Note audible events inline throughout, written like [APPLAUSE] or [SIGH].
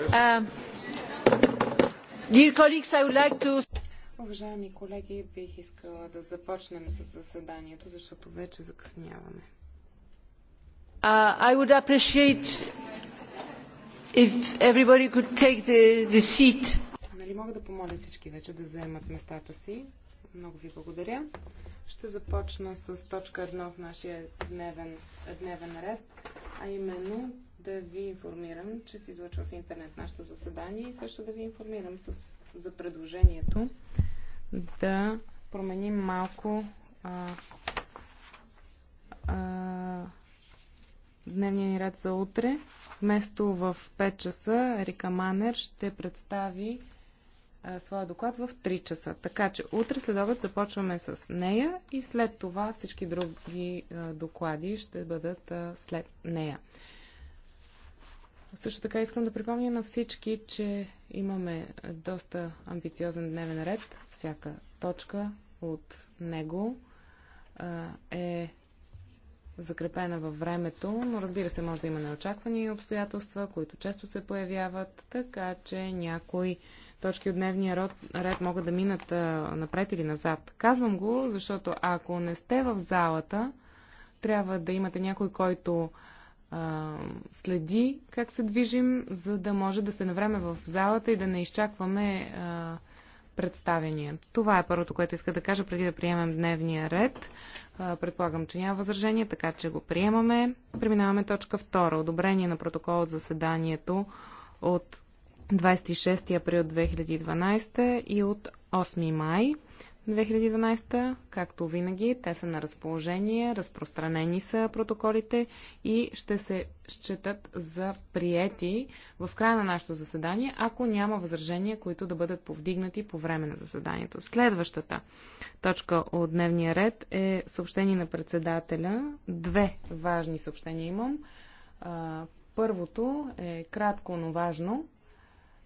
Um, Уважаеми колеги, бих искала да започнем с заседанието, защото вече закъсняваме. Uh, I would appreciate if everybody could take the, the seat. Нали мога да помоля всички вече да заемат местата си? Много ви благодаря. Ще започна с точка едно в нашия дневен, дневен ред, а именно да ви информирам, че се излъчва в интернет нашето заседание и също да ви информирам с, за предложението да променим малко а, а, дневния ни ред за утре. Вместо в 5 часа Рика Манер ще представи а, своя доклад в 3 часа. Така че утре след обед започваме с нея и след това всички други а, доклади ще бъдат а, след нея. Също така искам да припомня на всички, че имаме доста амбициозен дневен ред. Всяка точка от него е закрепена във времето, но разбира се, може да има неочаквани обстоятелства, които често се появяват, така че някои точки от дневния род, ред могат да минат а, напред или назад. Казвам го, защото ако не сте в залата, трябва да имате някой, който а, следи как се движим, за да може да се навреме в залата и да не изчакваме а, представения. Това е първото, което иска да кажа преди да приемем дневния ред. А, предполагам, че няма възражение, така че го приемаме. Преминаваме точка втора. Одобрение на протокол от заседанието от 26 април 2012 и от 8 май 2012. Както винаги, те са на разположение, разпространени са протоколите и ще се считат за приети в края на нашето заседание, ако няма възражения, които да бъдат повдигнати по време на заседанието. Следващата точка от дневния ред е съобщение на председателя. Две важни съобщения имам. Първото е кратко, но важно.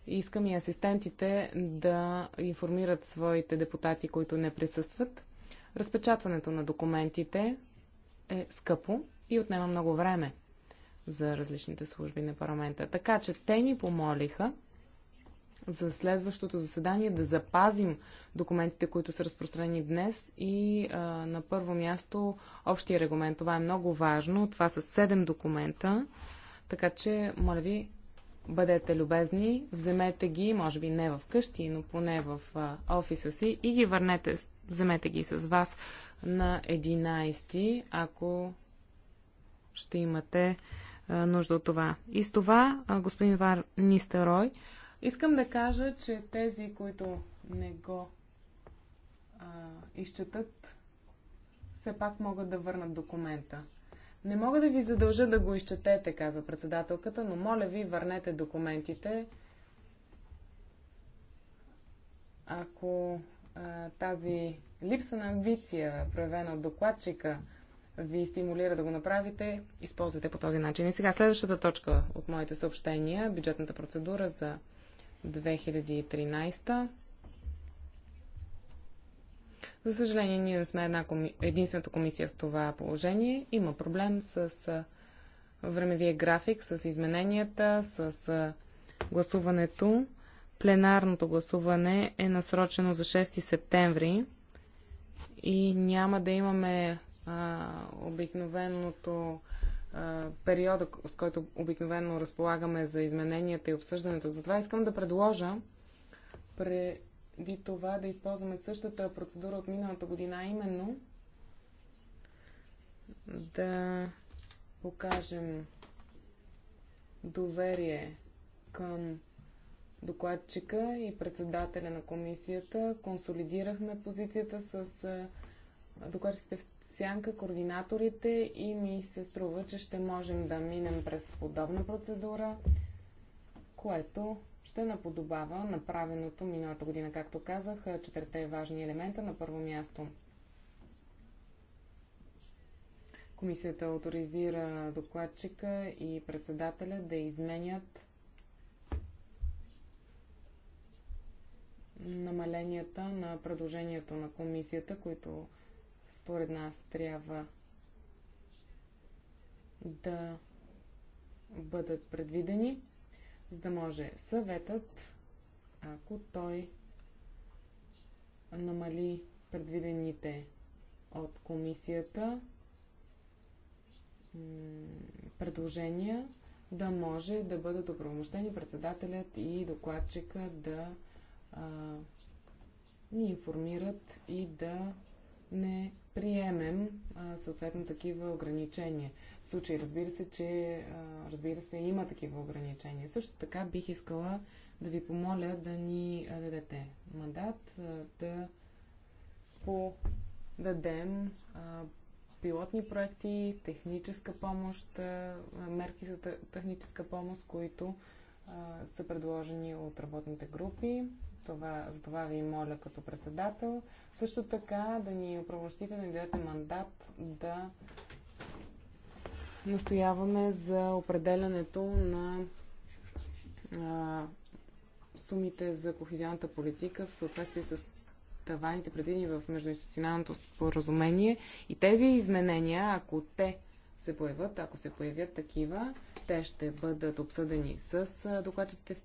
Искам и асистентите да информират своите депутати, които не присъстват. Разпечатването на документите е скъпо и отнема много време за различните служби на парламента. Така че те ни помолиха за следващото заседание да запазим документите, които са разпространени днес и а, на първо място общия регламент. Това е много важно. Това са 7 документа. Така че, моля ви, бъдете любезни, вземете ги, може би не в къщи, но поне в офиса си и ги върнете, вземете ги с вас на 11, ако ще имате нужда от това. И с това, господин Вар Нистерой, искам да кажа, че тези, които не го а, изчетат, все пак могат да върнат документа. Не мога да ви задължа да го изчетете, каза председателката, но моля ви, върнете документите. Ако а, тази липса на амбиция, проявена от докладчика, ви стимулира да го направите, използвайте по този начин. И сега следващата точка от моите съобщения бюджетната процедура за 2013. За съжаление, ние не сме една коми... единствената комисия в това положение. Има проблем с времевия график, с измененията, с гласуването. Пленарното гласуване е насрочено за 6 септември и няма да имаме а, обикновеното а, периода, с който обикновено разполагаме за измененията и обсъждането. Затова искам да предложа пре, преди това да използваме същата процедура от миналата година, а именно да покажем доверие към докладчика и председателя на комисията. Консолидирахме позицията с докладчиците в сянка, координаторите и ми се струва, че ще можем да минем през подобна процедура, което ще наподобава направеното миналата година. Както казах, четирите важни елемента. На първо място комисията авторизира докладчика и председателя да изменят намаленията на предложението на комисията, които според нас трябва да бъдат предвидени за да може съветът, ако той намали предвидените от комисията предложения, да може да бъдат оправомощени председателят и докладчика да а, ни информират и да не приемем а, съответно такива ограничения. В случай, разбира се, че а, разбира се, има такива ограничения. Също така бих искала да ви помоля да ни дадете мандат, а, да подадем а, пилотни проекти, техническа помощ, а, мерки за техническа помощ, които са предложени от работните групи. Това, за това ви моля като председател. Също така да ни оправощите, да ни дадете мандат да настояваме за определянето на а, сумите за кохезионната политика в съответствие с таваните предвидени в междуинституционалното споразумение. И тези изменения, ако те се появят, ако се появят такива, те ще бъдат обсъдени с докладчите в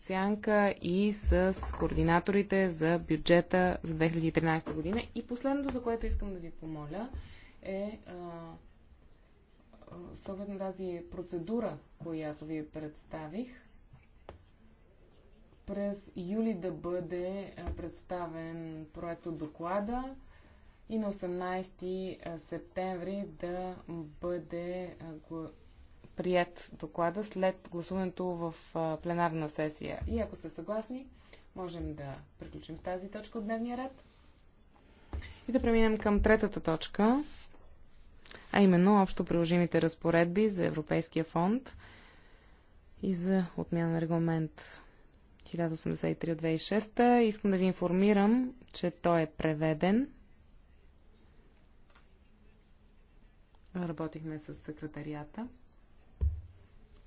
Сянка и с координаторите за бюджета за 2013 година. И последното, за което искам да ви помоля, е с оглед на тази процедура, която ви представих, през юли да бъде представен проект от доклада и на 18 септември да бъде прият доклада след гласуването в пленарна сесия. И ако сте съгласни, можем да приключим с тази точка от дневния ред. И да преминем към третата точка, а именно общо приложимите разпоредби за Европейския фонд и за отмяна на регламент 1083 от 2006. Искам да ви информирам, че той е преведен Работихме с секретарията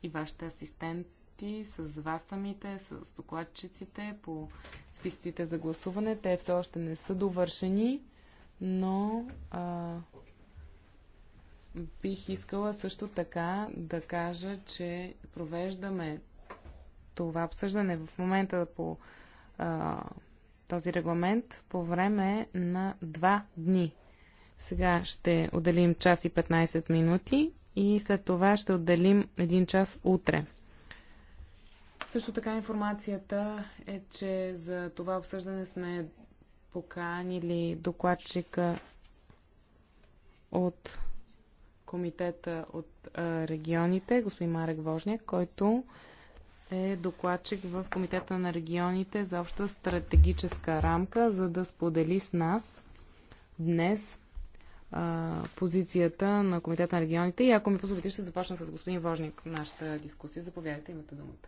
и вашите асистенти, с вас самите, с докладчиците по списъците за гласуване. Те все още не са довършени, но а, бих искала също така да кажа, че провеждаме това обсъждане в момента по а, този регламент по време на два дни. Сега ще отделим час и 15 минути и след това ще отделим един час утре. Също така информацията е, че за това обсъждане сме поканили докладчика от комитета от регионите, господин Марек Вожняк, който е докладчик в Комитета на регионите за обща стратегическа рамка, за да сподели с нас днес позицията на Комитета на регионите. И ако ми позволите, ще започна с господин Вожник нашата дискусия. Заповядайте, имате думата.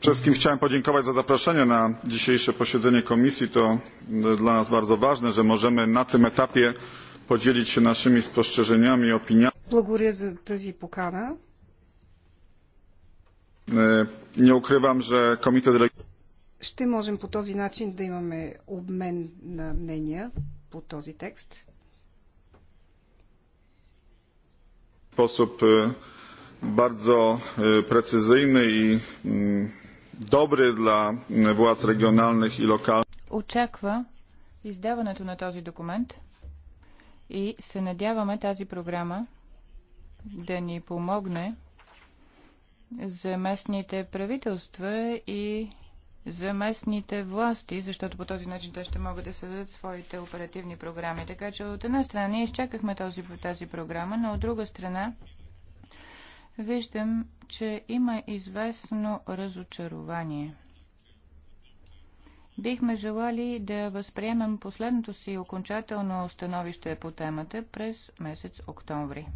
Przede wszystkim chciałem podziękować za zaproszenie na dzisiejsze posiedzenie komisji. To dla nas bardzo ważne, że możemy na tym etapie podzielić się naszymi spostrzeżeniami i opiniami. Благодаря за тази покана. Е, не укривам, че комитет... Ще можем по този начин да имаме обмен на мнения по този текст. Способ bardzo precyzyjny i dobry dla władz regionalnych i lokalnych. Очаква издаването на този документ и се надяваме тази програма да ни помогне за местните правителства и за местните власти, защото по този начин те ще могат да създадат своите оперативни програми. Така че от една страна ние изчакахме този, тази програма, но от друга страна виждам, че има известно разочарование. Бихме желали да възприемем последното си окончателно становище по темата през месец октомври.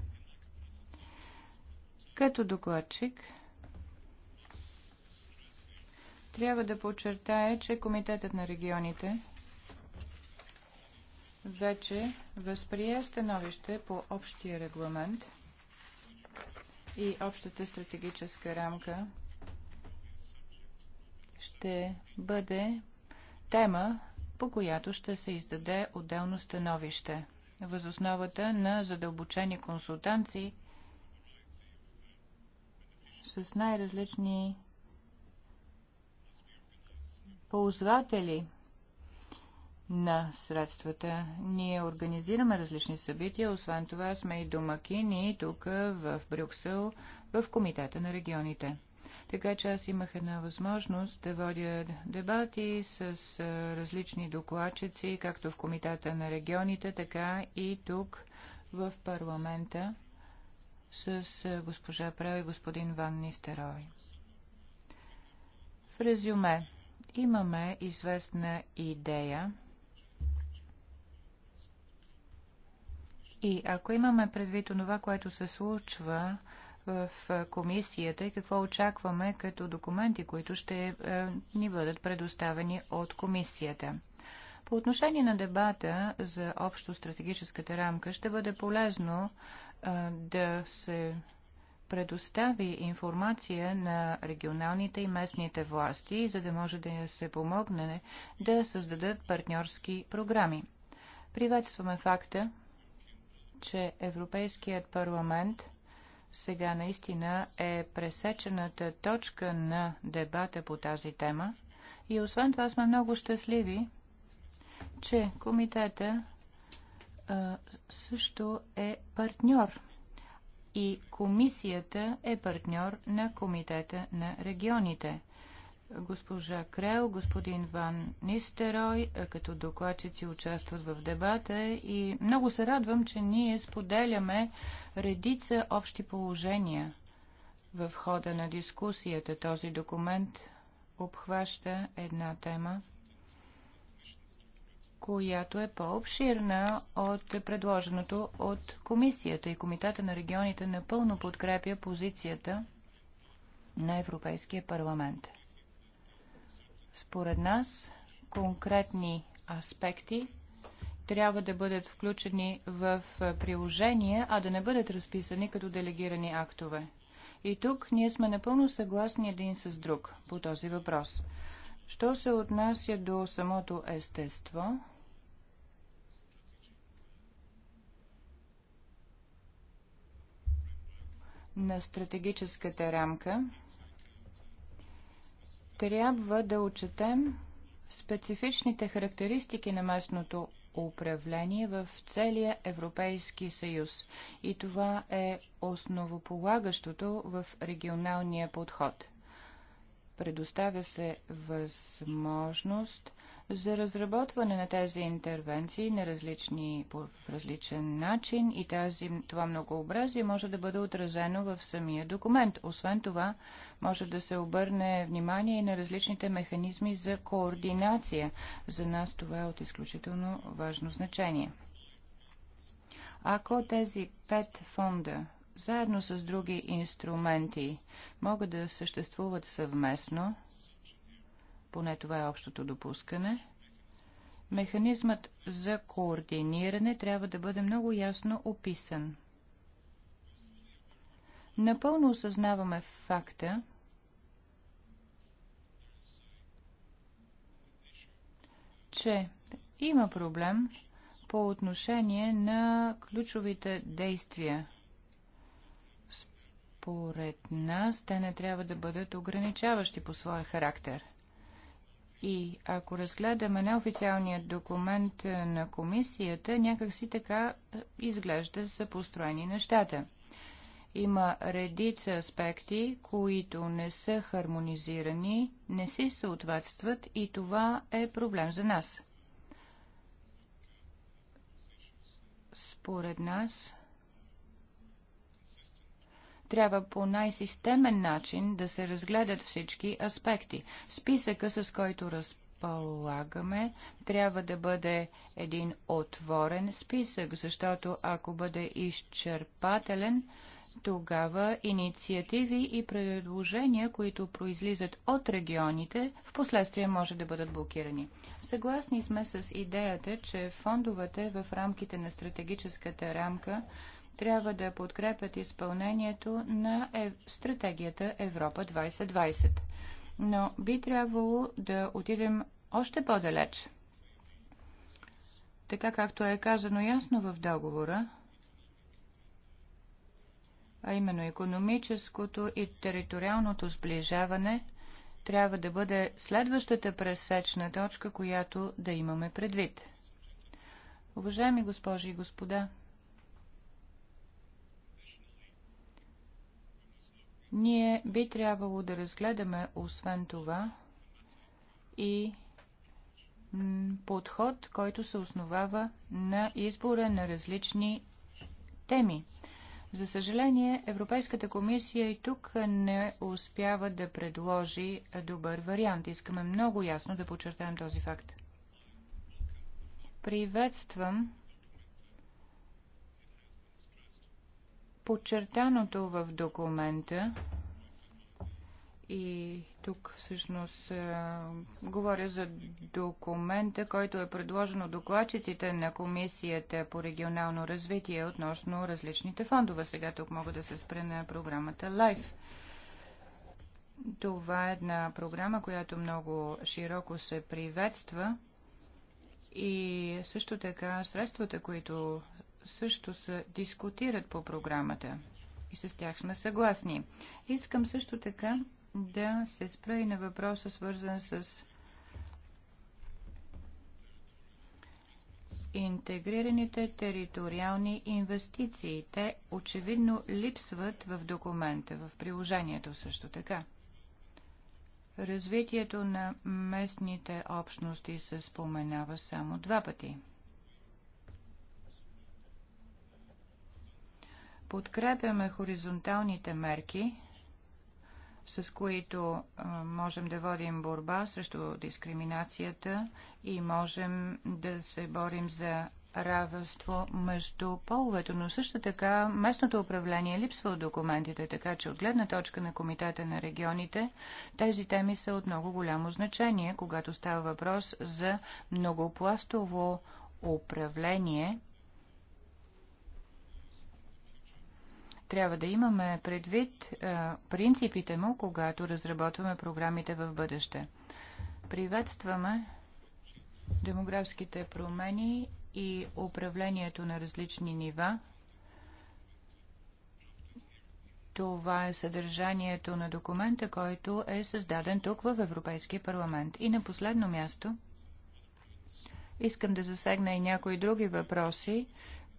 Като докладчик трябва да подчертая, че Комитетът на регионите вече възприе становище по общия регламент и общата стратегическа рамка ще бъде тема, по която ще се издаде отделно становище. Възосновата на задълбочени консултанции с най-различни ползватели на средствата. Ние организираме различни събития, освен това сме и домакини тук в Брюксел, в Комитета на регионите. Така че аз имах една възможност да водя дебати с различни докладчици, както в Комитета на регионите, така и тук в парламента с госпожа Прел и господин Ван Нистерой. В резюме, Имаме известна идея и ако имаме предвид това, което се случва в комисията и какво очакваме като документи, които ще е, ни бъдат предоставени от комисията. По отношение на дебата за общо стратегическата рамка ще бъде полезно е, да се предостави информация на регионалните и местните власти, за да може да се помогне да създадат партньорски програми. Приветстваме факта, че Европейският парламент сега наистина е пресечената точка на дебата по тази тема и освен това сме много щастливи, че комитета а, също е партньор и комисията е партньор на Комитета на регионите. Госпожа Крел, господин Ван Нистерой, като докладчици участват в дебата и много се радвам, че ние споделяме редица общи положения в хода на дискусията. Този документ обхваща една тема – която е по-обширна от предложеното от комисията и Комитета на регионите напълно подкрепя позицията на Европейския парламент. Според нас, конкретни аспекти трябва да бъдат включени в приложения, а да не бъдат разписани като делегирани актове. И тук ние сме напълно съгласни един с друг по този въпрос. Що се отнася до самото естество, на стратегическата рамка, трябва да отчетем специфичните характеристики на местното управление в целия Европейски съюз. И това е основополагащото в регионалния подход. Предоставя се възможност за разработване на тези интервенции на различни, по различен начин и тази, това многообразие може да бъде отразено в самия документ. Освен това, може да се обърне внимание и на различните механизми за координация. За нас това е от изключително важно значение. Ако тези пет фонда заедно с други инструменти могат да съществуват съвместно, поне това е общото допускане, механизмът за координиране трябва да бъде много ясно описан. Напълно осъзнаваме факта, че има проблем по отношение на ключовите действия. Според нас те не трябва да бъдат ограничаващи по своя характер – и ако разгледаме неофициалният документ е, на комисията, някакси така е, изглежда са построени нещата. Има редица аспекти, които не са хармонизирани, не си съответстват и това е проблем за нас. Според нас, трябва по най-системен начин да се разгледат всички аспекти. Списъка, с който разполагаме, трябва да бъде един отворен списък, защото ако бъде изчерпателен, тогава инициативи и предложения, които произлизат от регионите, в последствие може да бъдат блокирани. Съгласни сме с идеята, че фондовете в рамките на стратегическата рамка трябва да подкрепят изпълнението на е, стратегията Европа 2020. Но би трябвало да отидем още по-далеч. Така както е казано ясно в договора, а именно економическото и териториалното сближаване трябва да бъде следващата пресечна точка, която да имаме предвид. Уважаеми госпожи и господа, Ние би трябвало да разгледаме, освен това, и подход, който се основава на избора на различни теми. За съжаление, Европейската комисия и тук не успява да предложи добър вариант. Искаме много ясно да подчертаем този факт. Приветствам подчертаното в документа и тук всъщност е, говоря за документа, който е предложен от докладчиците на Комисията по регионално развитие относно различните фондове. Сега тук мога да се спре на програмата LIFE. Това е една програма, която много широко се приветства и също така средствата, които също се дискутират по програмата и с тях сме съгласни. Искам също така да се спра и на въпроса, свързан с интегрираните териториални инвестиции. Те очевидно липсват в документа, в приложението също така. Развитието на местните общности се споменава само два пъти – Подкрепяме хоризонталните мерки, с които можем да водим борба срещу дискриминацията и можем да се борим за равенство между половете, но също така местното управление липсва от документите, така че от гледна точка на Комитета на регионите тези теми са от много голямо значение, когато става въпрос за многопластово управление Трябва да имаме предвид е, принципите му, когато разработваме програмите в бъдеще. Приветстваме демографските промени и управлението на различни нива. Това е съдържанието на документа, който е създаден тук в Европейския парламент. И на последно място искам да засегна и някои други въпроси,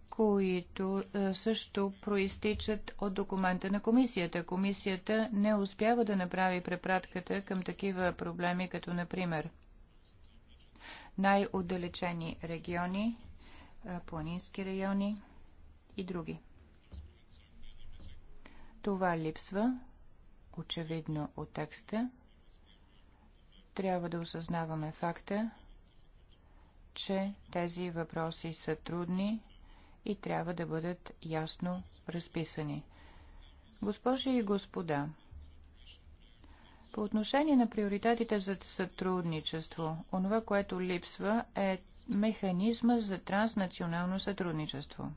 които е, също проистичат от документа на комисията. Комисията не успява да направи препратката към такива проблеми, като например най-отдалечени региони, е, планински райони и други. Това липсва, очевидно, от текста. Трябва да осъзнаваме факта, че тези въпроси са трудни и трябва да бъдат ясно разписани. Госпожи и господа, по отношение на приоритетите за сътрудничество, онова, което липсва е механизма за транснационално сътрудничество.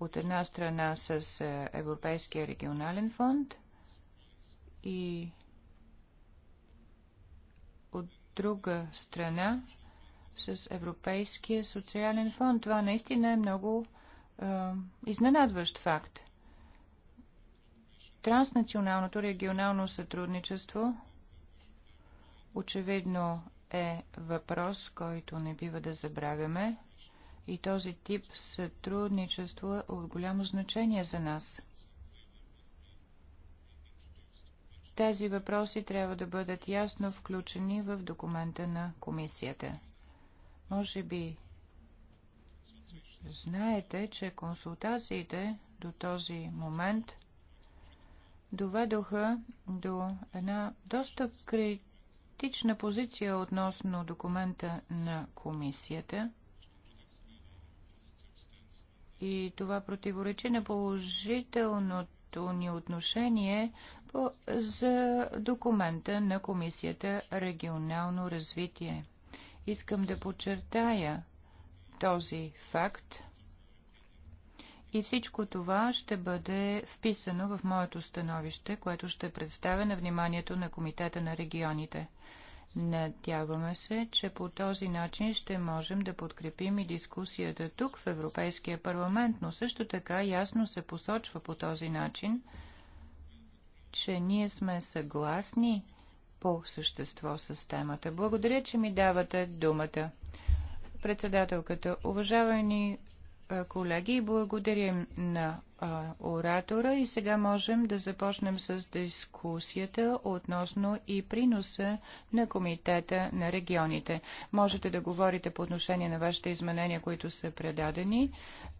От една страна с е, Европейския регионален фонд и от друга страна с Европейския социален фонд. Това наистина е много е, изненадващ факт. Транснационалното регионално сътрудничество очевидно е въпрос, който не бива да забравяме и този тип сътрудничество е от голямо значение за нас. Тези въпроси трябва да бъдат ясно включени в документа на комисията. Може би знаете, че консултациите до този момент доведоха до една доста критична позиция относно документа на комисията. И това противоречи на положителното ни отношение за документа на комисията регионално развитие. Искам да подчертая този факт. И всичко това ще бъде вписано в моето становище, което ще представя на вниманието на Комитета на регионите. Надяваме се, че по този начин ще можем да подкрепим и дискусията тук в Европейския парламент, но също така ясно се посочва по този начин, че ние сме съгласни по същество с темата. Благодаря, че ми давате думата. Председателката, уважавани колеги, благодарим на а, оратора и сега можем да започнем с дискусията относно и приноса на Комитета на регионите. Можете да говорите по отношение на вашите изменения, които са предадени,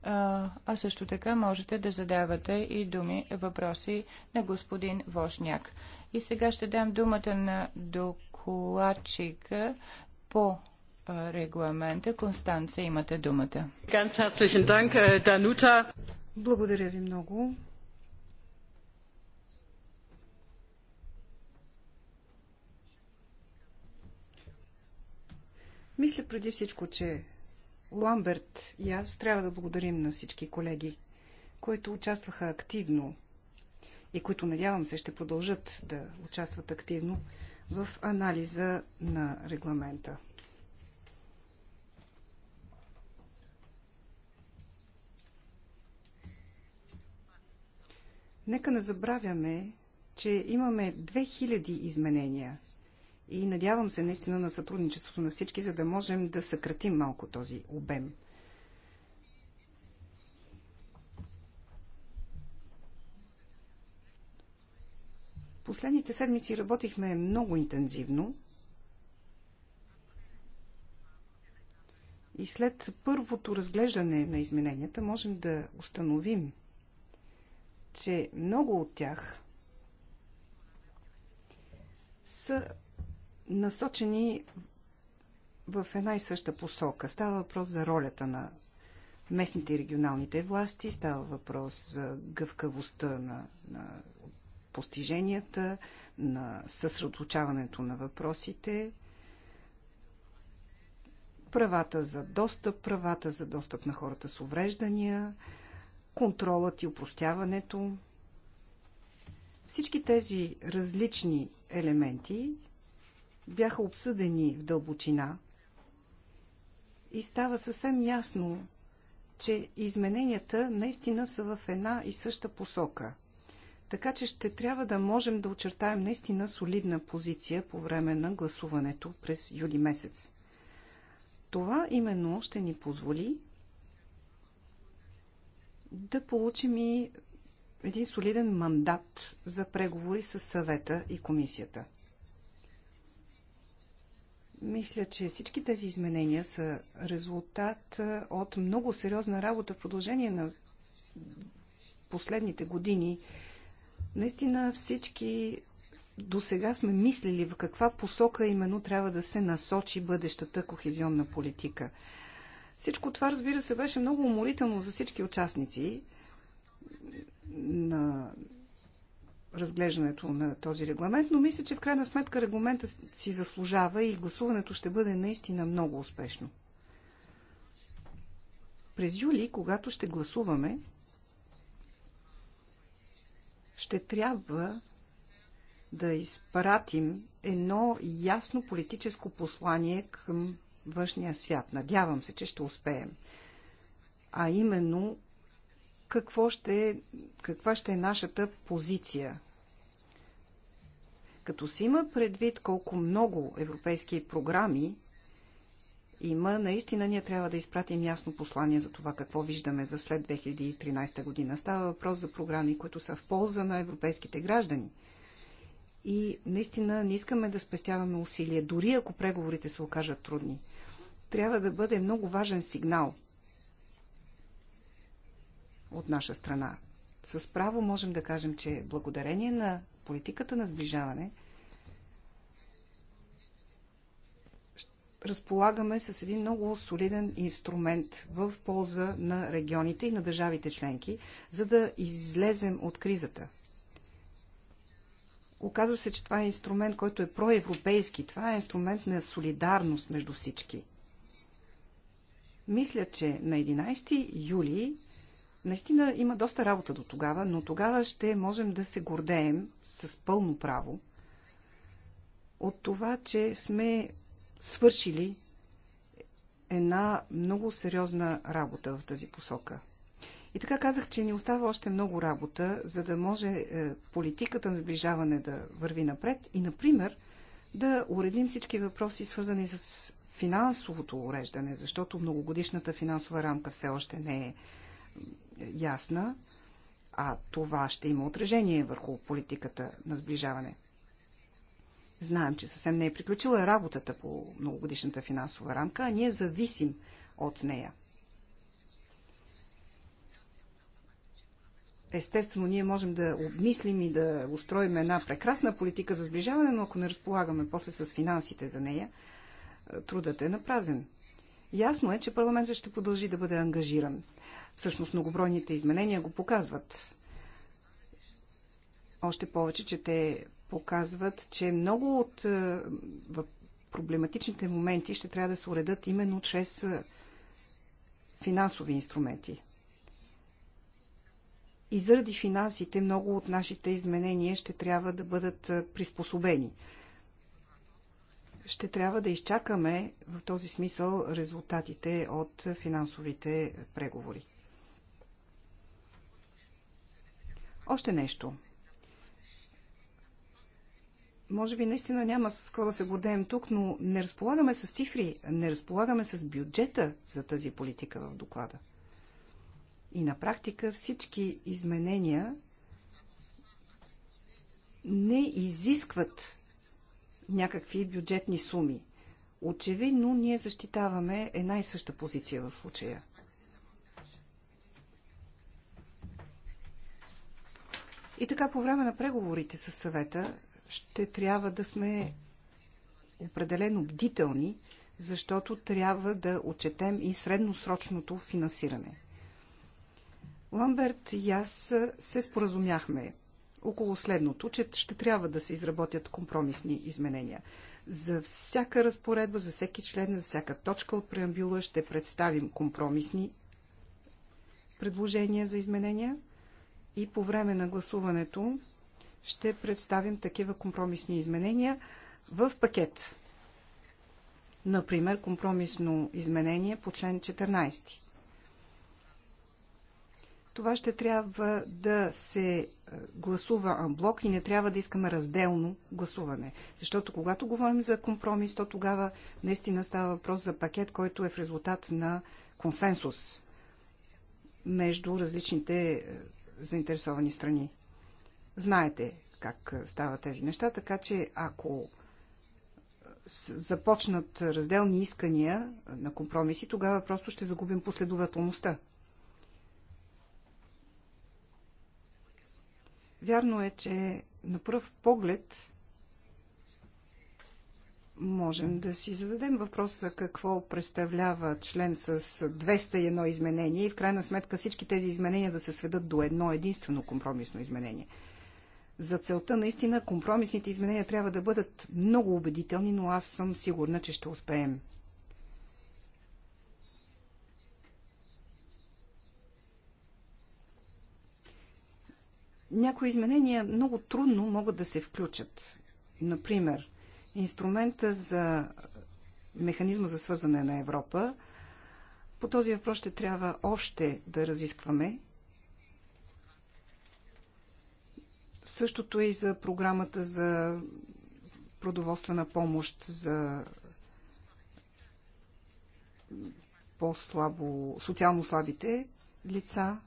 а, а също така можете да задавате и думи, въпроси на господин Вошняк. И сега ще дам думата на докладчика по регламента. Констанция, имате думата. Äh, Благодаря ви много. Мисля преди всичко, че Ламберт и аз трябва да благодарим на всички колеги, които участваха активно и които надявам се ще продължат да участват активно в анализа на регламента. Нека не забравяме, че имаме 2000 изменения и надявам се наистина на сътрудничеството на всички, за да можем да съкратим малко този обем. Последните седмици работихме много интензивно. И след първото разглеждане на измененията можем да установим, че много от тях са насочени в една и съща посока. Става въпрос за ролята на местните и регионалните власти, става въпрос за гъвкавостта на, на постиженията, на съсредоточаването на въпросите, правата за достъп, правата за достъп на хората с увреждания, контролът и упростяването. Всички тези различни елементи бяха обсъдени в дълбочина и става съвсем ясно, че измененията наистина са в една и съща посока. Така че ще трябва да можем да очертаем наистина солидна позиция по време на гласуването през юли месец. Това именно ще ни позволи да получим и един солиден мандат за преговори с съвета и комисията. Мисля, че всички тези изменения са резултат от много сериозна работа в продължение на последните години Наистина всички до сега сме мислили в каква посока именно трябва да се насочи бъдещата кохезионна политика. Всичко това, разбира се, беше много уморително за всички участници на разглеждането на този регламент, но мисля, че в крайна сметка регламента си заслужава и гласуването ще бъде наистина много успешно. През юли, когато ще гласуваме, ще трябва да изпратим едно ясно политическо послание към външния свят. Надявам се, че ще успеем. А именно, какво ще, каква ще е нашата позиция като се има предвид колко много европейски програми има, наистина ние трябва да изпратим ясно послание за това какво виждаме за след 2013 година. Става въпрос за програми, които са в полза на европейските граждани. И наистина не искаме да спестяваме усилия, дори ако преговорите се окажат трудни. Трябва да бъде много важен сигнал от наша страна. С право можем да кажем, че благодарение на политиката на сближаване – разполагаме с един много солиден инструмент в полза на регионите и на държавите членки, за да излезем от кризата. Оказва се, че това е инструмент, който е проевропейски. Това е инструмент на солидарност между всички. Мисля, че на 11 юли наистина има доста работа до тогава, но тогава ще можем да се гордеем с пълно право от това, че сме свършили една много сериозна работа в тази посока. И така казах, че ни остава още много работа, за да може е, политиката на сближаване да върви напред и, например, да уредим всички въпроси, свързани с финансовото уреждане, защото многогодишната финансова рамка все още не е, е ясна, а това ще има отражение върху политиката на сближаване. Знаем, че съвсем не е приключила е работата по многогодишната финансова рамка, а ние зависим от нея. Естествено, ние можем да обмислим и да устроим една прекрасна политика за сближаване, но ако не разполагаме после с финансите за нея, е, трудът е напразен. Ясно е, че парламентът ще продължи да бъде ангажиран. Всъщност многобройните изменения го показват. Още повече, че те показват, че много от е, проблематичните моменти ще трябва да се уредат именно чрез е, финансови инструменти. И заради финансите много от нашите изменения ще трябва да бъдат е, приспособени. Ще трябва да изчакаме в този смисъл резултатите от финансовите преговори. Още нещо – може би наистина няма с какво да се гордеем тук, но не разполагаме с цифри, не разполагаме с бюджета за тази политика в доклада. И на практика всички изменения не изискват някакви бюджетни суми. Очевидно, ние защитаваме една и съща позиция в случая. И така, по време на преговорите с съвета, ще трябва да сме определено бдителни, защото трябва да отчетем и средносрочното финансиране. Ламберт и аз се споразумяхме около следното, че ще трябва да се изработят компромисни изменения. За всяка разпоредба, за всеки член, за всяка точка от преамбюла ще представим компромисни предложения за изменения и по време на гласуването ще представим такива компромисни изменения в пакет. Например, компромисно изменение по член 14. Това ще трябва да се е, гласува анблок и не трябва да искаме разделно гласуване. Защото когато говорим за компромис, то тогава наистина става въпрос за пакет, който е в резултат на консенсус между различните е, заинтересовани страни. Знаете как стават тези неща, така че ако започнат разделни искания на компромиси, тогава просто ще загубим последователността. Вярно е, че на пръв поглед можем да си зададем въпроса какво представлява член с 201 изменение и в крайна сметка всички тези изменения да се сведат до едно единствено компромисно изменение – за целта наистина компромисните изменения трябва да бъдат много убедителни, но аз съм сигурна, че ще успеем. Някои изменения много трудно могат да се включат. Например, инструмента за механизма за свързане на Европа. По този въпрос ще трябва още да разискваме Същото е и за програмата за продоволствена помощ за по-слабо, социално слабите лица.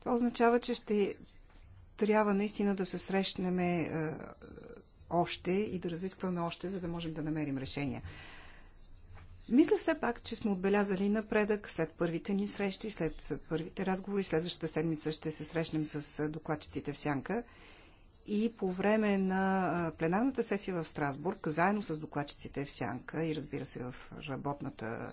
Това означава, че ще трябва наистина да се срещнем още и да разискваме още, за да можем да намерим решения. Мисля все пак, че сме отбелязали напредък след първите ни срещи, след първите разговори. Следващата седмица ще се срещнем с докладчиците в Сянка и по време на пленарната сесия в Страсбург, заедно с докладчиците в Сянка и разбира се в работната,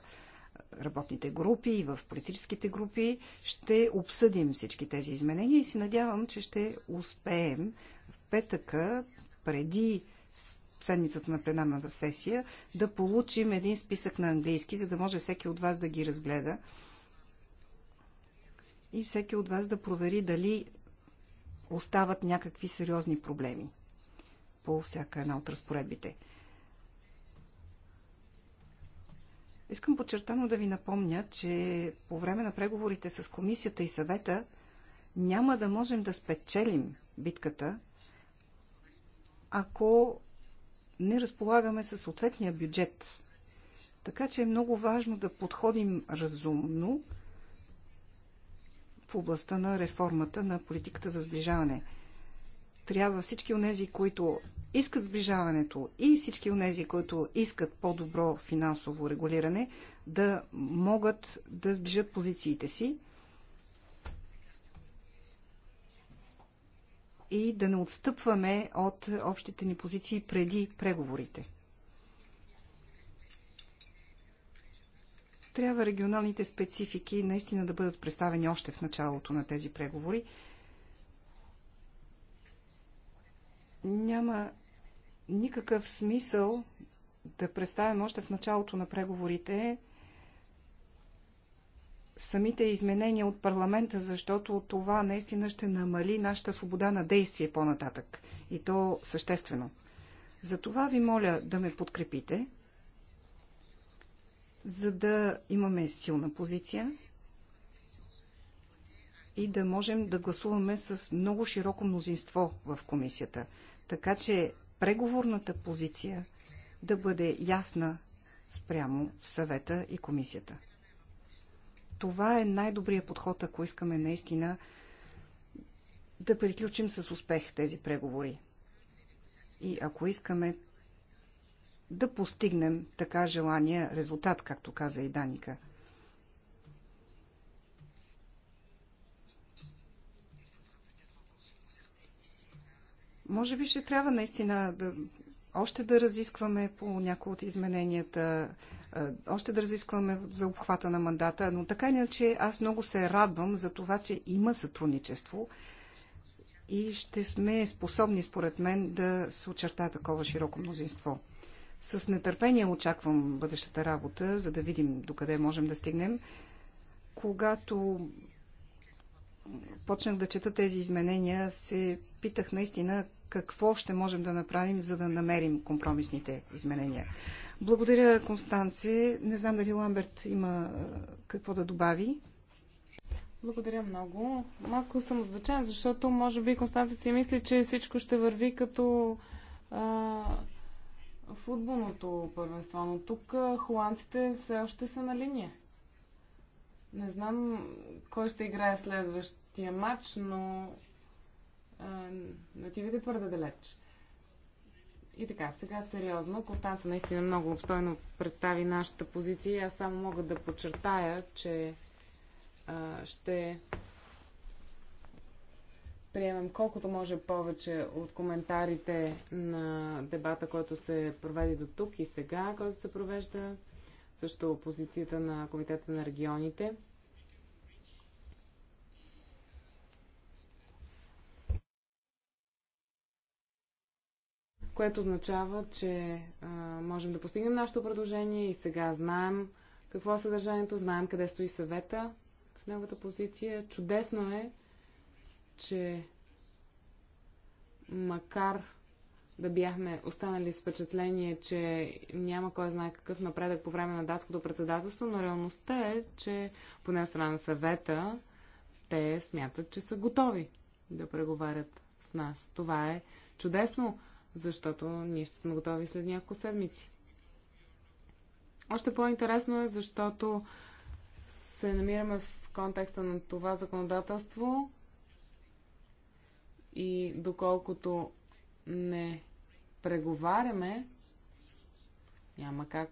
работните групи и в политическите групи, ще обсъдим всички тези изменения и се надявам, че ще успеем в петъка преди седмицата на пленарната сесия, да получим един списък на английски, за да може всеки от вас да ги разгледа и всеки от вас да провери дали остават някакви сериозни проблеми по всяка една от разпоредбите. Искам подчертано да ви напомня, че по време на преговорите с комисията и съвета няма да можем да спечелим битката, ако не разполагаме със съответния бюджет. Така че е много важно да подходим разумно в областта на реформата на политиката за сближаване. Трябва всички от тези, които искат сближаването и всички от тези, които искат по-добро финансово регулиране, да могат да сближат позициите си и да не отстъпваме от общите ни позиции преди преговорите. Трябва регионалните специфики наистина да бъдат представени още в началото на тези преговори. Няма никакъв смисъл да представим още в началото на преговорите самите изменения от парламента, защото това наистина ще намали нашата свобода на действие по-нататък. И то съществено. Затова ви моля да ме подкрепите, за да имаме силна позиция и да можем да гласуваме с много широко мнозинство в комисията. Така че преговорната позиция да бъде ясна спрямо съвета и комисията. Това е най-добрият подход, ако искаме наистина да приключим с успех тези преговори. И ако искаме да постигнем така желания резултат, както каза и Даника. Може би ще трябва наистина да още да разискваме по някои от измененията, още да разискваме за обхвата на мандата, но така иначе аз много се радвам за това, че има сътрудничество и ще сме способни, според мен, да се очерта такова широко мнозинство. С нетърпение очаквам бъдещата работа, за да видим докъде можем да стигнем. Когато почнах да чета тези изменения, се питах наистина какво ще можем да направим, за да намерим компромисните изменения. Благодаря, Констанце. Не знам дали Ламберт има какво да добави. Благодаря много. Малко съм означен, защото може би Констанция си мисли, че всичко ще върви като а, футболното първенство, но тук холандците все още са на линия. Не знам кой ще играе следващия матч, но а, не отивате твърде далеч. И така, сега сериозно. Костанца наистина много обстойно представи нашата позиция. Аз само мога да подчертая, че а, ще приемам колкото може повече от коментарите на дебата, който се проведе до тук и сега, който се провежда също позицията на Комитета на регионите. което означава, че а, можем да постигнем нашето предложение и сега знаем какво е съдържанието, знаем къде стои съвета в неговата позиция. Чудесно е, че макар да бяхме останали с впечатление, че няма кой знае какъв напредък по време на датското председателство, но реалността е, че поне от страна на съвета те смятат, че са готови да преговарят с нас. Това е чудесно, защото ние ще сме готови след няколко седмици. Още по-интересно е, защото се намираме в контекста на това законодателство и доколкото не преговаряме, няма как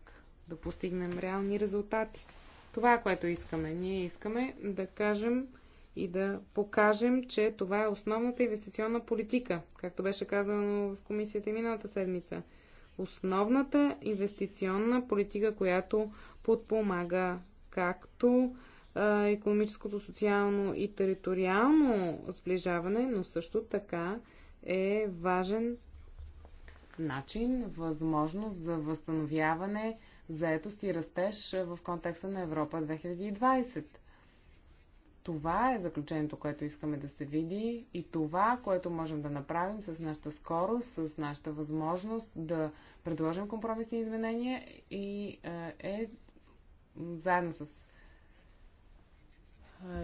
да постигнем реални резултати. Това е което искаме. Ние искаме да кажем и да покажем, че това е основната инвестиционна политика, както беше казано в комисията миналата седмица. Основната инвестиционна политика, която подпомага както економическото, социално и териториално сближаване, но също така е важен начин възможност за възстановяване, заетост и растеж в контекста на Европа 2020. Това е заключението, което искаме да се види и това, което можем да направим с нашата скорост, с нашата възможност да предложим компромисни изменения и е, е заедно с е,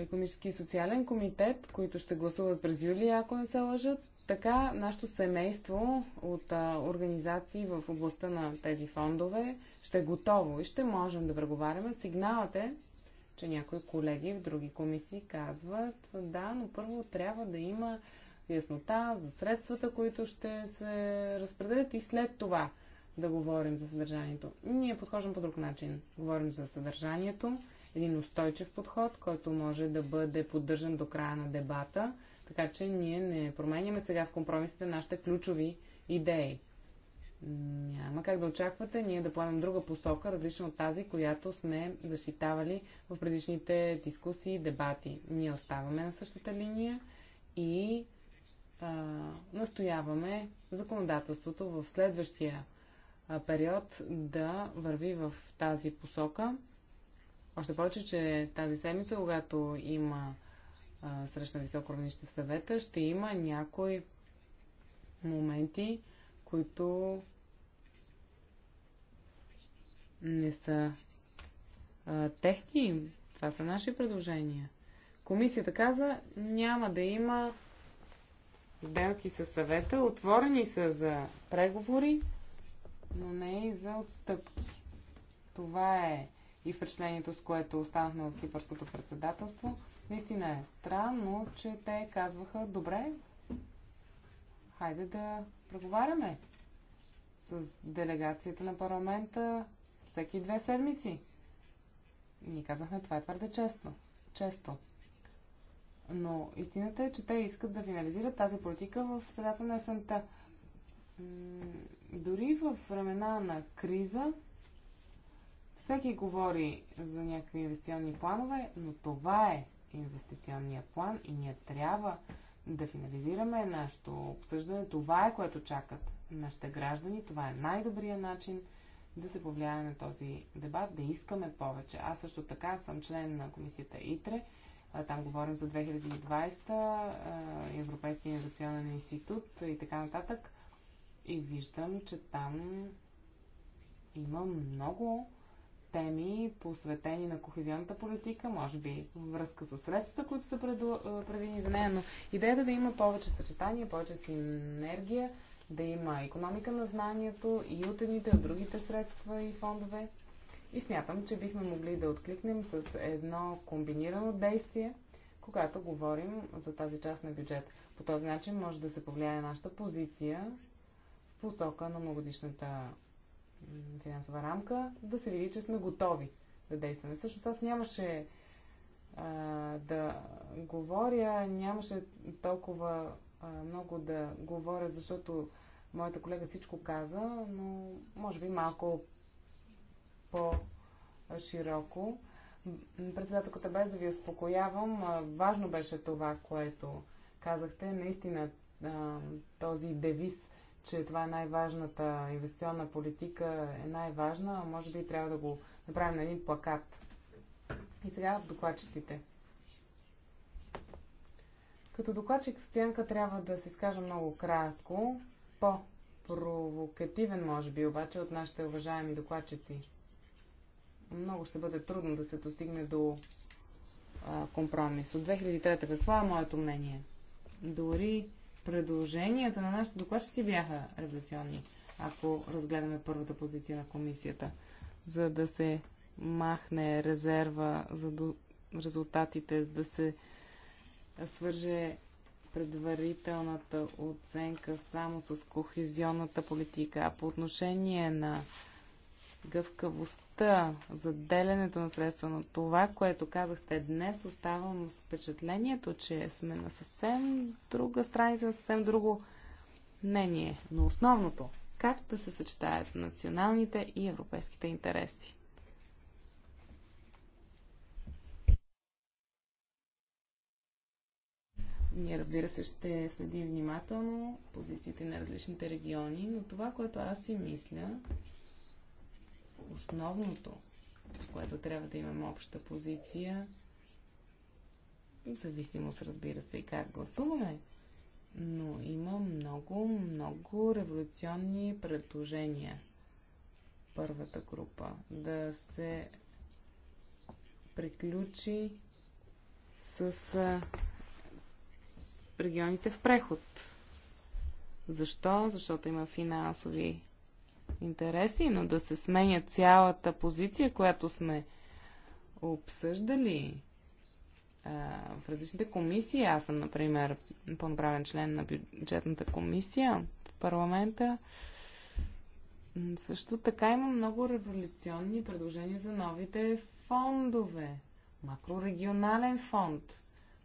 економически и социален комитет, които ще гласуват през юли, ако не се лъжат, така, нашето семейство от а, организации в областта на тези фондове ще е готово и ще можем да преговаряме. Сигналът е, че някои колеги в други комисии казват, да, но първо трябва да има яснота за средствата, които ще се разпределят и след това да говорим за съдържанието. Ние подхождам по друг начин. Говорим за съдържанието, един устойчив подход, който може да бъде поддържан до края на дебата така че ние не променяме сега в компромисите нашите ключови идеи. Няма как да очаквате ние да поемем друга посока, различна от тази, която сме защитавали в предишните дискусии и дебати. Ние оставаме на същата линия и а, настояваме законодателството в следващия а, период да върви в тази посока. Още повече, че тази седмица, когато има Срещна среща високо равнище съвета, ще има някои моменти, които не са а, техни. Това са наши предложения. Комисията каза, няма да има сделки със съвета, отворени са за преговори, но не и за отстъпки. Това е и впечатлението, с което останахме от кипърското председателство. Наистина е странно, че те казваха, добре, хайде да преговаряме с делегацията на парламента всеки две седмици. Ние казахме, това е твърде честно. Често. Но истината е, че те искат да финализират тази политика в средата на есента. Дори в времена на криза, всеки говори за някакви инвестиционни планове, но това е инвестиционния план и ние трябва да финализираме нашето обсъждане. Това е което чакат нашите граждани. Това е най-добрият начин да се повлияе на този дебат, да искаме повече. Аз също така съм член на комисията ИТРЕ. Там говорим за 2020, Европейския инвестиционен институт и така нататък. И виждам, че там има много теми, посветени на кохезионната политика, може би връзка с средствата, които са предвидени за нея, но идеята да има повече съчетания, повече синергия, да има економика на знанието и от едните, от другите средства и фондове. И смятам, че бихме могли да откликнем с едно комбинирано действие, когато говорим за тази част на бюджет. По този начин може да се повлияе нашата позиция в посока на многодишната финансова рамка, да се види, че сме готови да действаме. Всъщност аз нямаше а, да говоря, нямаше толкова а, много да говоря, защото моята колега всичко каза, но може би малко по-широко. Председателката, без да ви успокоявам, важно беше това, което казахте. Наистина този девиз че това е най-важната инвестиционна политика, е най-важна, може би трябва да го направим на един плакат. И сега докладчиците. Като докладчик Стянка трябва да се изкажа много кратко, по-провокативен може би обаче от нашите уважаеми докладчици. Много ще бъде трудно да се достигне до а, компромис. От 2003 какво е моето мнение? Дори предложенията на нашите докладчици бяха революционни, ако разгледаме първата позиция на комисията, за да се махне резерва за до... резултатите, да се свърже предварителната оценка само с кохезионната политика. А по отношение на гъвкавостта, за делянето на средства, но това, което казахте днес, оставам с впечатлението, че сме на съвсем друга страница, на съвсем друго мнение. Но основното, как да се съчетаят националните и европейските интереси? Ние, разбира се, ще следим внимателно позициите на различните региони, но това, което аз си мисля, основното, с което трябва да имаме обща позиция, в зависимост, разбира се, и как гласуваме, но има много, много революционни предложения. Първата група да се приключи с регионите в преход. Защо? Защото има финансови интереси, но да се сменя цялата позиция, която сме обсъждали а, в различните комисии. Аз съм, например, по-направен член на бюджетната комисия в парламента. Също така има много революционни предложения за новите фондове. Макрорегионален фонд,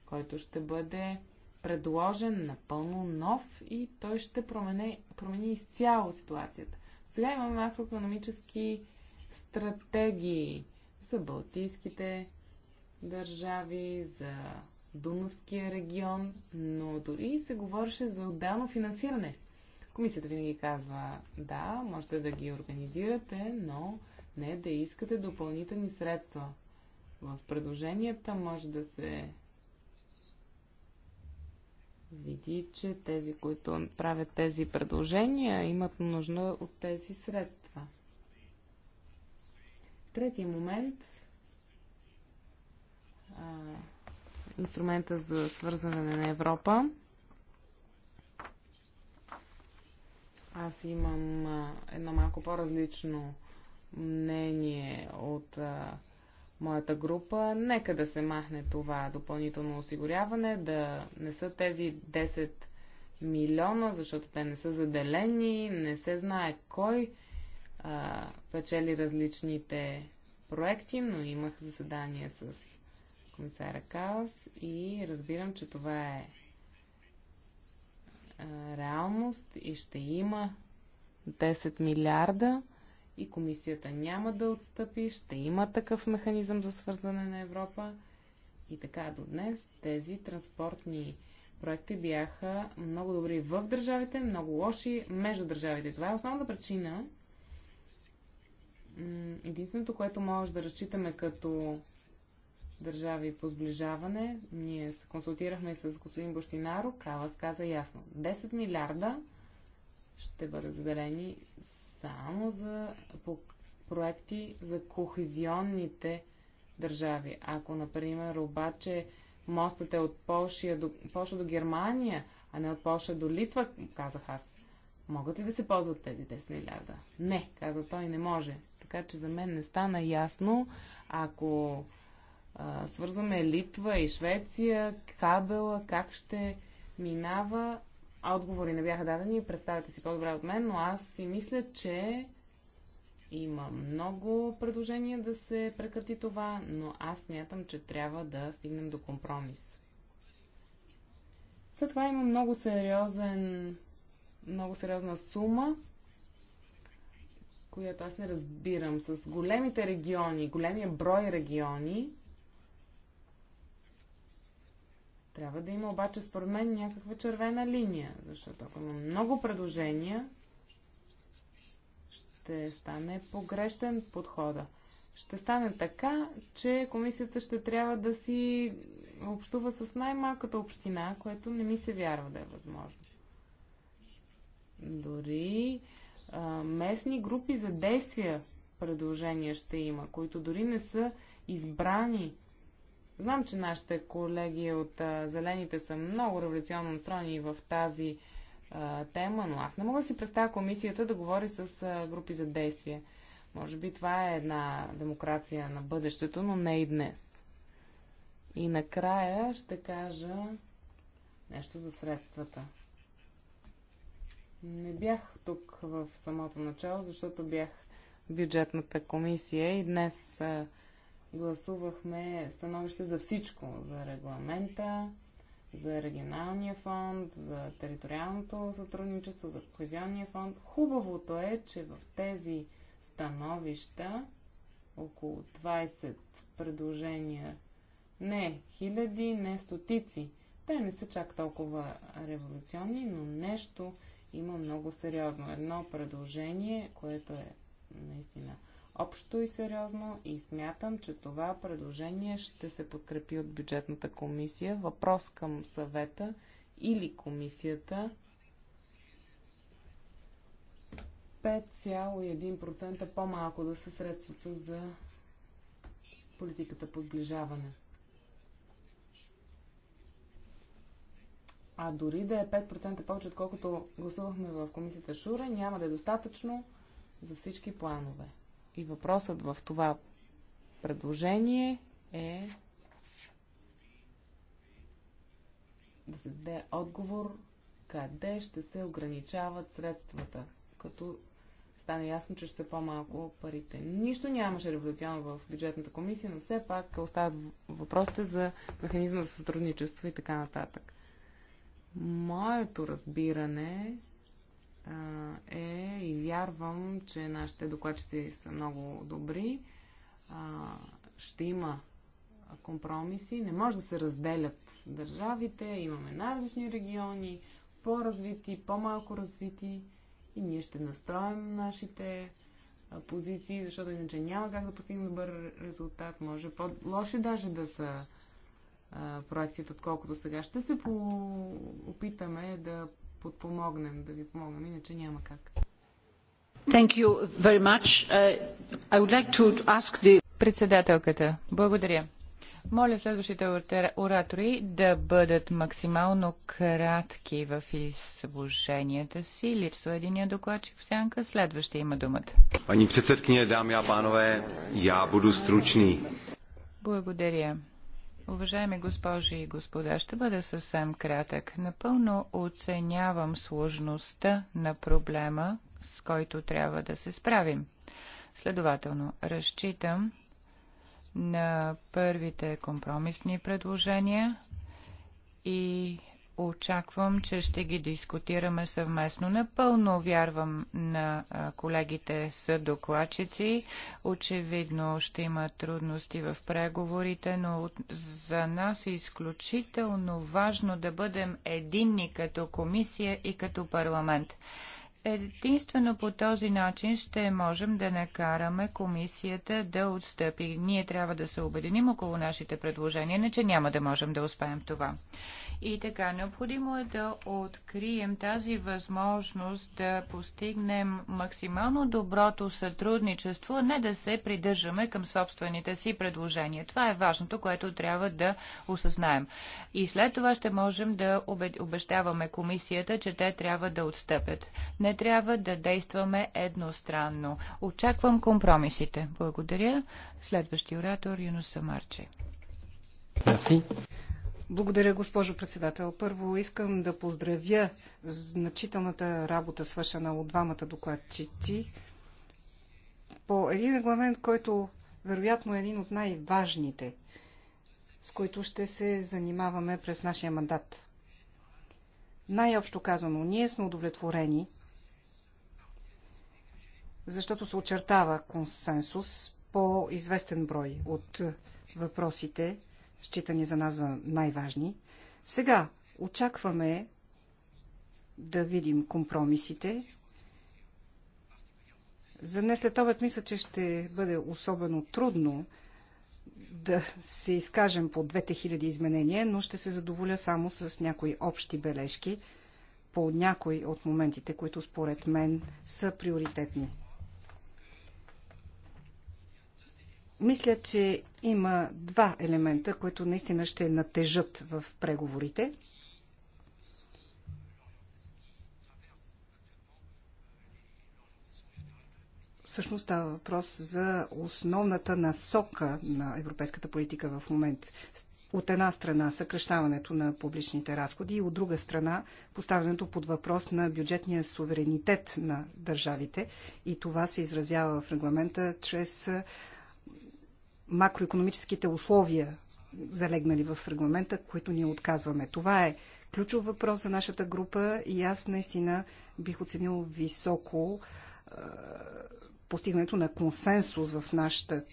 който ще бъде предложен напълно нов и той ще промени, промени изцяло ситуацията. Сега имаме макроекономически стратегии за Балтийските държави, за Дунавския регион, но дори се говореше за отделно финансиране. Комисията винаги казва, да, можете да ги организирате, но не да искате допълнителни средства. В предложенията може да се види, че тези, които правят тези предложения, имат нужда от тези средства. Трети момент. А, инструмента за свързване на Европа. Аз имам а, едно малко по-различно мнение от а, моята група, нека да се махне това допълнително осигуряване, да не са тези 10 милиона, защото те не са заделени, не се знае кой а, печели различните проекти, но имах заседание с комисара Каос и разбирам, че това е а, реалност и ще има 10 милиарда и комисията няма да отстъпи, ще има такъв механизъм за свързане на Европа. И така до днес тези транспортни проекти бяха много добри в държавите, много лоши между държавите. Това е основна причина. Единственото, което може да разчитаме като държави по сближаване, ние се консултирахме с господин Бощинаро, Калас каза ясно. 10 милиарда ще бъдат заделени само за по, проекти за кохезионните държави. Ако, например, обаче мостът е от Польша до, Польша до Германия, а не от Польша до Литва, казах аз, могат ли да се ползват тези 10 милиарда? Не, каза той, не може. Така че за мен не стана ясно, ако а, свързваме Литва и Швеция, кабела, как ще минава отговори не бяха дадени, представете си по-добре от мен, но аз си мисля, че има много предложения да се прекрати това, но аз смятам, че трябва да стигнем до компромис. След това има много сериозен, много сериозна сума, която аз не разбирам. С големите региони, големия брой региони, Трябва да има обаче, според мен, някаква червена линия, защото ако има много предложения, ще стане погрешен подхода. Ще стане така, че комисията ще трябва да си общува с най-малката община, което не ми се вярва да е възможно. Дори а, местни групи за действия предложения ще има, които дори не са избрани Знам, че нашите колеги от а, Зелените са много революционно настроени в тази а, тема, но аз не мога да си представя комисията да говори с а, групи за действие. Може би това е една демокрация на бъдещето, но не и днес. И накрая ще кажа нещо за средствата. Не бях тук в самото начало, защото бях в бюджетната комисия и днес. А, гласувахме становище за всичко. За регламента, за регионалния фонд, за териториалното сътрудничество, за кохезионния фонд. Хубавото е, че в тези становища около 20 предложения, не хиляди, не стотици. Те не са чак толкова революционни, но нещо има много сериозно. Едно предложение, което е наистина общо и сериозно и смятам, че това предложение ще се подкрепи от бюджетната комисия. Въпрос към съвета или комисията. 5,1% е по-малко да са средствата за политиката по сближаване. А дори да е 5% повече, отколкото гласувахме в комисията Шура, няма да е достатъчно за всички планове. И въпросът в това предложение е да се даде отговор къде ще се ограничават средствата, като стане ясно, че ще по-малко парите. Нищо нямаше революционно в бюджетната комисия, но все пак остават въпросите за механизма за сътрудничество и така нататък. Моето разбиране е и вярвам, че нашите докладчици са много добри. Ще има компромиси. Не може да се разделят държавите. Имаме най-различни региони, по-развити, по-малко развити. И ние ще настроим нашите позиции, защото иначе няма как да постигнем добър резултат. Може по-лоши даже да са проектите, отколкото сега. Ще се опитаме да подпомогнем, да ви помогнем, иначе няма как. Thank you very much. Uh, I would like to ask the... Председателката, благодаря. Моля следващите оратори да бъдат максимално кратки в изложенията си. Липсва единия докладчик в сянка. Следващия има думата. Пани председателки, дами и панове, я буду стручни. Благодаря. Уважаеми госпожи и господа, ще бъда съвсем кратък. Напълно оценявам сложността на проблема, с който трябва да се справим. Следователно, разчитам на първите компромисни предложения и очаквам, че ще ги дискутираме съвместно. Напълно вярвам на колегите са докладчици. Очевидно ще има трудности в преговорите, но за нас е изключително важно да бъдем единни като комисия и като парламент. Единствено по този начин ще можем да накараме комисията да отстъпи. Ние трябва да се обединим около нашите предложения, иначе няма да можем да успеем това. И така, необходимо е да открием тази възможност да постигнем максимално доброто сътрудничество, не да се придържаме към собствените си предложения. Това е важното, което трябва да осъзнаем. И след това ще можем да обещаваме комисията, че те трябва да отстъпят. Не трябва да действаме едностранно. Очаквам компромисите. Благодаря. Следващи оратор Юнос Самарче. Мерси. Благодаря, госпожо председател. Първо искам да поздравя значителната работа, свършена от двамата докладчици по един регламент, който вероятно е един от най-важните, с които ще се занимаваме през нашия мандат. Най-общо казано, ние сме удовлетворени, защото се очертава консенсус по известен брой от въпросите, считани за нас за най-важни. Сега очакваме да видим компромисите. За днес след обед мисля, че ще бъде особено трудно да се изкажем по 2000 изменения, но ще се задоволя само с някои общи бележки по някои от моментите, които според мен са приоритетни. Мисля, че има два елемента, които наистина ще натежат в преговорите. Всъщност става въпрос за основната насока на европейската политика в момент. От една страна съкръщаването на публичните разходи и от друга страна поставянето под въпрос на бюджетния суверенитет на държавите. И това се изразява в регламента чрез макроекономическите условия, залегнали в регламента, които ние отказваме. Това е ключов въпрос за нашата група и аз наистина бих оценил високо е, постигането на консенсус в нашата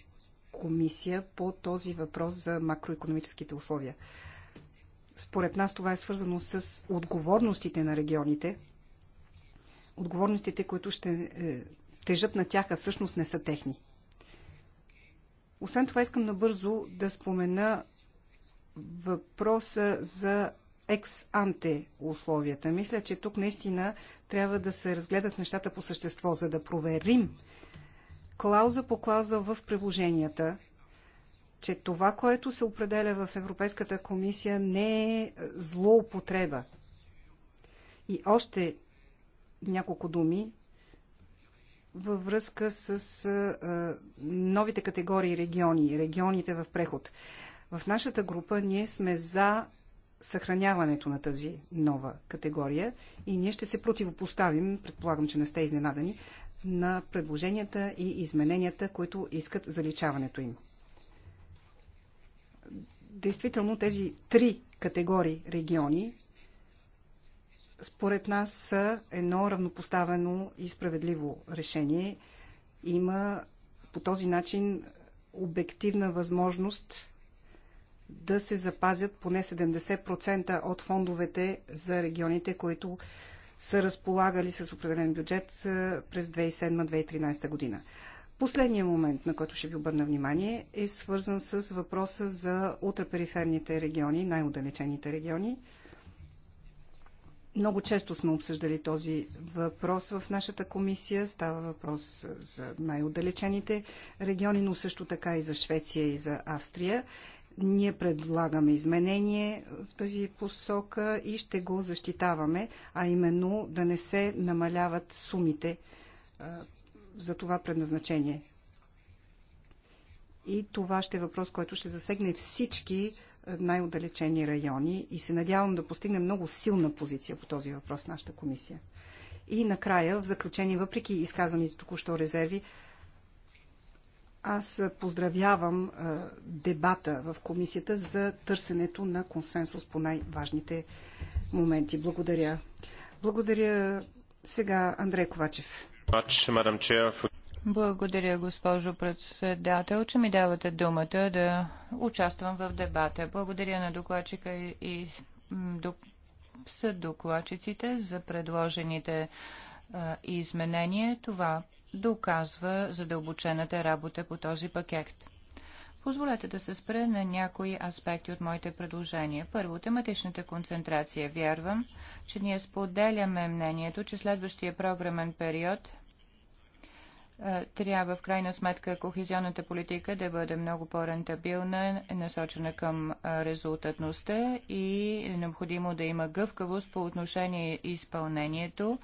комисия по този въпрос за макроекономическите условия. Според нас това е свързано с отговорностите на регионите. Отговорностите, които ще е, тежат на тях, а всъщност не са техни. Освен това искам набързо да спомена въпроса за екс-анте условията. Мисля, че тук наистина трябва да се разгледат нещата по същество, за да проверим клауза по клауза в приложенията, че това, което се определя в Европейската комисия, не е злоупотреба. И още няколко думи във връзка с новите категории региони, регионите в преход. В нашата група ние сме за съхраняването на тази нова категория и ние ще се противопоставим, предполагам, че не сте изненадани, на предложенията и измененията, които искат заличаването им. Действително тези три категории региони според нас са едно равнопоставено и справедливо решение. Има по този начин обективна възможност да се запазят поне 70% от фондовете за регионите, които са разполагали с определен бюджет през 2007-2013 година. Последният момент, на който ще ви обърна внимание, е свързан с въпроса за утрапериферните региони, най-удалечените региони. Много често сме обсъждали този въпрос в нашата комисия. Става въпрос за най-отдалечените региони, но също така и за Швеция и за Австрия. Ние предлагаме изменение в тази посока и ще го защитаваме, а именно да не се намаляват сумите за това предназначение. И това ще е въпрос, който ще засегне всички най-отдалечени райони и се надявам да постигне много силна позиция по този въпрос нашата комисия. И накрая, в заключение, въпреки изказаните току-що резерви, аз поздравявам дебата в комисията за търсенето на консенсус по най-важните моменти. Благодаря. Благодаря сега Андрей Ковачев. Благодаря, госпожо председател, че ми давате думата да участвам в дебата. Благодаря на докладчика и съдокладчиците за предложените изменения. Това доказва задълбочената работа по този пакет. Позволете да се спра на някои аспекти от моите предложения. Първо, тематичната концентрация. Вярвам, че ние споделяме мнението, че следващия програмен период е, трябва в крайна сметка кохезионната политика да бъде много по-рентабилна, насочена към е, резултатността и е необходимо да има гъвкавост по отношение изпълнението.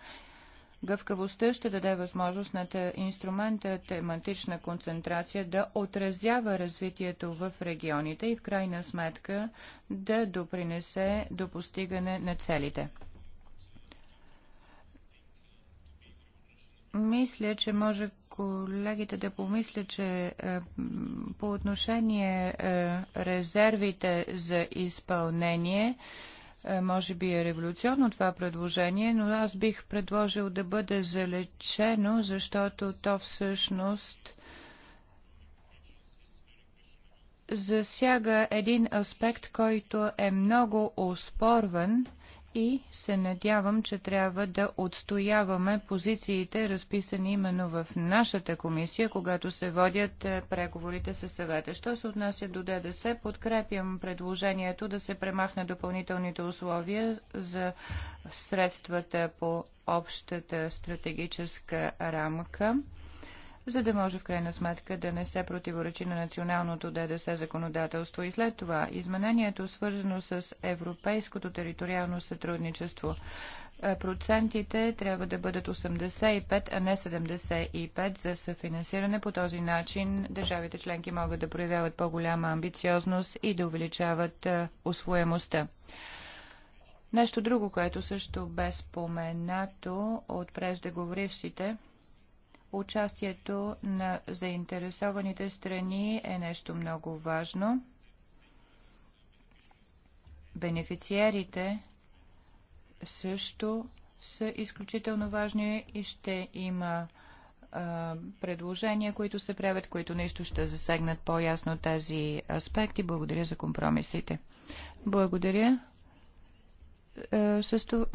Гъвкавостта ще даде възможност на инструмента тематична концентрация да отразява развитието в регионите и в крайна сметка да допринесе до постигане на целите. Мисля, че може колегите да помислят, че е, по отношение е, резервите за изпълнение, е, може би е революционно това предложение, но аз бих предложил да бъде залечено, защото то всъщност засяга един аспект, който е много оспорван – и се надявам, че трябва да отстояваме позициите, разписани именно в нашата комисия, когато се водят е, преговорите с съвета. Що се отнася до ДДС, подкрепям предложението да се премахне допълнителните условия за средствата по общата стратегическа рамка за да може в крайна сметка да не се противоречи на националното ДДС законодателство. И след това изменението, свързано с европейското териториално сътрудничество, е, процентите трябва да бъдат 85, а не 75 за съфинансиране. По този начин държавите членки могат да проявяват по-голяма амбициозност и да увеличават освоемостта. Е, Нещо друго, което също бе споменато от преждеговорившите – Участието на заинтересованите страни е нещо много важно. Бенефициерите също са изключително важни и ще има а, предложения, които се правят, които нещо ще засегнат по-ясно тези аспекти. Благодаря за компромисите. Благодаря. Е,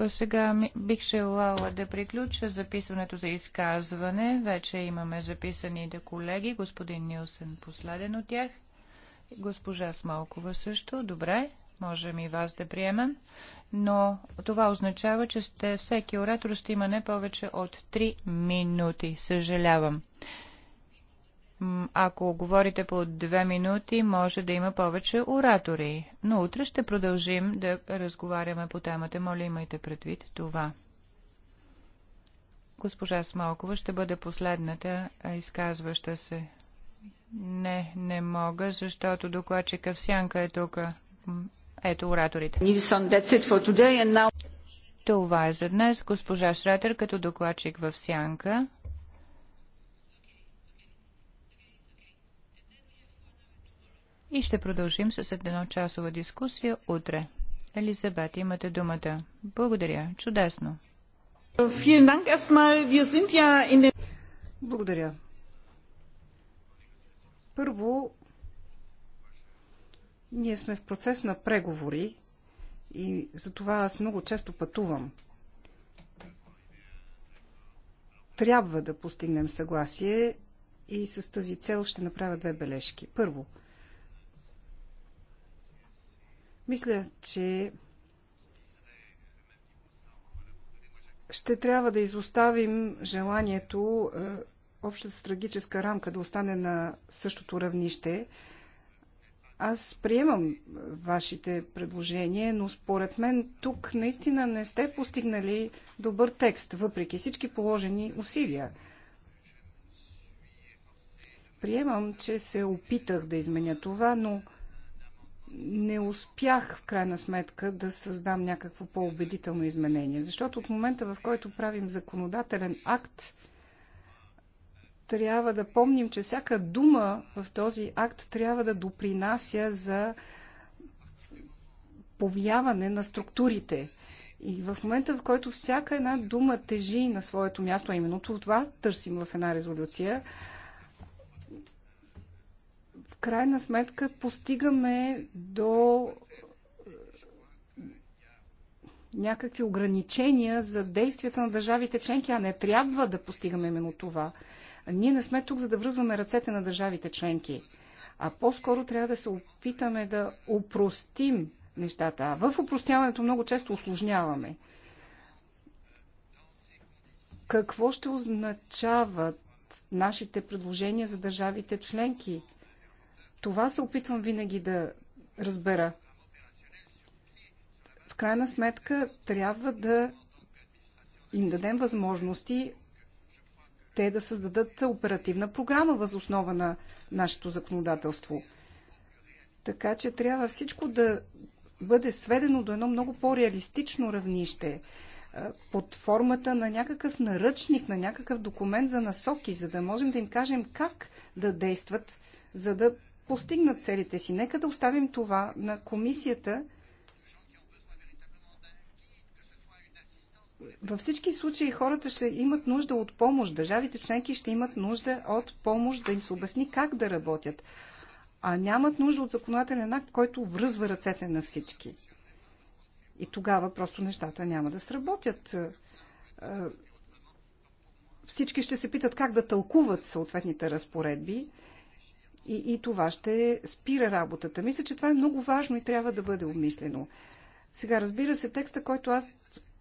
сега бих желала да приключа записването за изказване. Вече имаме записаните колеги. Господин Нилсен последен от тях. Госпожа Смалкова също. Добре, можем и вас да приемем. Но това означава, че сте, всеки оратор ще има не повече от 3 минути. Съжалявам. Ако говорите по две минути, може да има повече оратори. Но утре ще продължим да разговаряме по темата. Моля, имайте предвид това. Госпожа Смолкова ще бъде последната изказваща се. Не, не мога, защото докладчика в сянка е тук. Ето ораторите. Това е за днес. Госпожа Шретер като докладчик в сянка. и ще продължим с часова дискусия утре. Елизабет, имате думата. Благодаря. Чудесно. Благодаря. Първо, ние сме в процес на преговори и за това аз много често пътувам. Трябва да постигнем съгласие и с тази цел ще направя две бележки. Първо – мисля, че ще трябва да изоставим желанието е, общата стратегическа рамка да остане на същото равнище. Аз приемам вашите предложения, но според мен тук наистина не сте постигнали добър текст, въпреки всички положени усилия. Приемам, че се опитах да изменя това, но не успях в крайна сметка да създам някакво по-убедително изменение. Защото от момента, в който правим законодателен акт, трябва да помним, че всяка дума в този акт трябва да допринася за повяване на структурите. И в момента, в който всяка една дума тежи на своето място, а именно това търсим в една резолюция, крайна сметка постигаме до е, някакви ограничения за действията на държавите членки, а не трябва да постигаме именно това. Ние не сме тук, за да връзваме ръцете на държавите членки, а по-скоро трябва да се опитаме да опростим нещата. А в опростяването много често осложняваме. Какво ще означават нашите предложения за държавите членки? Това се опитвам винаги да разбера. В крайна сметка трябва да им дадем възможности те да създадат оперативна програма въз основа на нашето законодателство. Така че трябва всичко да бъде сведено до едно много по-реалистично равнище под формата на някакъв наръчник, на някакъв документ за насоки, за да можем да им кажем как да действат, за да постигнат целите си. Нека да оставим това на комисията. Във всички случаи хората ще имат нужда от помощ. Държавите членки ще имат нужда от помощ да им се обясни как да работят. А нямат нужда от законодателен акт, който връзва ръцете на всички. И тогава просто нещата няма да сработят. Е, всички ще се питат как да тълкуват съответните разпоредби и, и това ще спира работата. Мисля, че това е много важно и трябва да бъде обмислено. Сега, разбира се, текста, който аз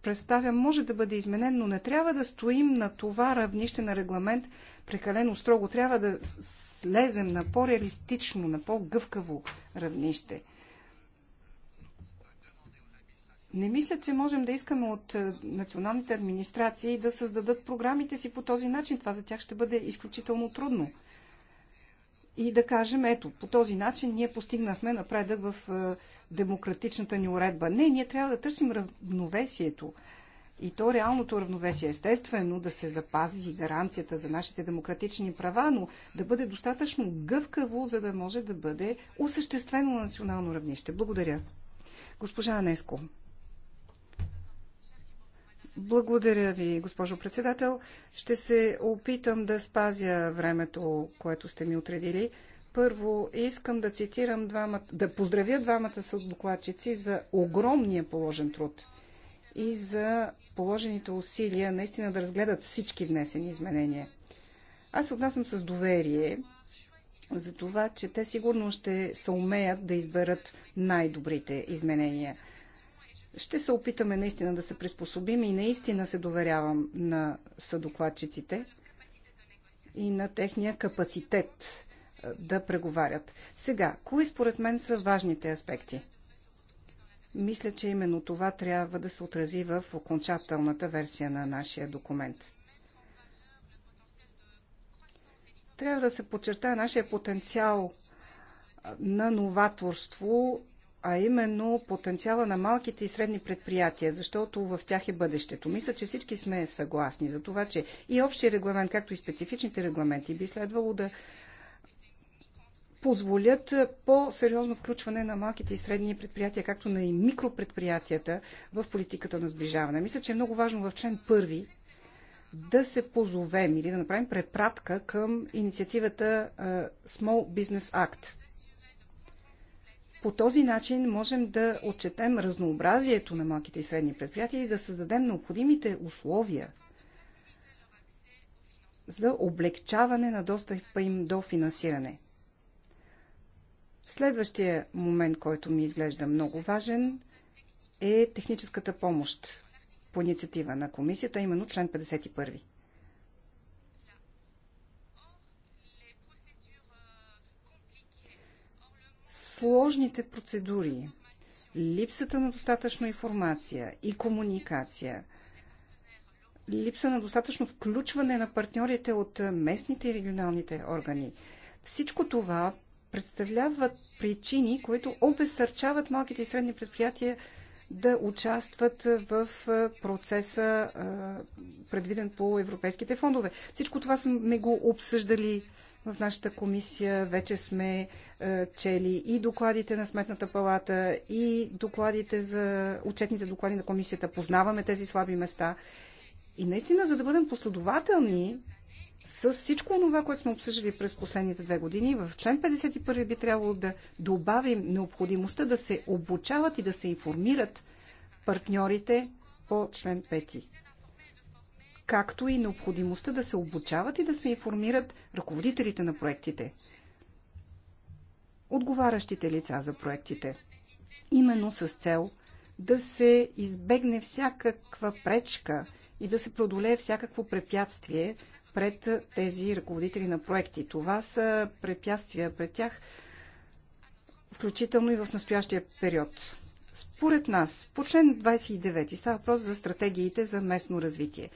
представям, може да бъде изменен, но не трябва да стоим на това равнище на регламент прекалено строго. Трябва да слезем на по-реалистично, на по-гъвкаво равнище. Не мисля, че можем да искаме от е, националните администрации да създадат програмите си по този начин. Това за тях ще бъде изключително трудно и да кажем, ето, по този начин ние постигнахме напредък в е, демократичната ни уредба. Не, ние трябва да търсим равновесието. И то реалното равновесие, естествено, да се запази и гаранцията за нашите демократични права, но да бъде достатъчно гъвкаво, за да може да бъде осъществено на национално равнище. Благодаря. Госпожа Анеско. Благодаря ви, госпожо председател. Ще се опитам да спазя времето, което сте ми отредили. Първо, искам да цитирам двамата, да поздравя двамата са докладчици за огромния положен труд и за положените усилия наистина да разгледат всички внесени изменения. Аз отнасям с доверие за това, че те сигурно ще се умеят да изберат най-добрите изменения – ще се опитаме наистина да се приспособим и наистина се доверявам на съдокладчиците и на техния капацитет е, да преговарят. Сега, кои според мен са важните аспекти? Мисля, че именно това трябва да се отрази в окончателната версия на нашия документ. Трябва да се подчертая нашия потенциал на новаторство а именно потенциала на малките и средни предприятия, защото в тях е бъдещето. Мисля, че всички сме съгласни за това, че и общия регламент, както и специфичните регламенти би следвало да позволят по-сериозно включване на малките и средни предприятия, както на и микропредприятията в политиката на сближаване. Мисля, че е много важно в член първи да се позовем или да направим препратка към инициативата Small Business Act. По този начин можем да отчетем разнообразието на малките и средни предприятия и да създадем необходимите условия за облегчаване на достъпа им до финансиране. Следващия момент, който ми изглежда много важен, е техническата помощ по инициатива на комисията, именно член 51. сложните процедури, липсата на достатъчно информация и комуникация, липса на достатъчно включване на партньорите от местните и регионалните органи. Всичко това представляват причини, които обесърчават малките и средни предприятия да участват в процеса, предвиден по европейските фондове. Всичко това сме го обсъждали в нашата комисия вече сме е, чели и докладите на Сметната палата, и докладите за отчетните доклади на комисията. Познаваме тези слаби места. И наистина, за да бъдем последователни с всичко това, което сме обсъждали през последните две години, в член 51 би трябвало да добавим необходимостта да се обучават и да се информират партньорите по член 5 както и необходимостта да се обучават и да се информират ръководителите на проектите, отговарящите лица за проектите, именно с цел да се избегне всякаква пречка и да се преодолее всякакво препятствие пред тези ръководители на проекти. Това са препятствия пред тях, включително и в настоящия период. Според нас, по член 29 става въпрос за стратегиите за местно развитие.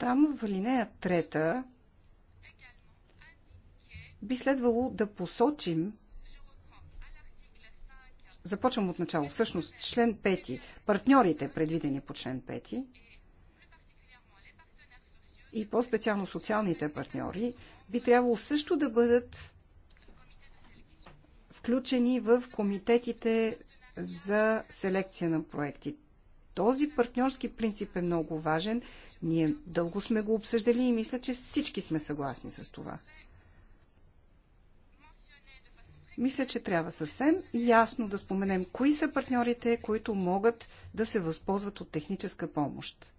Там в Линея трета би следвало да посочим Започвам от начало. Всъщност, член 5. Партньорите, предвидени по член 5, и по-специално социалните партньори, би трябвало също да бъдат включени в комитетите за селекция на проекти. Този партньорски принцип е много важен ние дълго сме го обсъждали и мисля, че всички сме съгласни с това. Мисля, че трябва съвсем ясно да споменем кои са партньорите, които могат да се възползват от техническа помощ.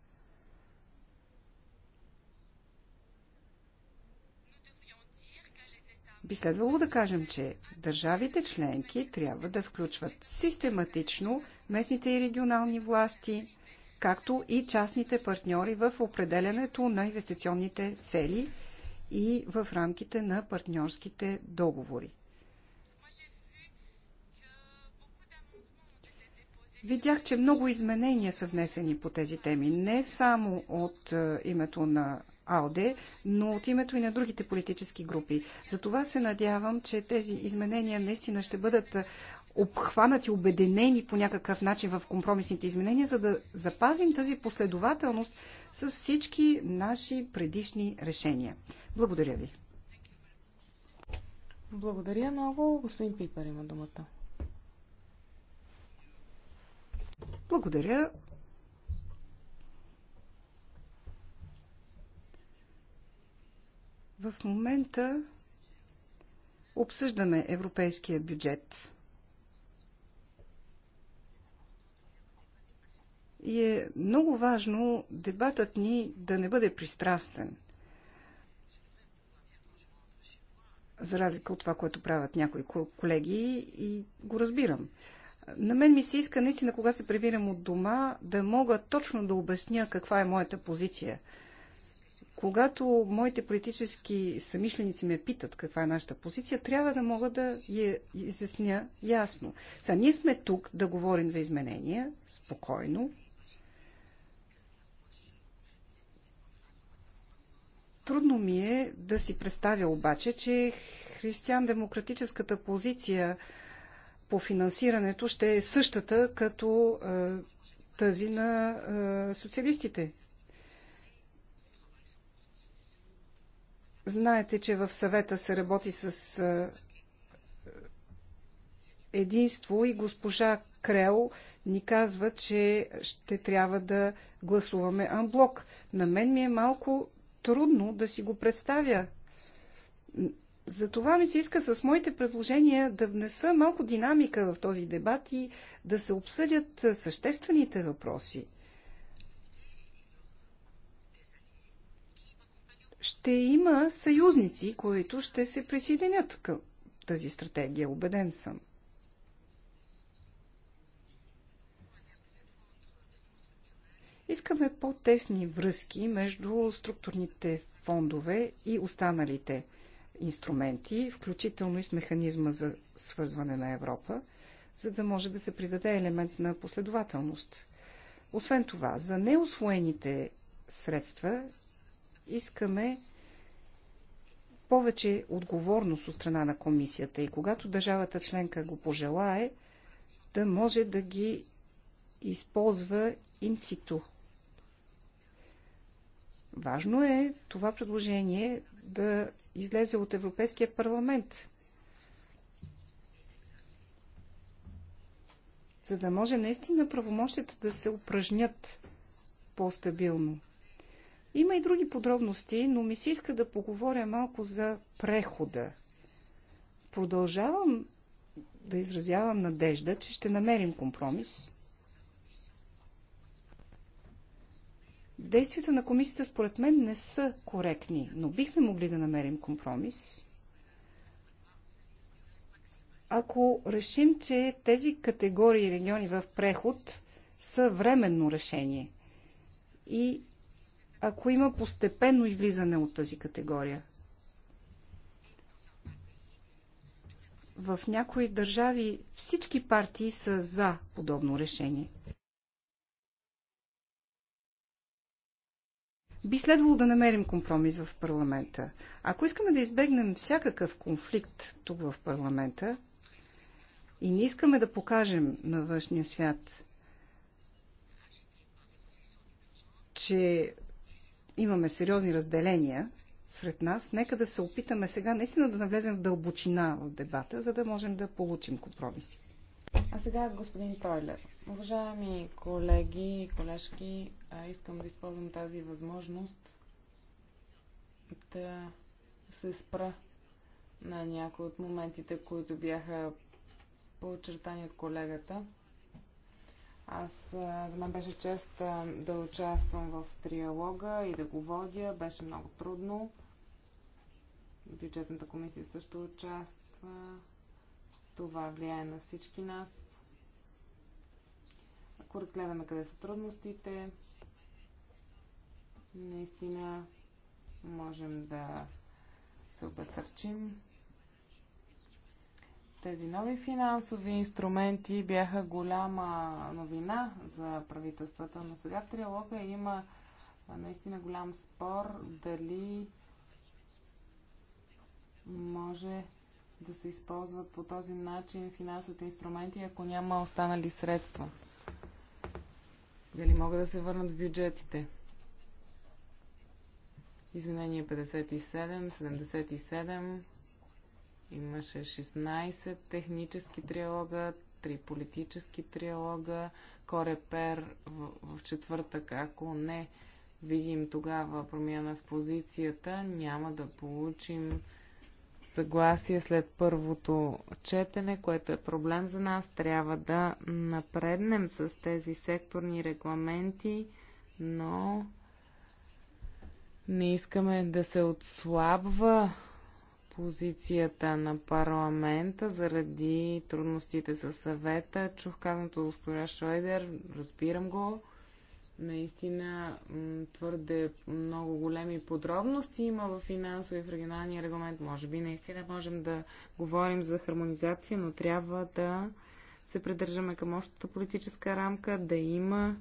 би следвало да кажем, че държавите членки трябва да включват систематично местните и регионални власти, както и частните партньори в определенето на инвестиционните цели и в рамките на партньорските договори. Видях, че много изменения са внесени по тези теми, не само от е, името на АОДЕ, но от името и на другите политически групи. Затова се надявам, че тези изменения наистина ще бъдат е, обхванати, обединени по някакъв начин в компромисните изменения, за да запазим тази последователност с всички наши предишни решения. Благодаря ви. Благодаря много. Господин Пипер има думата. Благодаря. В момента обсъждаме европейския бюджет. И е много важно дебатът ни да не бъде пристрастен. За разлика от това, което правят някои колеги и го разбирам. На мен ми се иска наистина, когато се прибирам от дома, да мога точно да обясня каква е моята позиция. Когато моите политически самишленици ме питат каква е нашата позиция, трябва да мога да я изясня ясно. Сега, ние сме тук да говорим за изменения, спокойно, Трудно ми е да си представя обаче, че християн-демократическата позиция по финансирането ще е същата като е, тази на е, социалистите. Знаете, че в съвета се работи с е, единство и госпожа Крел ни казва, че ще трябва да гласуваме анблок. На мен ми е малко трудно да си го представя. Затова ми се иска с моите предложения да внеса малко динамика в този дебат и да се обсъдят съществените въпроси. Ще има съюзници, които ще се присъединят към тази стратегия, убеден съм. Искаме по-тесни връзки между структурните фондове и останалите инструменти, включително и с механизма за свързване на Европа, за да може да се придаде елемент на последователност. Освен това, за неосвоените средства искаме повече отговорност от страна на комисията и когато държавата членка го пожелае, да може да ги използва инситу, Важно е това предложение да излезе от Европейския парламент, за да може наистина правомощите да се упражнят по-стабилно. Има и други подробности, но ми се иска да поговоря малко за прехода. Продължавам да изразявам надежда, че ще намерим компромис. действията на комисията според мен не са коректни, но бихме могли да намерим компромис. Ако решим, че тези категории региони в преход са временно решение и ако има постепенно излизане от тази категория. В някои държави всички партии са за подобно решение – би следвало да намерим компромис в парламента. Ако искаме да избегнем всякакъв конфликт тук в парламента и не искаме да покажем на външния свят, че имаме сериозни разделения сред нас, нека да се опитаме сега наистина да навлезем в дълбочина в дебата, за да можем да получим компромиси. А сега господин Тойлер. Уважаеми колеги и колежки, а искам да използвам тази възможност да се спра на някои от моментите, които бяха подчертани от колегата. Аз, за мен беше чест да участвам в триалога и да го водя. Беше много трудно. Бюджетната комисия също участва. Това влияе на всички нас. Ако разгледаме къде са трудностите, наистина можем да се обесърчим. Тези нови финансови инструменти бяха голяма новина за правителствата, но сега в триалога има наистина голям спор дали може да се използват по този начин финансовите инструменти, ако няма останали средства. Дали могат да се върнат в бюджетите? Изменение 57, 77. Имаше 16 технически триалога, 3 политически триалога, Корепер в, в четвъртък, ако не видим тогава промяна в позицията, няма да получим съгласие след първото четене, което е проблем за нас. Трябва да напреднем с тези секторни регламенти, но не искаме да се отслабва позицията на парламента заради трудностите със съвета. Чух казаното госпожа Шойдер, разбирам го. Наистина твърде много големи подробности има в финансови и в регионалния регламент. Може би наистина можем да говорим за хармонизация, но трябва да се придържаме към общата политическа рамка, да има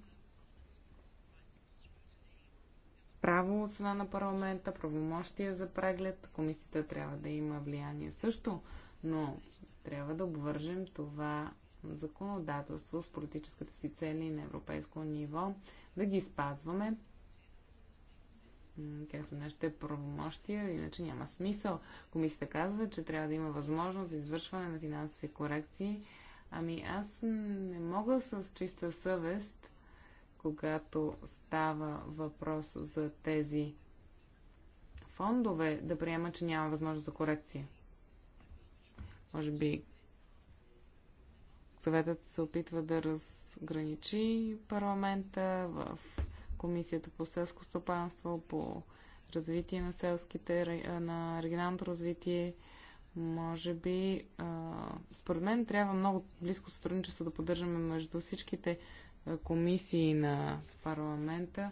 право от страна на парламента, правомощия за преглед. Комисията трябва да има влияние също, но трябва да обвържем това законодателство с политическата си цели на европейско ниво, да ги спазваме, както нашите правомощия, иначе няма смисъл. Комисията казва, че трябва да има възможност за извършване на финансови корекции. Ами аз не мога с чиста съвест когато става въпрос за тези фондове, да приема, че няма възможност за корекция. Може би съветът се опитва да разграничи парламента в Комисията по селско стопанство, по развитие на селските, на регионалното развитие. Може би, според мен, трябва много близко сътрудничество да поддържаме между всичките комисии на парламента,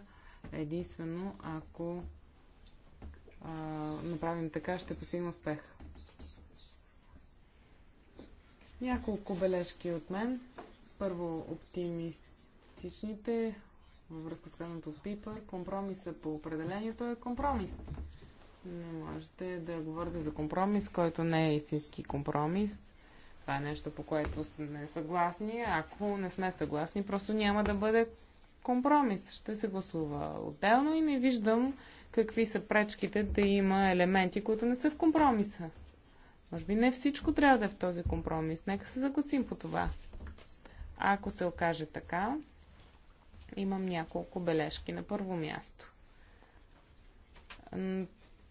единствено ако а, направим така, ще постигнем успех. Няколко бележки от мен. Първо, оптимистичните във връзка с казаното Пипър. Компромиса по определението е компромис. Не можете да говорите за компромис, който не е истински компромис. Това е нещо, по което сме съгласни. Ако не сме съгласни, просто няма да бъде компромис. Ще се гласува отделно и не виждам какви са пречките да има елементи, които не са в компромиса. Може би не всичко трябва да е в този компромис. Нека се загласим по това. А ако се окаже така, имам няколко бележки на първо място.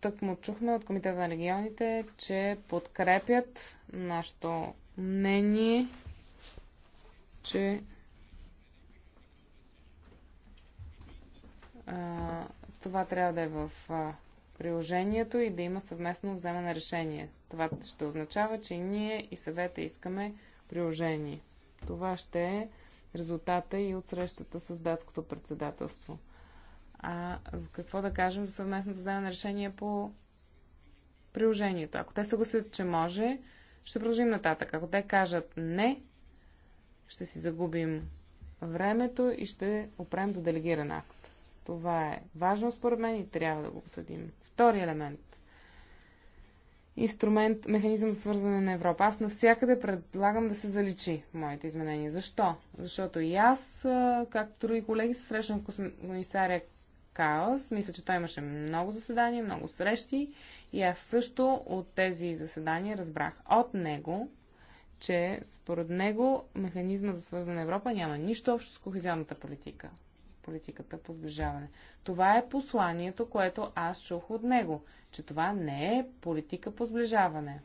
Тък му чухме от Комитета на регионите, че подкрепят нашето мнение, че а, това трябва да е в а, приложението и да има съвместно вземане на решение. Това ще означава, че и ние и съвета искаме приложение. Това ще е резултата и от срещата с датското председателство. А за какво да кажем за съвместното вземане на решение по приложението? Ако те съгласят, че може, ще продължим нататък. Ако те кажат не, ще си загубим времето и ще опрем до делегиран акт. Това е важно според мен и трябва да го обсъдим. Втори елемент. Инструмент, механизъм за свързване на Европа. Аз навсякъде предлагам да се заличи моите изменения. Защо? Защото и аз, както други колеги, се срещам в комисаря хаос. Мисля, че той имаше много заседания, много срещи и аз също от тези заседания разбрах от него, че според него механизма за свързана Европа няма нищо общо с кохезионната политика. Политиката по сближаване. Това е посланието, което аз чух от него, че това не е политика по сближаване.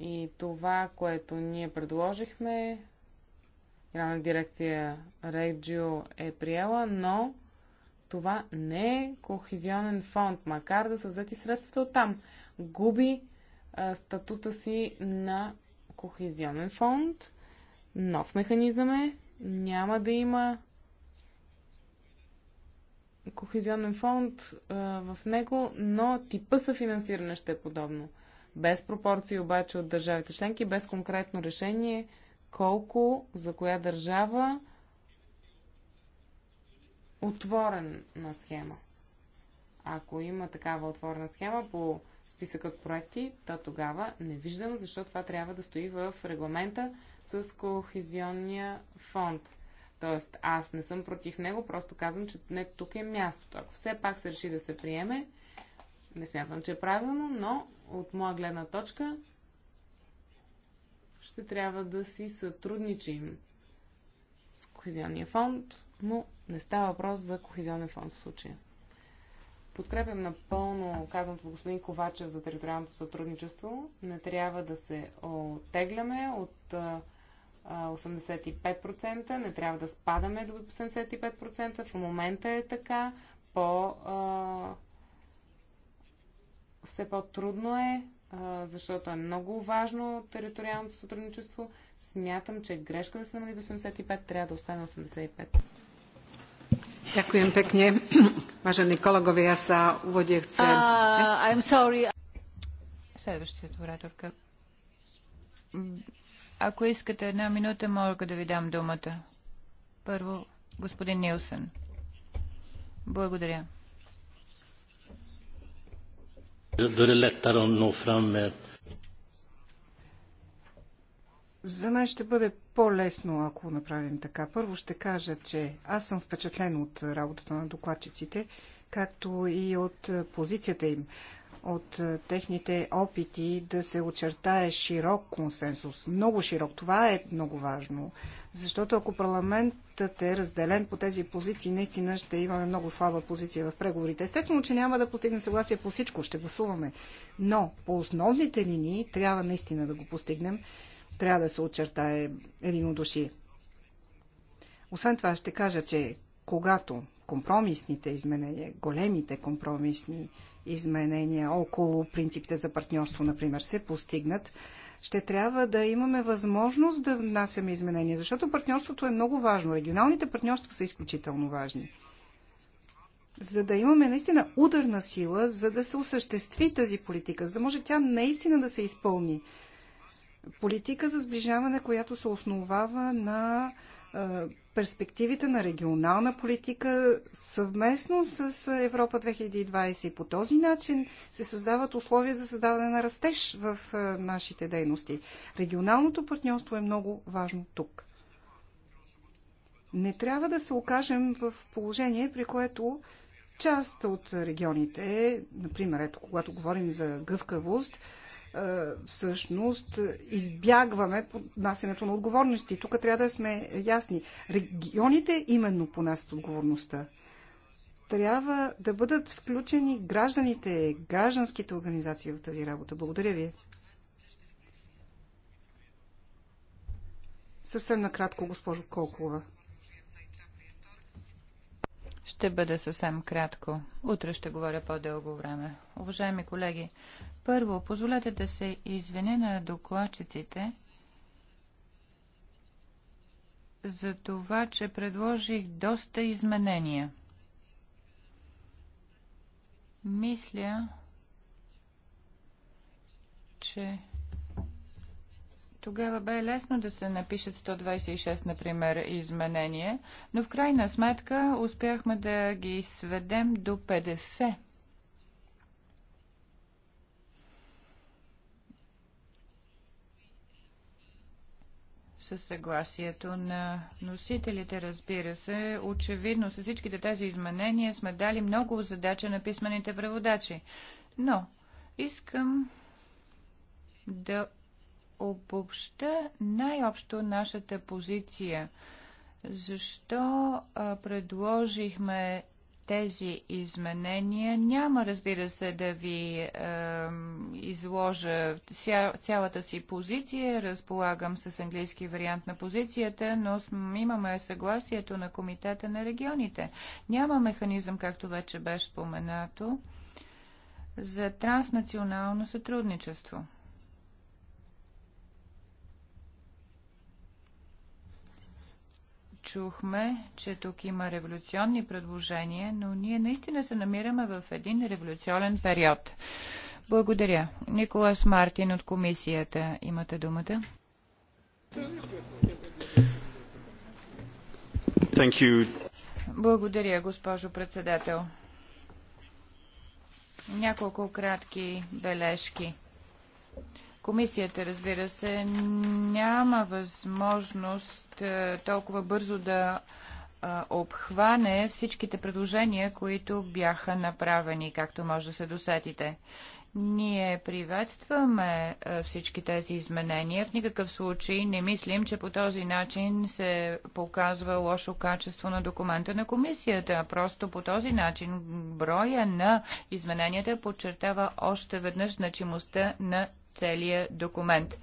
И това, което ние предложихме, Грана дирекция Реджио е приела, но това не е кохезионен фонд, макар да са взети средствата от там. Губи а, статута си на кохезионен фонд, нов механизъм е, няма да има кохезионен фонд а, в него, но типа съфинансиране ще е подобно. Без пропорции обаче от държавите членки, без конкретно решение колко, за коя държава отворена схема. Ако има такава отворена схема по списъкът проекти, то тогава не виждам защо това трябва да стои в регламента с кохезионния фонд. Тоест, аз не съм против него, просто казвам, че не тук е мястото. Ако все пак се реши да се приеме, не смятам, че е правилно, но от моя гледна точка ще трябва да си сътрудничим Кохезионния фонд, но не става въпрос за Кохезионен фонд в случая. Подкрепям напълно казаното по господин Ковачев за териториалното сътрудничество. Не трябва да се оттегляме от 85%, не трябва да спадаме до 75%. В момента е така. По, а, все по-трудно е, а, защото е много важно териториалното сътрудничество. Смятам, че е грешка да се намали до 75, трябва да остане 85. Ďakujem pekne. [CLEARS THROAT] Vážení kolegovia, ja sa v úvode chcem... Uh, I'm sorry. Следващият ораторка. Ако искате една минута, мога да ви дам думата. Първо, господин Нилсън. Благодаря. Då det är lättare att fram med за мен ще бъде по-лесно, ако направим така. Първо ще кажа, че аз съм впечатлен от работата на докладчиците, както и от позицията им, от техните опити да се очертае широк консенсус. Много широк. Това е много важно. Защото ако парламентът е разделен по тези позиции, наистина ще имаме много слаба позиция в преговорите. Естествено, че няма да постигнем съгласие по всичко. Ще гласуваме. Но по основните линии трябва наистина да го постигнем трябва да се очертае единодушие. Освен това ще кажа, че когато компромисните изменения, големите компромисни изменения около принципите за партньорство, например, се постигнат, ще трябва да имаме възможност да внасяме изменения, защото партньорството е много важно. Регионалните партньорства са изключително важни. За да имаме наистина ударна сила, за да се осъществи тази политика, за да може тя наистина да се изпълни политика за сближаване, която се основава на перспективите на регионална политика съвместно с Европа 2020. И по този начин се създават условия за създаване на растеж в нашите дейности. Регионалното партньорство е много важно тук. Не трябва да се окажем в положение, при което част от регионите, например, ето, когато говорим за гъвкавост, е, всъщност избягваме поднасянето на отговорности. Тук трябва да сме ясни. Регионите именно понасят отговорността. Трябва да бъдат включени гражданите, гражданските организации в тази работа. Благодаря ви. Съвсем накратко, госпожо Колкова. Ще бъде съвсем кратко. Утре ще говоря по-дълго време. Уважаеми колеги, първо, позволете да се извиня на докладчиците за това, че предложих доста изменения. Мисля, че тогава бе лесно да се напишат 126, например, изменения, но в крайна сметка успяхме да ги сведем до 50. със съгласието на носителите, разбира се. Очевидно, с всичките тези изменения сме дали много задача на писмените преводачи. Но искам да обобща най-общо нашата позиция. Защо а, предложихме тези изменения. Няма, разбира се, да ви а, изложа цялата си позиция. Разполагам с английски вариант на позицията, но имаме съгласието на Комитета на регионите. Няма механизъм, както вече беше споменато, за транснационално сътрудничество. чухме, че тук има революционни предложения, но ние наистина се намираме в един революционен период. Благодаря. Николас Мартин от комисията. Имате думата. Благодаря, госпожо председател. Няколко кратки бележки. Комисията, разбира се, няма възможност е, толкова бързо да е, обхване всичките предложения, които бяха направени, както може да се досетите. Ние приветстваме е, всички тези изменения. В никакъв случай не мислим, че по този начин се показва лошо качество на документа на комисията. Просто по този начин броя на измененията подчертава още веднъж значимостта на целия документ.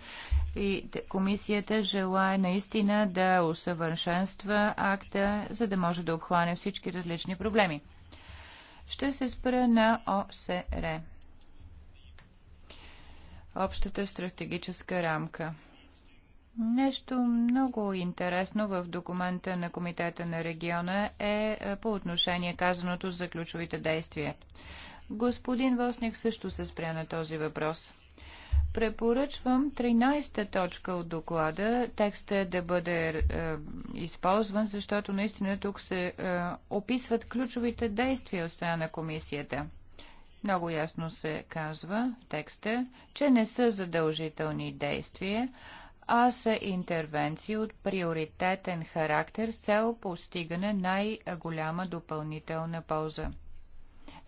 И комисията желая наистина да усъвършенства акта, за да може да обхване всички различни проблеми. Ще се спра на ОСР. Общата стратегическа рамка. Нещо много интересно в документа на Комитета на региона е, е по отношение казаното за ключовите действия. Господин Восник също се спря на този въпрос. Препоръчвам 13-та точка от доклада, текста да бъде е, използван, защото наистина тук се е, описват ключовите действия от страна на комисията. Много ясно се казва текста, че не са задължителни действия, а са интервенции от приоритетен характер с цел постигане най-голяма допълнителна полза.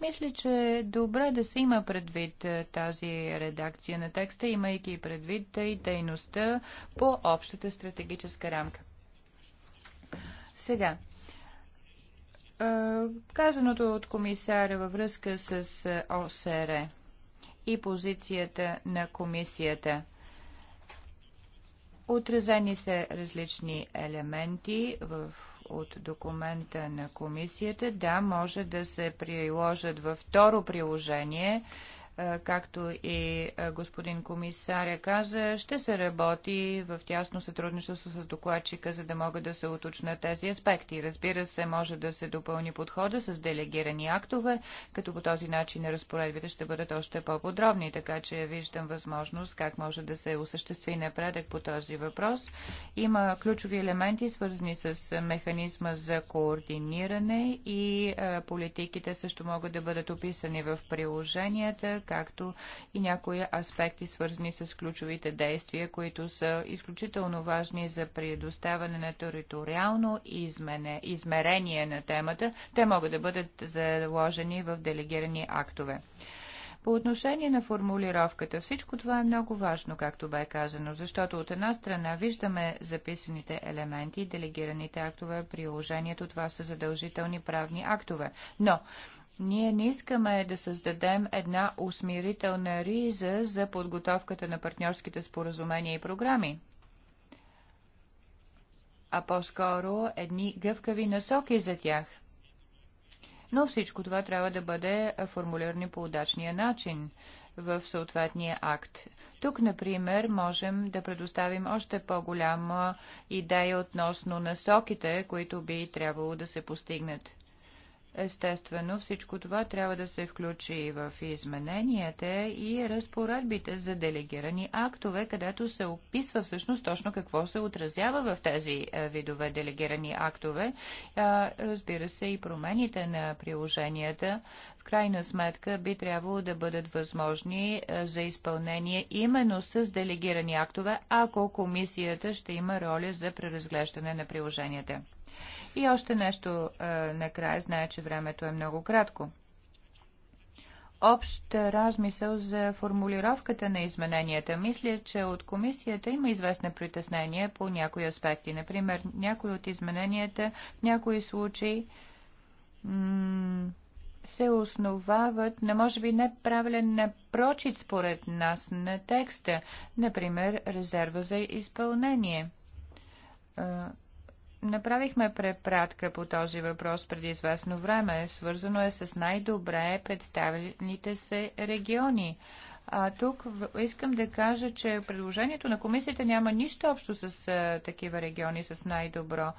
Мисля, че е добре да се има предвид е, тази редакция на текста, имайки предвид е, и дейността по общата стратегическа рамка. Сега, е, казаното от комисаря във връзка с ОСР и позицията на комисията. Отразени са различни елементи в от документа на комисията. Да, може да се приложат във второ приложение е, както и е, господин комисаря каза, ще се работи в тясно сътрудничество с докладчика, за да могат да се уточнят тези аспекти. Разбира се, може да се допълни подхода с делегирани актове, като по този начин разпоредбите ще бъдат още по-подробни, така че виждам възможност как може да се осъществи напредък по този въпрос. Има ключови елементи, свързани с механизма за координиране и е, политиките също могат да бъдат описани в приложенията, както и някои аспекти, свързани с ключовите действия, които са изключително важни за предоставяне на териториално измене, измерение на темата. Те могат да бъдат заложени в делегирани актове. По отношение на формулировката, всичко това е много важно, както бе казано, защото от една страна виждаме записаните елементи, делегираните актове, приложението, това са задължителни правни актове. Но ние не искаме да създадем една усмирителна риза за подготовката на партньорските споразумения и програми, а по-скоро едни гъвкави насоки за тях. Но всичко това трябва да бъде формулирано по удачния начин в съответния акт. Тук, например, можем да предоставим още по-голяма идея относно насоките, които би трябвало да се постигнат. Естествено, всичко това трябва да се включи и в измененията и разпоредбите за делегирани актове, където се описва всъщност точно какво се отразява в тези е, видове делегирани актове. Разбира се, и промените на приложенията в крайна сметка би трябвало да бъдат възможни е, за изпълнение именно с делегирани актове, ако комисията ще има роля за преразглеждане на приложенията. И още нещо е, накрая, знае, че времето е много кратко. Общ размисъл за формулировката на измененията. Мисля, че от комисията има известно притеснение по някои аспекти. Например, някои от измененията в някои случаи се основават на, може би, неправилен напрочит според нас на текста. Например, резерва за изпълнение е, Направихме препратка по този въпрос преди известно време. Свързано е с най-добре представените се региони. А тук искам да кажа, че предложението на комисията няма нищо общо с а, такива региони с най-добро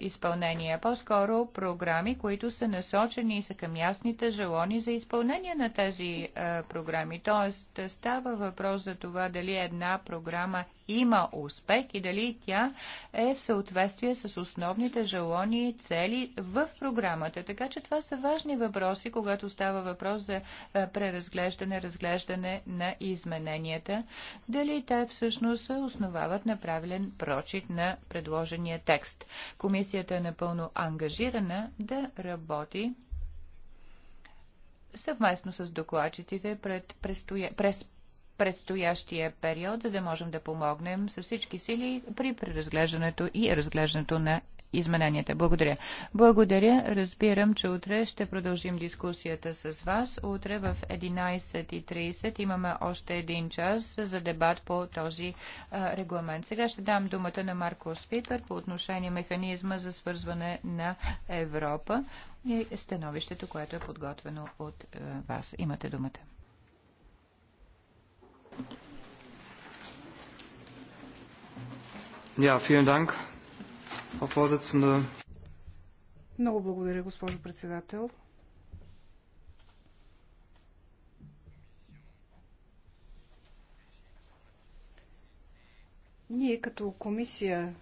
изпълнение. По-скоро програми, които са насочени и са към ясните желони за изпълнение на тези а, програми. Тоест става въпрос за това дали една програма има успех и дали тя е в съответствие с основните желания и цели в програмата. Така че това са важни въпроси, когато става въпрос за преразглеждане, разглеждане на измененията. Дали те всъщност се основават на правилен прочит на предложения текст. Комисията е напълно ангажирана да работи съвместно с докладчиците пред престоя... през предстоящия период, за да можем да помогнем с всички сили при преразглеждането и разглеждането на измененията. Благодаря. Благодаря. Разбирам, че утре ще продължим дискусията с вас. Утре в 11.30 имаме още един час за дебат по този а, регламент. Сега ще дам думата на Марко Спитър по отношение механизма за свързване на Европа и становището, което е подготвено от а, вас. Имате думата. Ja, vielen Dank, Frau Vorsitzende. Много благодаря, госпожо председател. Ние като комисия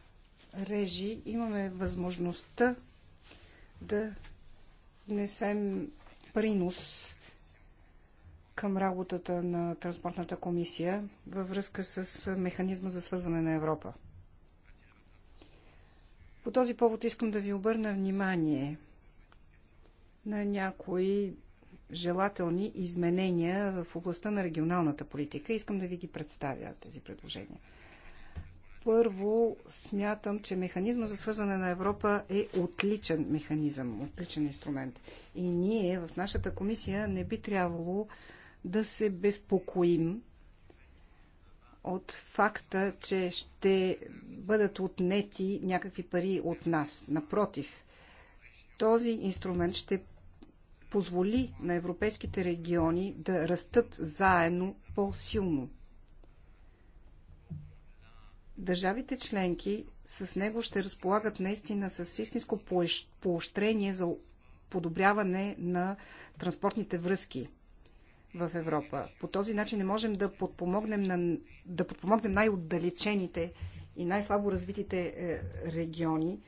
Режи имаме възможността да внесем принос към работата на Транспортната комисия във връзка с механизма за свързване на Европа. По този повод искам да ви обърна внимание на някои желателни изменения в областта на регионалната политика. Искам да ви ги представя тези предложения. Първо, смятам, че механизма за свързане на Европа е отличен механизъм, отличен инструмент. И ние в нашата комисия не би трябвало да се безпокоим от факта, че ще бъдат отнети някакви пари от нас. Напротив, този инструмент ще позволи на европейските региони да растат заедно по-силно. Държавите членки с него ще разполагат наистина с истинско поощрение за подобряване на транспортните връзки – в Европа. По този начин не можем да подпомогнем, на, да подпомогнем най-отдалечените и най-слабо развитите е, региони.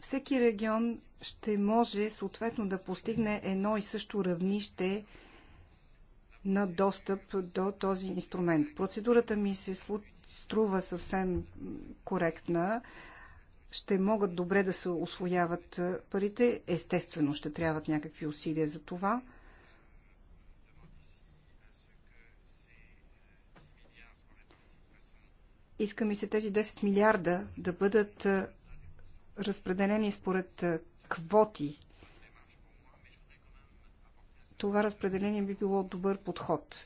Всеки регион ще може съответно да постигне едно и също равнище на достъп до този инструмент. Процедурата ми се струва съвсем коректна ще могат добре да се освояват парите. Естествено, ще трябват някакви усилия за това. Иска ми се тези 10 милиарда да бъдат разпределени според квоти. Това разпределение би било добър подход.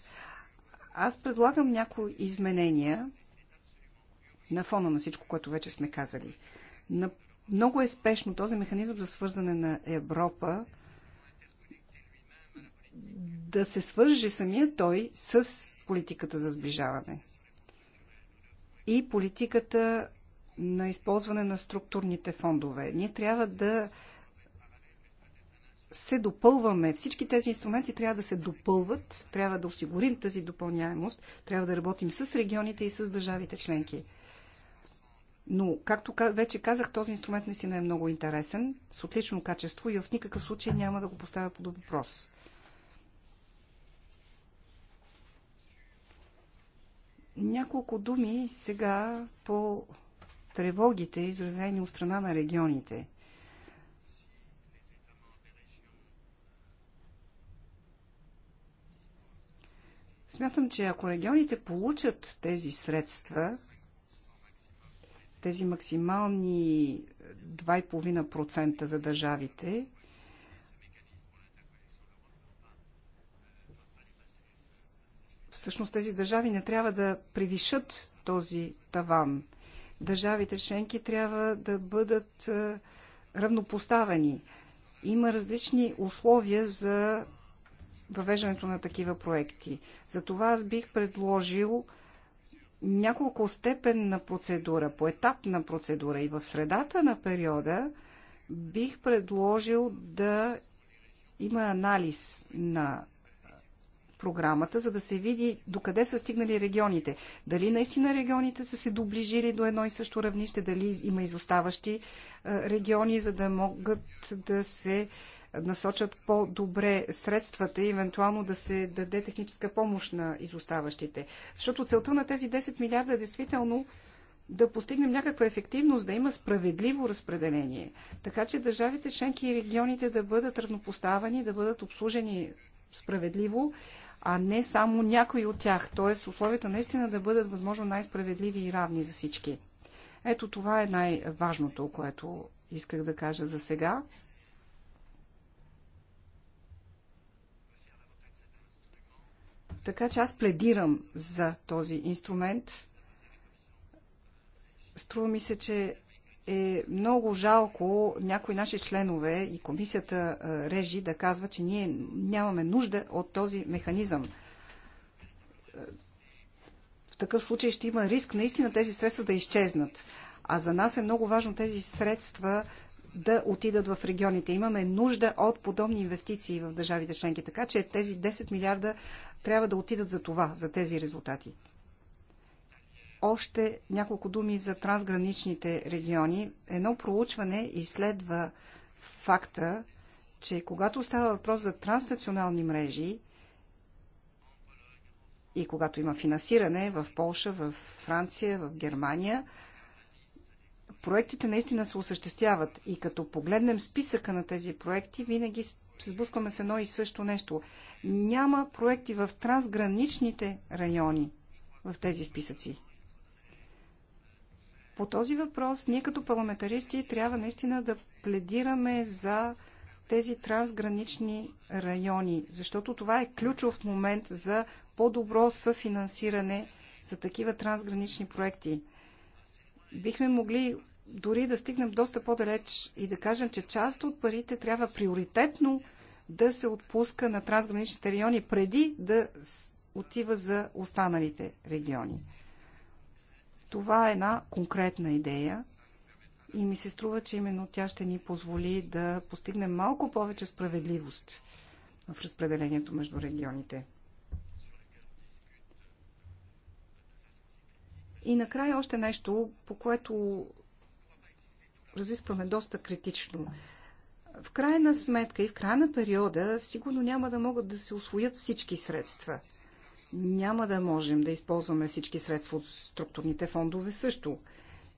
Аз предлагам някои изменения на фона на всичко, което вече сме казали. Много е спешно този механизъм за свързане на Европа да се свърже самия той с политиката за сближаване и политиката на използване на структурните фондове. Ние трябва да се допълваме. Всички тези инструменти трябва да се допълват, трябва да осигурим тази допълняемост, трябва да работим с регионите и с държавите членки. Но, както вече казах, този инструмент наистина е много интересен, с отлично качество и в никакъв случай няма да го поставя под въпрос. Няколко думи сега по тревогите, изразени от страна на регионите. Смятам, че ако регионите получат тези средства, тези максимални 2,5% за държавите всъщност тези държави не трябва да превишат този таван. Държавите членки трябва да бъдат е, равнопоставени. Има различни условия за въвеждането на такива проекти. Затова аз бих предложил няколко степенна процедура, по етапна процедура и в средата на периода бих предложил да има анализ на програмата, за да се види докъде са стигнали регионите. Дали наистина регионите са се доближили до едно и също равнище, дали има изоставащи региони, за да могат да се насочат по-добре средствата и евентуално да се даде техническа помощ на изоставащите. Защото целта на тези 10 милиарда е действително да постигнем някаква ефективност, да има справедливо разпределение, така че държавите, членки и регионите да бъдат равнопоставени, да бъдат обслужени справедливо, а не само някои от тях. Тоест условията наистина да бъдат възможно най-справедливи и равни за всички. Ето това е най-важното, което исках да кажа за сега. Така че аз пледирам за този инструмент. Струва ми се, че е много жалко някои наши членове и комисията Режи да казва, че ние нямаме нужда от този механизъм. В такъв случай ще има риск наистина тези средства да изчезнат. А за нас е много важно тези средства да отидат в регионите. Имаме нужда от подобни инвестиции в държавите членки, така че тези 10 милиарда трябва да отидат за това, за тези резултати. Още няколко думи за трансграничните региони. Едно проучване изследва факта, че когато става въпрос за транснационални мрежи и когато има финансиране в Полша, в Франция, в Германия, проектите наистина се осъществяват. И като погледнем списъка на тези проекти, винаги се сблъскваме с едно и също нещо. Няма проекти в трансграничните райони в тези списъци. По този въпрос ние като парламентаристи трябва наистина да пледираме за тези трансгранични райони, защото това е ключов момент за по-добро съфинансиране за такива трансгранични проекти. Бихме могли дори да стигнем доста по-далеч и да кажем, че част от парите трябва приоритетно да се отпуска на трансграничните райони преди да отива за останалите региони. Това е една конкретна идея и ми се струва, че именно тя ще ни позволи да постигнем малко повече справедливост в разпределението между регионите. И накрая още нещо, по което разискваме доста критично. В крайна сметка и в края на периода сигурно няма да могат да се освоят всички средства. Няма да можем да използваме всички средства от структурните фондове също.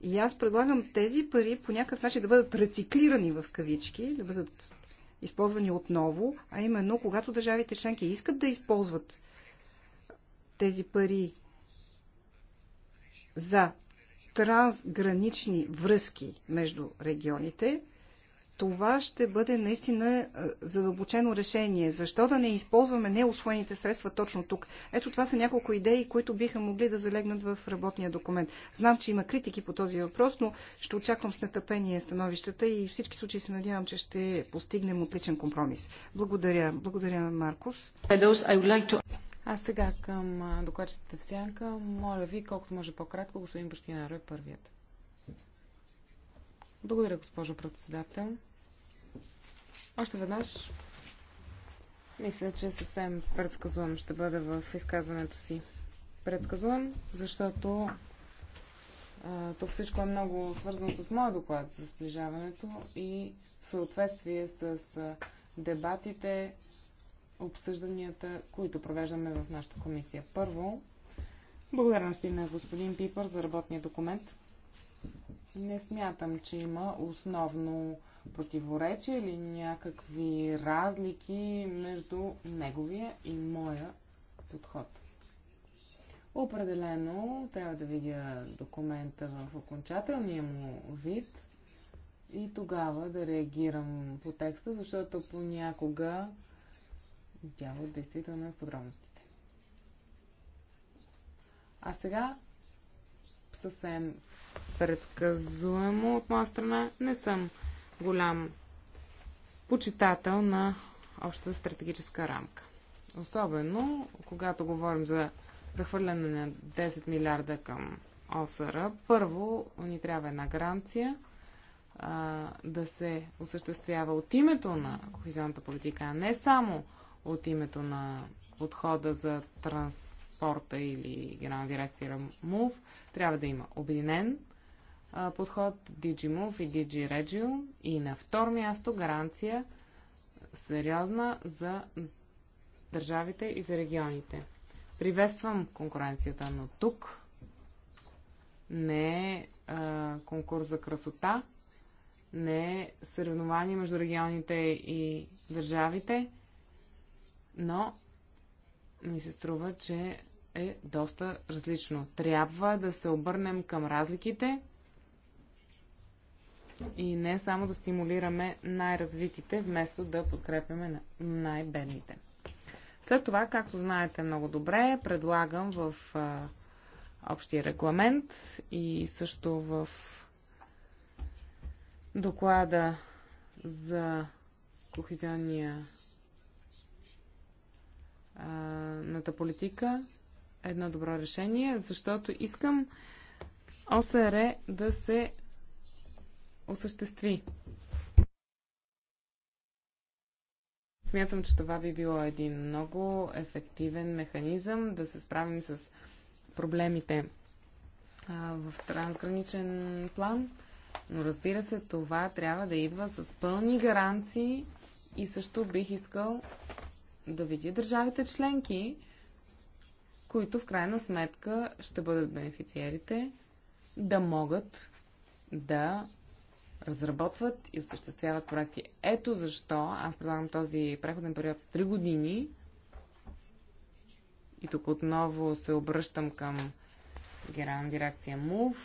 И аз предлагам тези пари по някакъв начин да бъдат рециклирани в кавички, да бъдат използвани отново, а именно когато държавите членки искат да използват тези пари за трансгранични връзки между регионите, това ще бъде наистина е, задълбочено решение. Защо да не използваме неосвоените средства точно тук? Ето това са няколко идеи, които биха могли да залегнат в работния документ. Знам, че има критики по този въпрос, но ще очаквам с нетъпение становищата и всички случаи се надявам, че ще постигнем отличен компромис. Благодаря. Благодаря, Маркус. А сега към докладчетата в сянка. Моля ви, колкото може по-кратко, господин Бащинаро е първият. Благодаря, госпожо председател. Още веднъж мисля, че съвсем предсказуем ще бъде в изказването си. Предсказуем, защото а, тук всичко е много свързано с моя доклад за сближаването и съответствие с а, дебатите обсъжданията, които провеждаме в нашата комисия. Първо, благодарности на господин Пипър за работния документ. Не смятам, че има основно противоречие или някакви разлики между неговия и моя подход. Определено трябва да видя документа в окончателния му вид и тогава да реагирам по текста, защото понякога дялът действително е в подробностите. А сега съвсем предсказуемо от моя страна не съм голям почитател на общата стратегическа рамка. Особено, когато говорим за прехвърляне на 10 милиарда към ОСР, първо ни трябва една гаранция а, да се осъществява от името на кохезионната политика, а не само от името на подхода за транспорта или генерална дирекция MOVE, трябва да има обединен подход DigiMove и DigiRegio и на второ място гаранция сериозна за държавите и за регионите. Приветствам конкуренцията, но тук не е а, конкурс за красота, не е съревнование между регионите и държавите, но ми се струва, че е доста различно. Трябва да се обърнем към разликите и не само да стимулираме най-развитите, вместо да подкрепяме най-бедните. След това, както знаете много добре, предлагам в а, общия регламент и също в доклада за кохезионния ната политика едно добро решение, защото искам ОСР да се осъществи. Смятам, че това би било един много ефективен механизъм да се справим с проблемите а, в трансграничен план. Но разбира се, това трябва да идва с пълни гаранции и също бих искал да види държавите членки, които в крайна сметка ще бъдат бенефициерите, да могат да разработват и осъществяват проекти. Ето защо аз предлагам този преходен период 3 години. И тук отново се обръщам към генерална дирекция МУВ.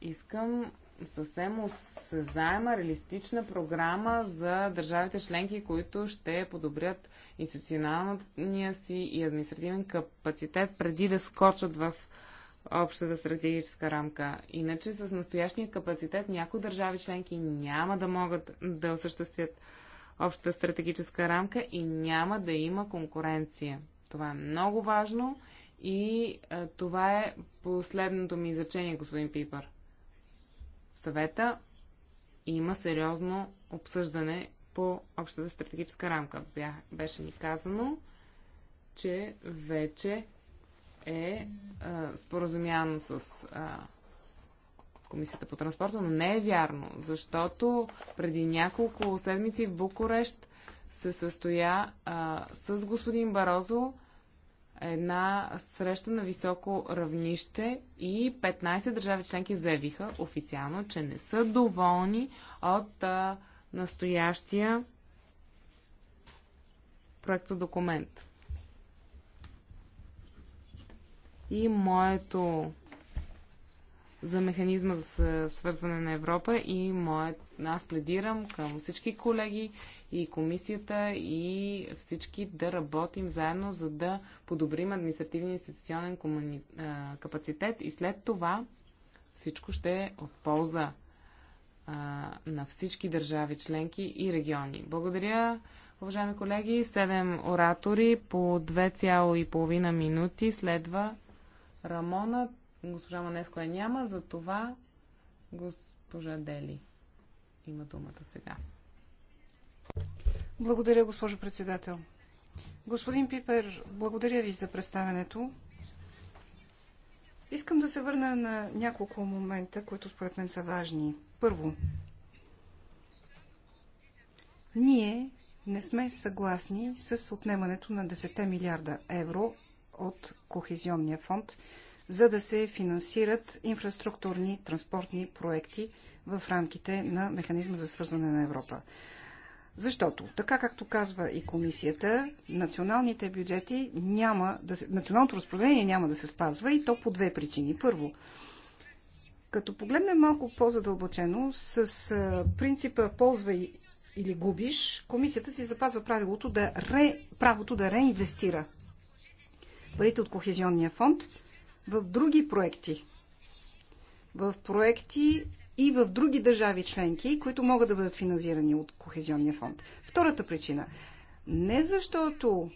Искам съвсем осезаема, реалистична програма за държавите членки, които ще подобрят институционалния си и административен капацитет преди да скочат в общата стратегическа рамка. Иначе с настоящия капацитет някои държави членки няма да могат да осъществят общата стратегическа рамка и няма да има конкуренция. Това е много важно и а, това е последното ми изречение, господин Пипър съвета има сериозно обсъждане по общата стратегическа рамка. Беше ни казано, че вече е а, споразумяно с а, Комисията по транспорта, но не е вярно, защото преди няколко седмици в Букурещ се състоя а, с господин Барозо една среща на високо равнище и 15 държави членки заявиха официално, че не са доволни от а, настоящия проектодокумент. И моето за механизма за свързване на Европа и моят, аз пледирам към всички колеги и комисията и всички да работим заедно, за да подобрим административния институционен комуни... капацитет и след това всичко ще е от полза а, на всички държави, членки и региони. Благодаря, уважаеми колеги. Седем оратори по 2,5 минути следва Рамона Госпожа Манеско я няма, за това госпожа Дели има думата сега. Благодаря, госпожо председател. Господин Пипер, благодаря ви за представенето. Искам да се върна на няколко момента, които според мен са важни. Първо, ние не сме съгласни с отнемането на 10 милиарда евро от Кохезионния фонд за да се финансират инфраструктурни транспортни проекти в рамките на механизма за свързване на Европа. Защото, така както казва и комисията, националните бюджети няма да се, националното разпределение няма да се спазва и то по две причини. Първо, като погледнем малко по-задълбочено, с принципа ползвай или губиш, комисията си запазва правилото да ре, правото да реинвестира парите от Кохезионния фонд – в други проекти. В проекти и в други държави членки, които могат да бъдат финансирани от Кохезионния фонд. Втората причина. Не защото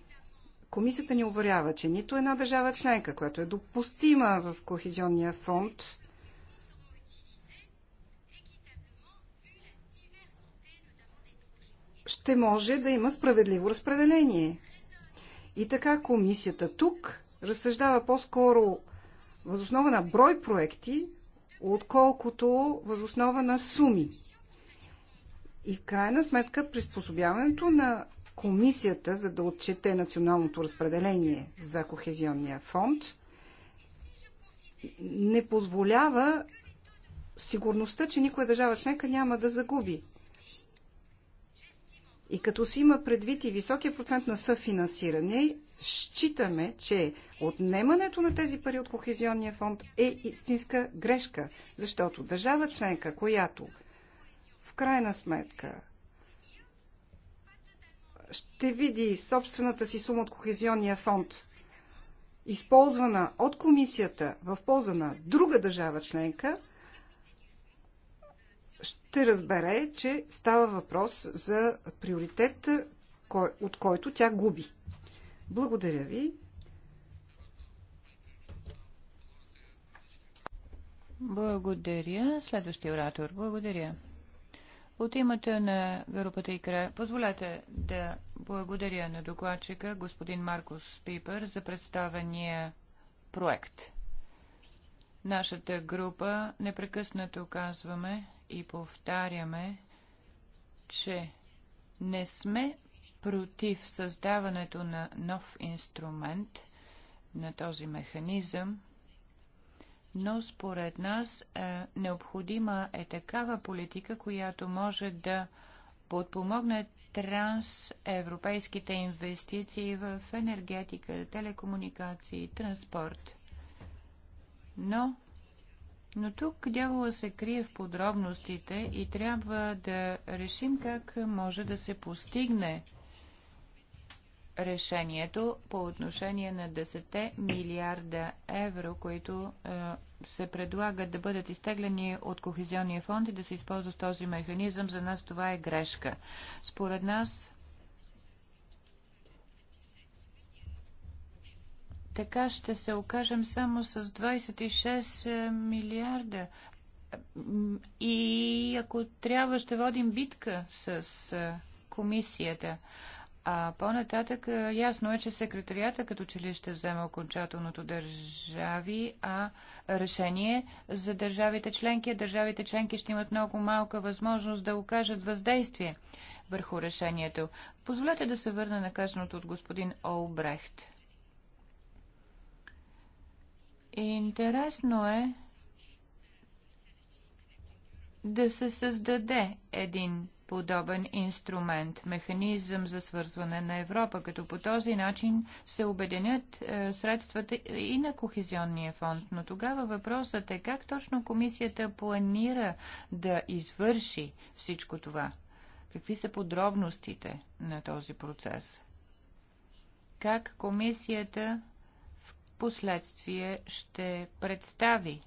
комисията ни уверява, че нито една държава членка, която е допустима в Кохезионния фонд, ще може да има справедливо разпределение. И така комисията тук разсъждава по-скоро възоснова на брой проекти, отколкото възоснова на суми. И в крайна сметка приспособяването на комисията, за да отчете националното разпределение за Кохезионния фонд, не позволява сигурността, че никоя държава членка няма да загуби. И като се има предвид и високия процент на съфинансиране, считаме, че отнемането на тези пари от Кохезионния фонд е истинска грешка, защото държава членка, която в крайна сметка ще види собствената си сума от Кохезионния фонд, използвана от комисията в полза на друга държава членка, ще разбере, че става въпрос за приоритет, от който тя губи. Благодаря ви. Благодаря. Следващия оратор. Благодаря. От името на групата ИКРА, позволете да благодаря на докладчика господин Маркус Пипер за представения проект. Нашата група непрекъснато казваме и повтаряме, че не сме против създаването на нов инструмент на този механизъм, но според нас е, необходима е такава политика, която може да подпомогне трансевропейските инвестиции в енергетика, телекомуникации, транспорт. Но, но тук дявола се крие в подробностите и трябва да решим как може да се постигне решението по отношение на 10 милиарда евро, които е, се предлагат да бъдат изтеглени от Кохезионния фонд и да се използва този механизъм. За нас това е грешка. Според нас така ще се окажем само с 26 е, милиарда. И ако трябва, ще водим битка с е, комисията. А по-нататък ясно е, че секретарията като че ли ще взема окончателното държави, а решение за държавите членки. Държавите членки ще имат много малка възможност да окажат въздействие върху решението. Позволете да се върна на казаното от господин Олбрехт. Интересно е да се създаде един подобен инструмент, механизъм за свързване на Европа, като по този начин се обединят е, средствата и на Кохезионния фонд. Но тогава въпросът е как точно комисията планира да извърши всичко това? Какви са подробностите на този процес? Как комисията в последствие ще представи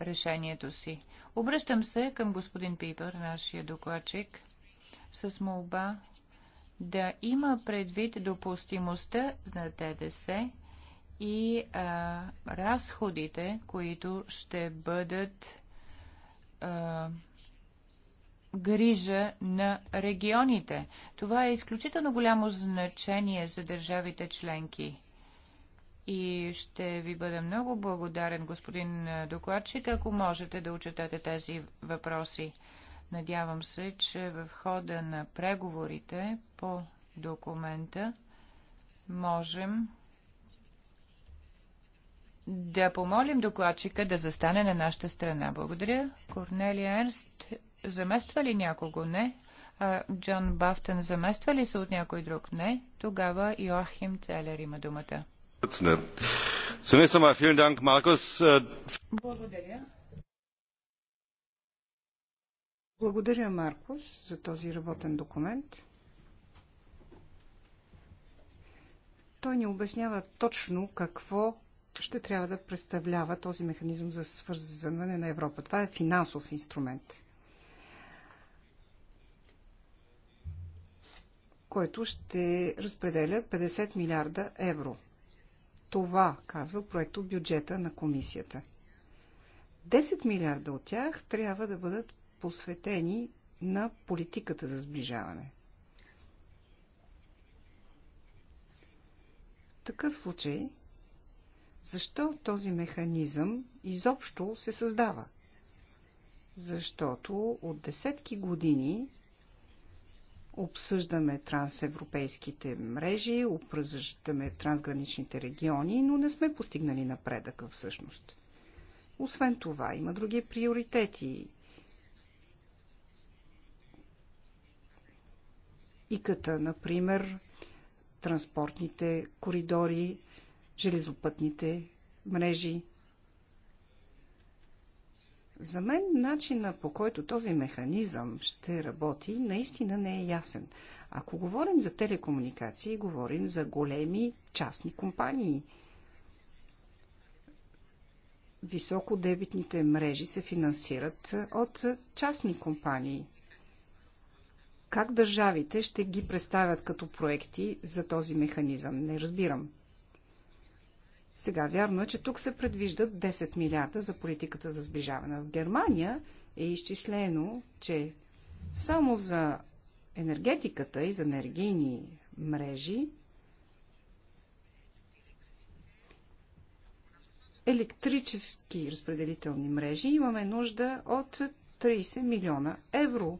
решението си? Обръщам се към господин Пипър, нашия докладчик, с молба да има предвид допустимостта на ДДС и а, разходите, които ще бъдат а, грижа на регионите. Това е изключително голямо значение за държавите членки и ще ви бъда много благодарен, господин е, докладчик, ако можете да учетете тези въпроси. Надявам се, че в хода на преговорите по документа можем да помолим докладчика да застане на нашата страна. Благодаря. Корнелия Ернст замества ли някого? Не. А Джон Бафтън замества ли се от някой друг? Не. Тогава Йоахим Целер има думата. Äh, Благодаря. Благодаря, Маркус, за този работен документ. Той ни обяснява точно какво ще трябва да представлява този механизъм за свързване на Европа. Това е финансов инструмент, който ще разпределя 50 милиарда евро – това казва проекто бюджета на комисията. 10 милиарда от тях трябва да бъдат посветени на политиката за сближаване. В такъв случай, защо този механизъм изобщо се създава? Защото от десетки години обсъждаме трансевропейските мрежи, обсъждаме трансграничните региони, но не сме постигнали напредъка всъщност. Освен това, има други приоритети. Иката, например, транспортните коридори, железопътните мрежи. За мен начина по който този механизъм ще работи наистина не е ясен. Ако говорим за телекомуникации, говорим за големи частни компании. Високодебитните мрежи се финансират е, от е, частни компании. Как държавите ще ги представят като проекти за този механизъм? Не разбирам. Сега вярно е, че тук се предвиждат 10 милиарда за политиката за сближаване. В Германия е изчислено, че само за енергетиката и за енергийни мрежи електрически разпределителни мрежи имаме нужда от 30 милиона евро.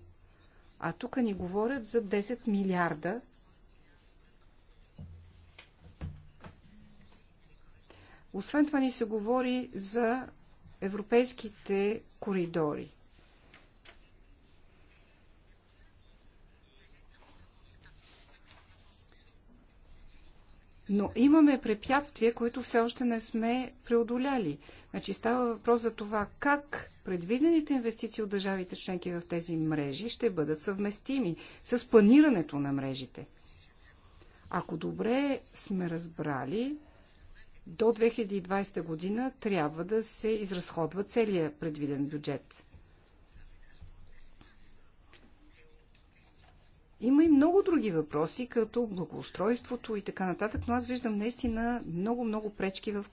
А тук ни говорят за 10 милиарда Освен това ни се говори за европейските коридори. Но имаме препятствия, които все още не сме преодоляли. Значи става въпрос за това как предвидените инвестиции от държавите членки в тези мрежи ще бъдат съвместими с планирането на мрежите. Ако добре сме разбрали, до 2020 година трябва да се изразходва целият предвиден бюджет. Има и много други въпроси, като благоустройството и така нататък, но аз виждам наистина много-много пречки в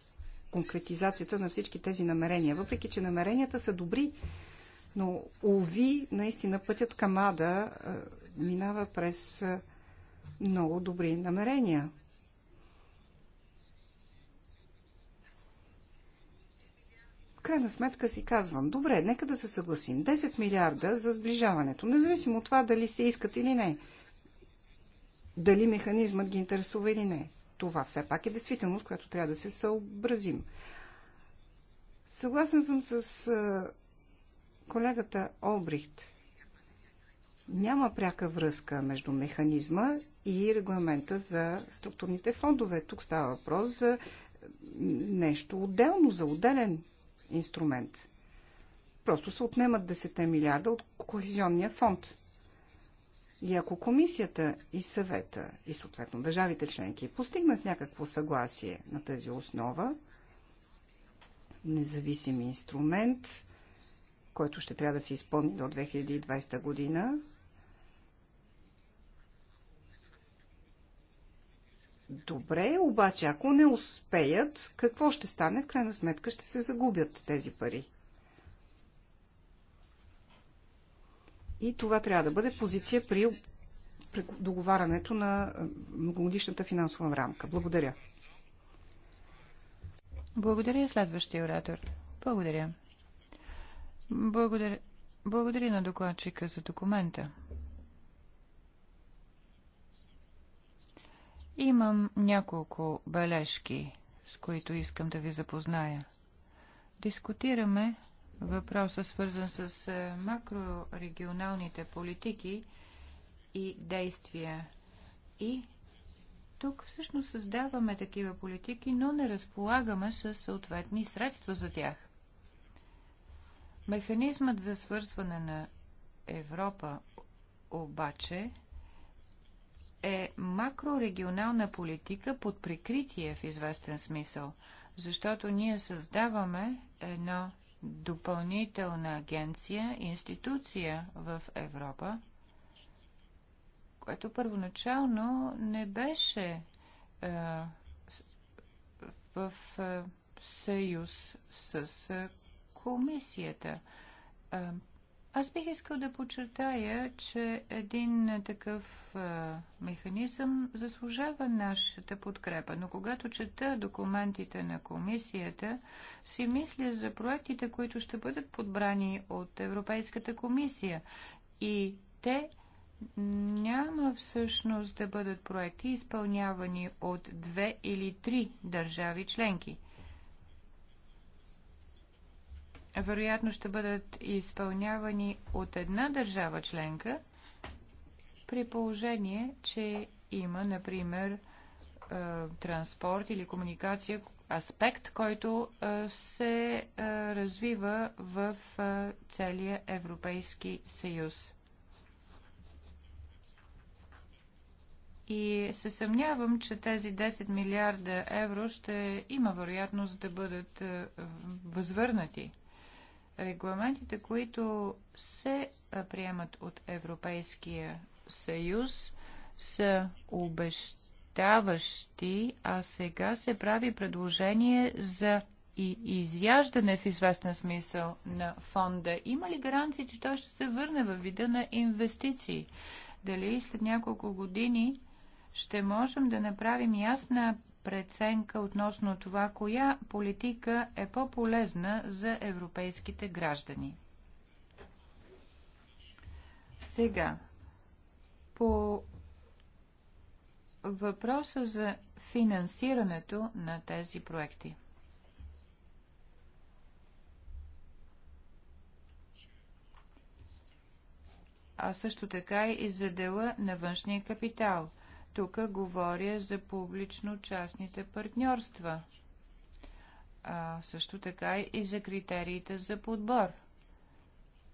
конкретизацията на всички тези намерения. Въпреки, че намеренията са добри, но уви, наистина пътят към Ада минава през много добри намерения. крайна сметка си казвам, добре, нека да се съгласим. 10 милиарда за сближаването, независимо от това дали се искат или не. Дали механизмът ги интересува или не. Това все пак е действителност, която трябва да се съобразим. Съгласен съм с колегата Обрихт. Няма пряка връзка между механизма и регламента за структурните фондове. Тук става въпрос за нещо отделно, за отделен инструмент. Просто се отнемат 10 милиарда от кохезионния фонд. И ако комисията и съвета и съответно държавите членки постигнат някакво съгласие на тази основа, независим инструмент, който ще трябва да се изпълни до 2020 година, Добре, обаче ако не успеят, какво ще стане? В крайна сметка ще се загубят тези пари. И това трябва да бъде позиция при договарянето на многогодишната финансова рамка. Благодаря. Благодаря следващия оратор. Благодаря. Благодаря, благодаря на докладчика за документа. Имам няколко бележки, с които искам да ви запозная. Дискутираме въпроса, свързан с е, макрорегионалните политики и действия. И тук всъщност създаваме такива политики, но не разполагаме с съответни средства за тях. Механизмът за свързване на Европа обаче е макрорегионална политика под прикритие в известен смисъл, защото ние създаваме едно допълнителна агенция, институция в Европа, което първоначално не беше е, в е, съюз с е, комисията. Е, аз бих искал да подчертая, че един такъв механизъм заслужава нашата подкрепа, но когато чета документите на комисията, си мисля за проектите, които ще бъдат подбрани от Европейската комисия и те няма всъщност да бъдат проекти изпълнявани от две или три държави членки. вероятно ще бъдат изпълнявани от една държава членка, при положение, че има, например, е, транспорт или комуникация, аспект, който е, се е, развива в целия Европейски съюз. И се съмнявам, че тези 10 милиарда евро ще има вероятност да бъдат възвърнати регламентите, които се приемат от Европейския съюз, са обещаващи, а сега се прави предложение за и изяждане в известен смисъл на фонда. Има ли гаранции, че той ще се върне във вида на инвестиции? Дали след няколко години ще можем да направим ясна преценка относно това, коя политика е по-полезна за европейските граждани. Сега, по въпроса за финансирането на тези проекти. А също така и за дела на външния капитал – тук говоря за публично-частните партньорства. А, също така и за критериите за подбор.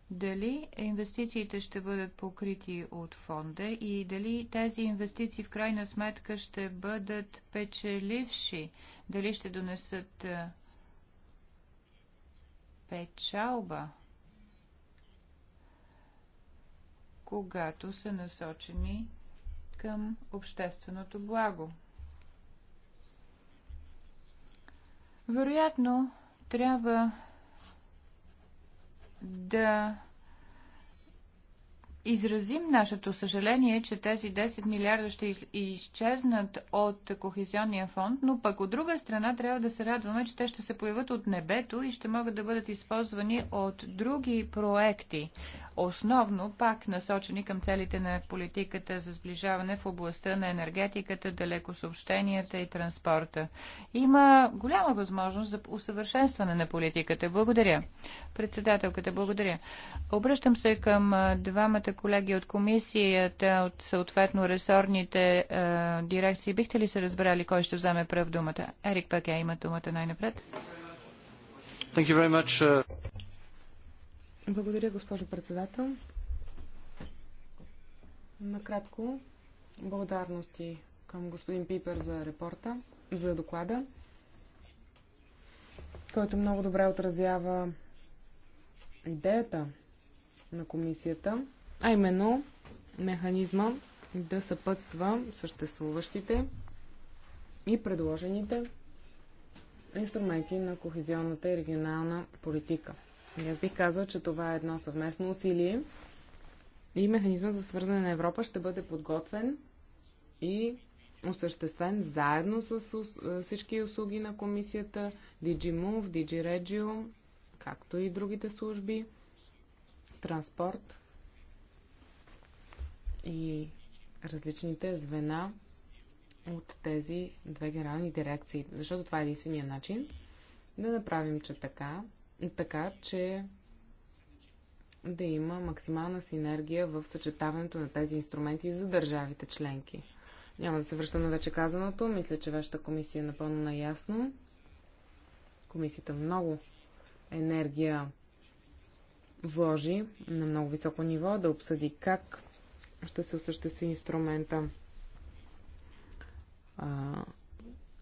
Дали инвестициите ще бъдат покрити от фонда и дали тези инвестиции в крайна сметка ще бъдат печеливши? Дали ще донесат печалба? когато са насочени към общественото благо. Вероятно, трябва да изразим нашето съжаление, че тези 10 милиарда ще изчезнат от Кохезионния фонд, но пък от друга страна трябва да се радваме, че те ще се появят от небето и ще могат да бъдат използвани от други проекти основно пак насочени към целите на политиката за сближаване в областта на енергетиката, далекосъобщенията и транспорта. Има голяма възможност за усъвършенстване на политиката. Благодаря. Председателката, благодаря. Обръщам се към двамата колеги от комисията, от съответно ресорните е, дирекции. Бихте ли се разбрали кой ще вземе прав думата? Ерик Паке има думата най-напред. Uh, благодаря, госпожо председател. Накратко, благодарности към господин Пипер за репорта, за доклада, който много добре отразява идеята на комисията, а именно механизма да съпътства съществуващите и предложените инструменти на кохезионната и регионална политика – и аз бих казал, че това е едно съвместно усилие и механизма за свързане на Европа ще бъде подготвен и осъществен заедно с е, всички услуги на комисията, DigiMove, DigiRegio, както и другите служби, транспорт и различните звена от тези две генерални дирекции. Защото това е единствения начин да направим, че така така че да има максимална синергия в съчетаването на тези инструменти за държавите членки. Няма да се връщам на вече казаното. Мисля, че вашата комисия е напълно наясно. Комисията много енергия вложи на много високо ниво да обсъди как ще се осъществи инструмента а,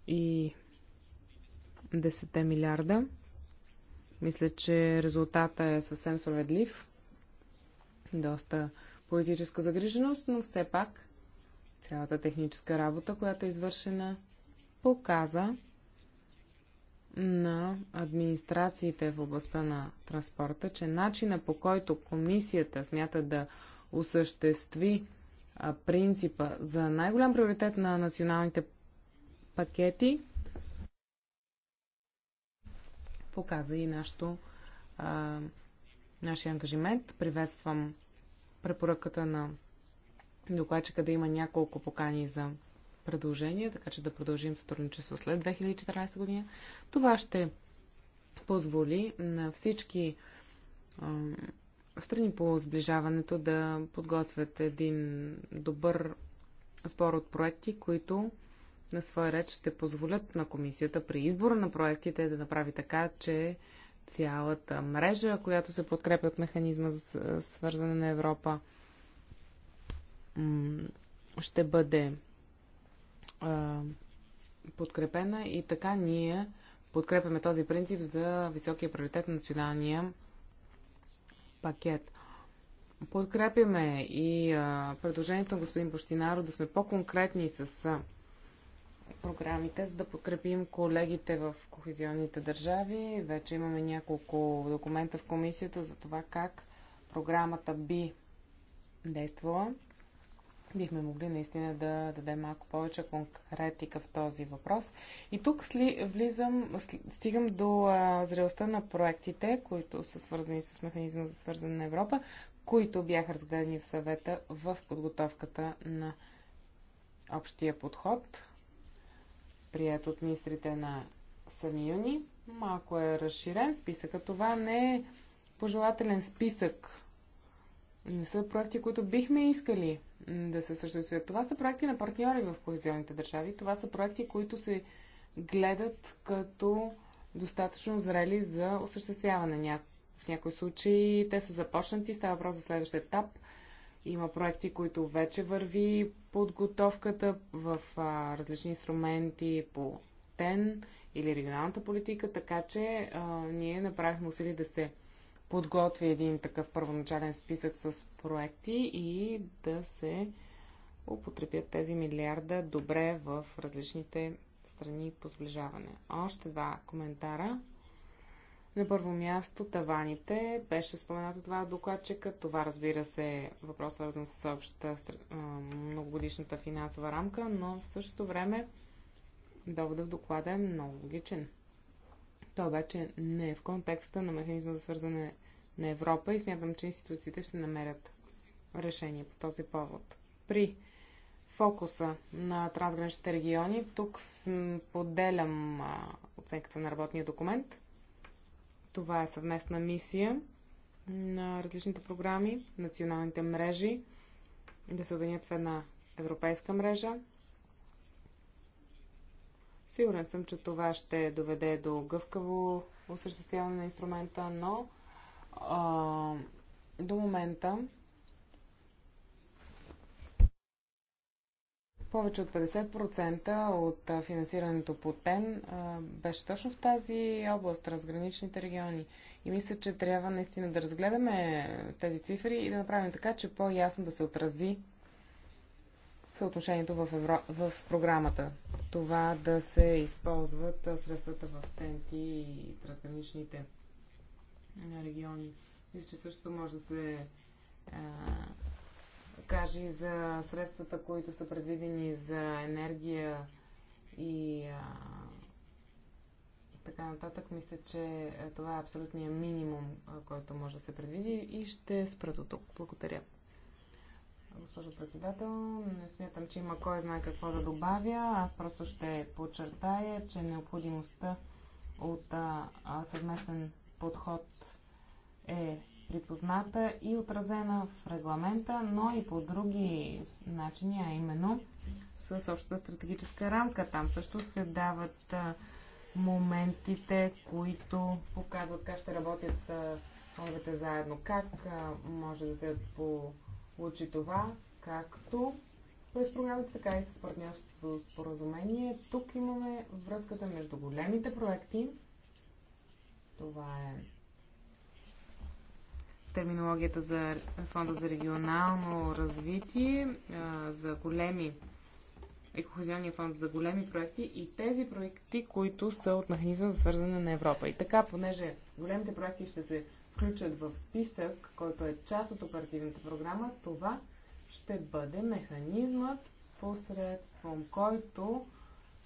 и 10 милиарда. Мисля, че резултата е съвсем справедлив. Доста политическа загриженост, но все пак цялата техническа работа, която е извършена, показа на администрациите в областта на транспорта, че начина по който комисията смята да осъществи принципа за най-голям приоритет на националните пакети показа и нашото, а, нашия ангажимент. Приветствам препоръката на докладчика да има няколко покани за предложения, така че да продължим сътрудничество след 2014 година. Това ще позволи на всички а, страни по сближаването да подготвят един добър сбор от проекти, които на своя реч ще позволят на комисията при избора на проектите да направи така, че цялата мрежа, която се подкрепя от механизма за свързане на Европа, ще бъде подкрепена и така ние подкрепяме този принцип за високия приоритет на националния пакет. Подкрепяме и предложението на господин Бощинаро да сме по-конкретни с програмите, за да подкрепим колегите в кохезионните държави. Вече имаме няколко документа в комисията за това как програмата би действала. Бихме могли наистина да дадем малко повече конкретика в този въпрос. И тук сли, влизам, стигам до а, зрелостта на проектите, които са свързани с механизма за свързане на Европа, които бяха разгледани в съвета в подготовката на общия подход прият от министрите на сами юни. Малко е разширен списъка. Това не е пожелателен списък. Не са проекти, които бихме искали да се съществуват. Това са проекти на партньори в кохезионните държави. Това са проекти, които се гледат като достатъчно зрели за осъществяване. В някои случаи те са започнати, става въпрос за следващ етап. Има проекти, които вече върви, подготовката в а, различни инструменти по ТЕН или регионалната политика, така че а, ние направихме усилие да се подготви един такъв първоначален списък с проекти и да се употребят тези милиарда добре в различните страни по сближаване. Още два коментара. На първо място таваните. Беше споменато това докладчика. Това, разбира се, е въпрос свързан с общата многогодишната финансова рамка, но в същото време доводът в доклада е много логичен. То обаче не е в контекста на механизма за свързане на Европа и смятам, че институциите ще намерят решение по този повод. При фокуса на трансграничните региони, тук поделям оценката на работния документ – това е съвместна мисия на различните програми, националните мрежи, да се обединят в една европейска мрежа. Сигурен съм, че това ще доведе до гъвкаво осъществяване на инструмента, но а, до момента Повече от 50% от финансирането по ТЕН беше точно в тази област, разграничните региони. И мисля, че трябва наистина да разгледаме тези цифри и да направим така, че по-ясно да се отрази съотношението в, евро... в програмата. Това да се използват средствата в ТЕНТИ и трансграничните региони. Мисля, че също може да се каже и за средствата, които са предвидени за енергия и а, така нататък. Мисля, че е, това е абсолютният минимум, който може да се предвиди и ще спра до тук. Благодаря. Госпожо председател, не смятам, че има кой знае какво да добавя. Аз просто ще подчертая, че необходимостта от а, съвместен подход е припозната и отразена в регламента, но и по други начини, а именно с общата стратегическа рамка. Там също се дават моментите, които показват как ще работят фондовете заедно, как може да се получи това, както през програмата, така и с партньорството споразумение. Тук имаме връзката между големите проекти, това е терминологията за Фонда за регионално развитие, за големи Екохозионния фонд за големи проекти и тези проекти, които са от механизма за свързане на Европа. И така, понеже големите проекти ще се включат в списък, който е част от оперативната програма, това ще бъде механизмът, посредством който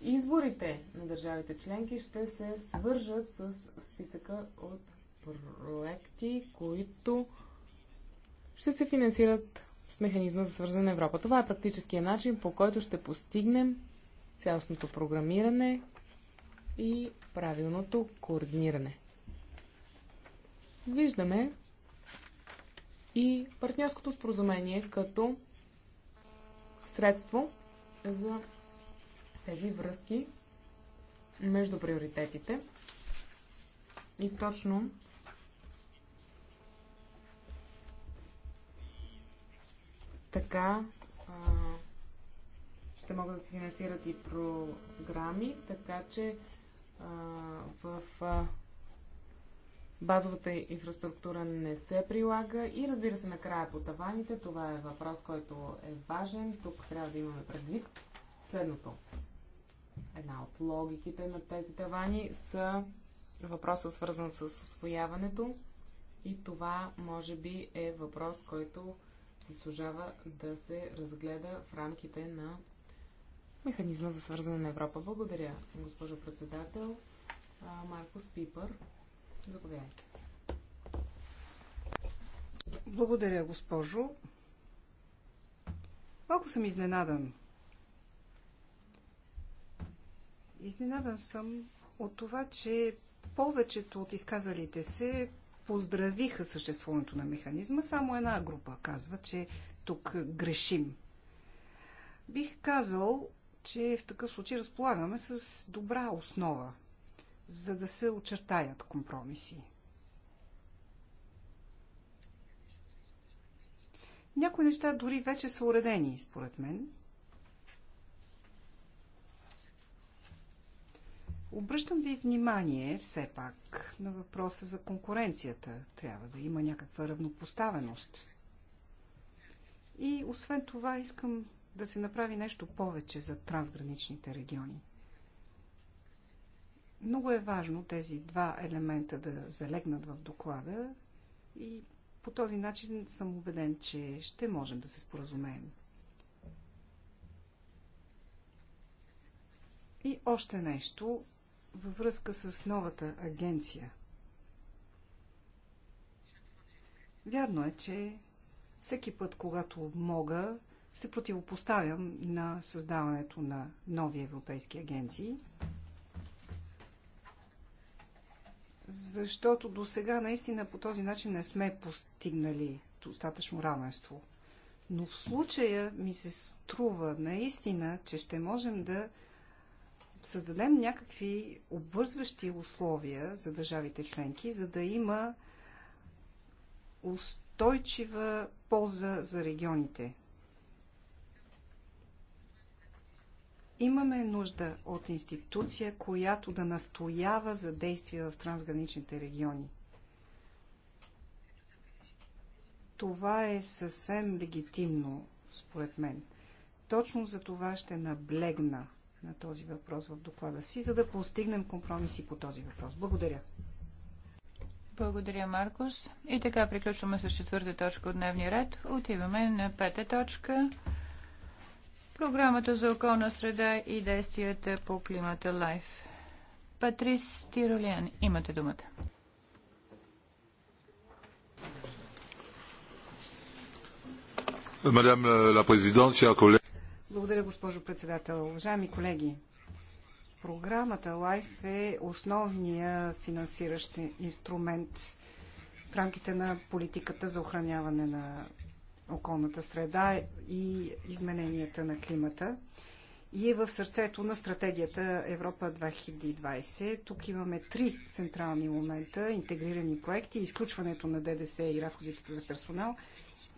изборите на държавите членки ще се свържат с списъка от проекти, които ще се финансират с механизма за свързане на Европа. Това е практическия начин, по който ще постигнем цялостното програмиране и правилното координиране. Виждаме и партньорското споразумение като средство за тези връзки между приоритетите. И точно Така а, ще могат да се финансират и програми, така че а, в а, базовата инфраструктура не се прилага и разбира се накрая по таваните. Това е въпрос, който е важен. Тук трябва да имаме предвид следното. Една от логиките на тези тавани са въпроса свързан с освояването и това може би е въпрос, който заслужава да се разгледа в рамките на механизма за свързане на Европа. Благодаря, госпожо председател. Маркус Пипър, заповядайте. Благодаря, госпожо. Малко съм изненадан. Изненадан съм от това, че повечето от изказалите се поздравиха съществуването на механизма. Само една група казва, че тук грешим. Бих казал, че в такъв случай разполагаме с добра основа, за да се очертаят компромиси. Някои неща дори вече са уредени, според мен – Обръщам ви внимание все пак на въпроса за конкуренцията. Трябва да има някаква равнопоставеност. И освен това искам да се направи нещо повече за трансграничните региони. Много е важно тези два елемента да залегнат в доклада и по този начин съм убеден, че ще можем да се споразумеем. И още нещо във връзка с новата агенция. Вярно е, че всеки път, когато мога, се противопоставям на създаването на нови европейски агенции, защото до сега наистина по този начин не сме постигнали достатъчно равенство. Но в случая ми се струва наистина, че ще можем да създадем някакви обвързващи условия за държавите членки, за да има устойчива полза за регионите. Имаме нужда от институция, която да настоява за действия в трансграничните региони. Това е съвсем легитимно, според мен. Точно за това ще наблегна – на този въпрос в доклада си, за да постигнем компромиси по този въпрос. Благодаря. Благодаря, Маркус. И така приключваме с четвърта точка от дневния ред. Отиваме на пета точка. Програмата за околна среда и действията по климата Лайф. Патрис Тиролиан, имате думата. Мадам ла президент, chers collègues, благодаря, госпожо председател. Уважаеми колеги, програмата LIFE е основния финансиращ инструмент в рамките на политиката за охраняване на околната среда и измененията на климата и е в сърцето на стратегията Европа 2020. Тук имаме три централни момента интегрирани проекти, изключването на ДДС и разходите за персонал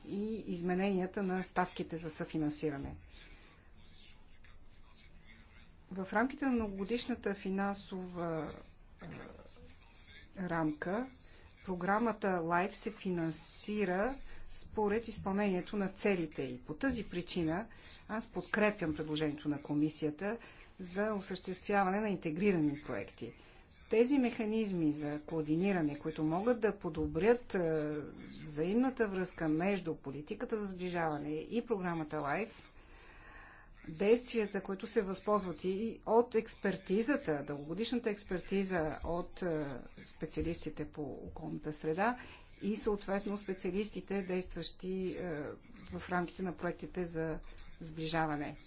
и измененията на ставките за съфинансиране. В рамките на многогодишната финансова рамка програмата LIFE се финансира според изпълнението на целите и по тази причина аз подкрепям предложението на комисията за осъществяване на интегрирани проекти. Тези механизми за координиране, които могат да подобрят взаимната връзка между политиката за сближаване и програмата LIFE, действията, които се възползват и от експертизата, дългогодишната експертиза от е, специалистите по околната среда и съответно специалистите, действащи е, в рамките на проектите за сближаване.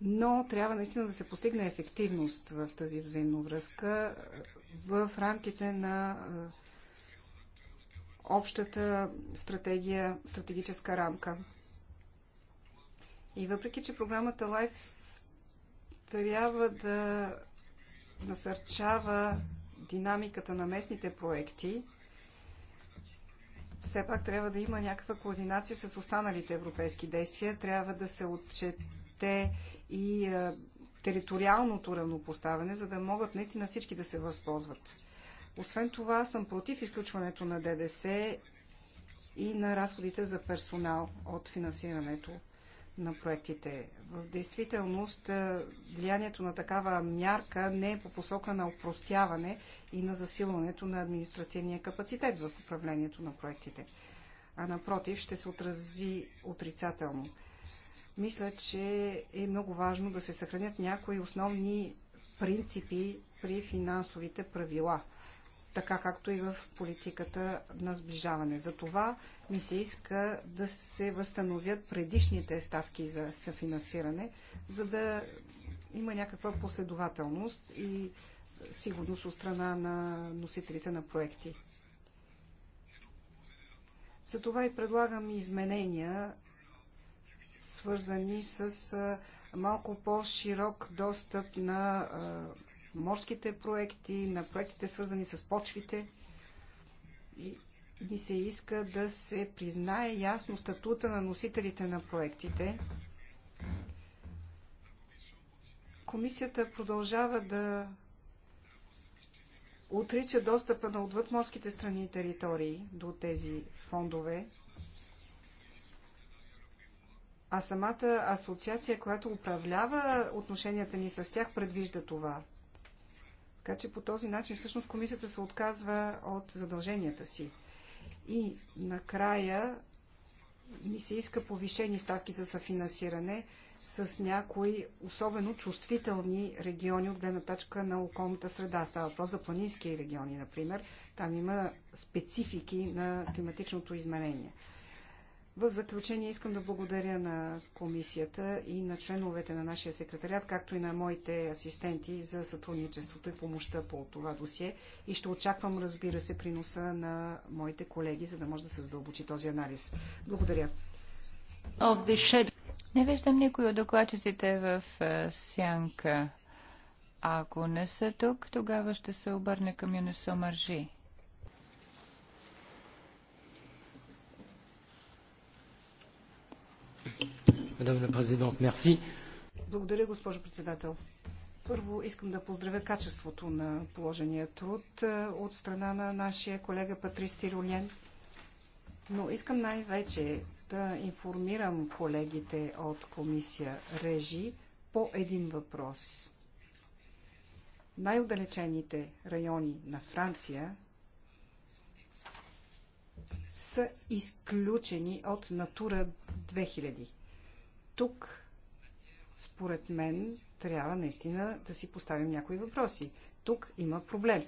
Но трябва наистина да се постигне ефективност в тази взаимовръзка е, в рамките на общата стратегия, стратегическа рамка. И въпреки, че програмата ЛАЙФ трябва да насърчава динамиката на местните проекти, все пак трябва да има някаква координация с останалите европейски действия. Трябва да се отчете и териториалното равнопоставяне, за да могат наистина всички да се възползват. Освен това, съм против изключването на ДДС и на разходите за персонал от финансирането на проектите. В действителност е, влиянието на такава мярка не е по посока на упростяване и на засилването на административния капацитет в управлението на проектите, а напротив ще се отрази отрицателно. Мисля, че е много важно да се съхранят някои основни принципи при финансовите правила така както и в политиката на сближаване. За това ми се иска да се възстановят предишните ставки за съфинансиране, за да има някаква последователност и сигурност от страна на носителите на проекти. За това и предлагам изменения, свързани с малко по-широк достъп на морските проекти, на проектите свързани с почвите. И ни се иска да се признае ясно статута на носителите на проектите. Комисията продължава да отрича достъпа на отвъдморските страни и територии до тези фондове, а самата асоциация, която управлява отношенията ни с тях, предвижда това. Така че по този начин всъщност комисията се отказва от задълженията си. И накрая ни се иска повишени ставки за съфинансиране с някои особено чувствителни региони от гледна точка на околната среда. Става въпрос за планински региони, например. Там има специфики на климатичното изменение. В заключение искам да благодаря на комисията и на членовете на нашия секретариат, както и на моите асистенти за сътрудничеството и помощта по това досие. И ще очаквам, разбира се, приноса на моите колеги, за да може да се задълбочи този анализ. Благодаря. Не виждам никой от докладчиците в е, сянка. Ако не са тук, тогава ще се обърне към Юнесо Маржи. Madame la Présidente, merci. Благодаря, госпожо председател. Първо искам да поздравя качеството на положения труд е, от страна на нашия колега Патрис Тирулен. Но искам най-вече да информирам колегите от комисия Режи по един въпрос. най удалечените райони на Франция са изключени от Натура 2000. Тук, според мен, трябва наистина да си поставим някои въпроси. Тук има проблем.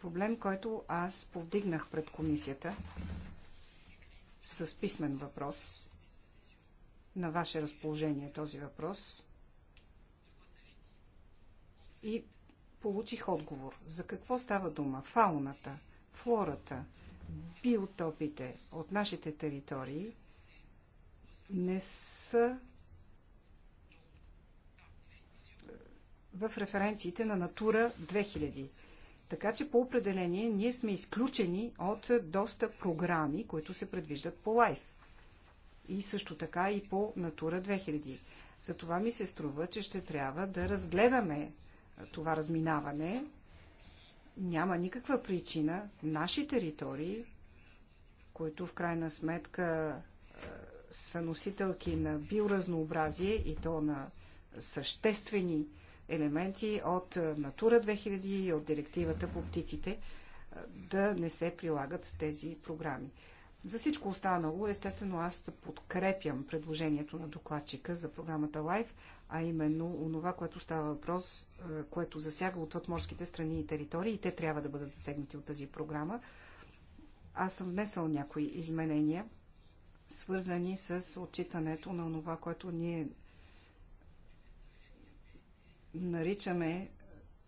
Проблем, който аз повдигнах пред комисията с писмен въпрос. На ваше разположение е този въпрос. И получих отговор. За какво става дума? Фауната, флората, биотопите от нашите територии – не са в референциите на Натура 2000. Така че по определение ние сме изключени от доста програми, които се предвиждат по лайф. И също така и по Натура 2000. За това ми се струва, че ще трябва да разгледаме това разминаване. Няма никаква причина наши територии, които в крайна сметка са носителки на биоразнообразие и то на съществени елементи от е, Натура 2000 и от директивата по птиците, е, да не се прилагат тези програми. За всичко останало, естествено, аз подкрепям предложението на докладчика за програмата Life, а именно онова, което става въпрос, е, което засяга отвъд морските страни и територии и те трябва да бъдат засегнати от тази програма. Аз съм внесъл някои изменения – свързани с отчитането на това, което ние наричаме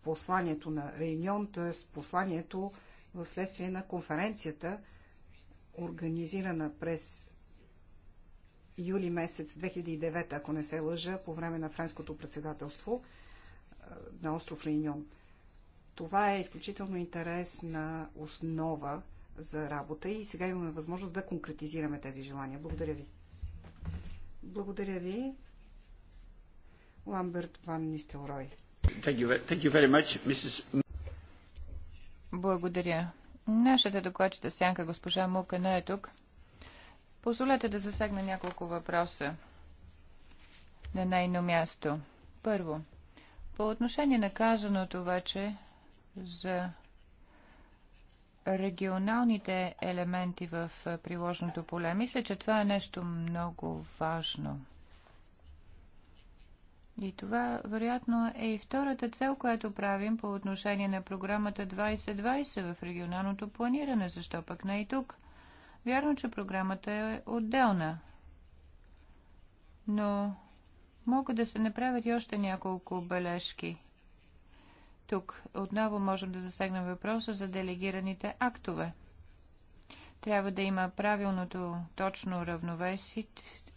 посланието на Рейнион, т.е. посланието в следствие на конференцията, организирана през юли месец 2009, ако не се лъжа, по време на френското председателство на остров Рейнион. Това е изключително интересна основа за работа и сега имаме възможност да конкретизираме тези желания. Благодаря ви. Благодаря ви. Ламберт Ван Нистелрой. Благодаря. Нашата докладчета сянка госпожа Мука не е тук. Позволете да засегна няколко въпроса на нейно място. Първо, по отношение на казаното вече за регионалните елементи в е, приложното поле. Мисля, че това е нещо много важно. И това, вероятно, е и втората цел, която правим по отношение на програмата 2020 в регионалното планиране. Защо пък не и тук? Вярно, че програмата е отделна. Но могат да се направят и още няколко бележки – тук отново можем да засегнем въпроса за делегираните актове. Трябва да има правилното точно равновесие,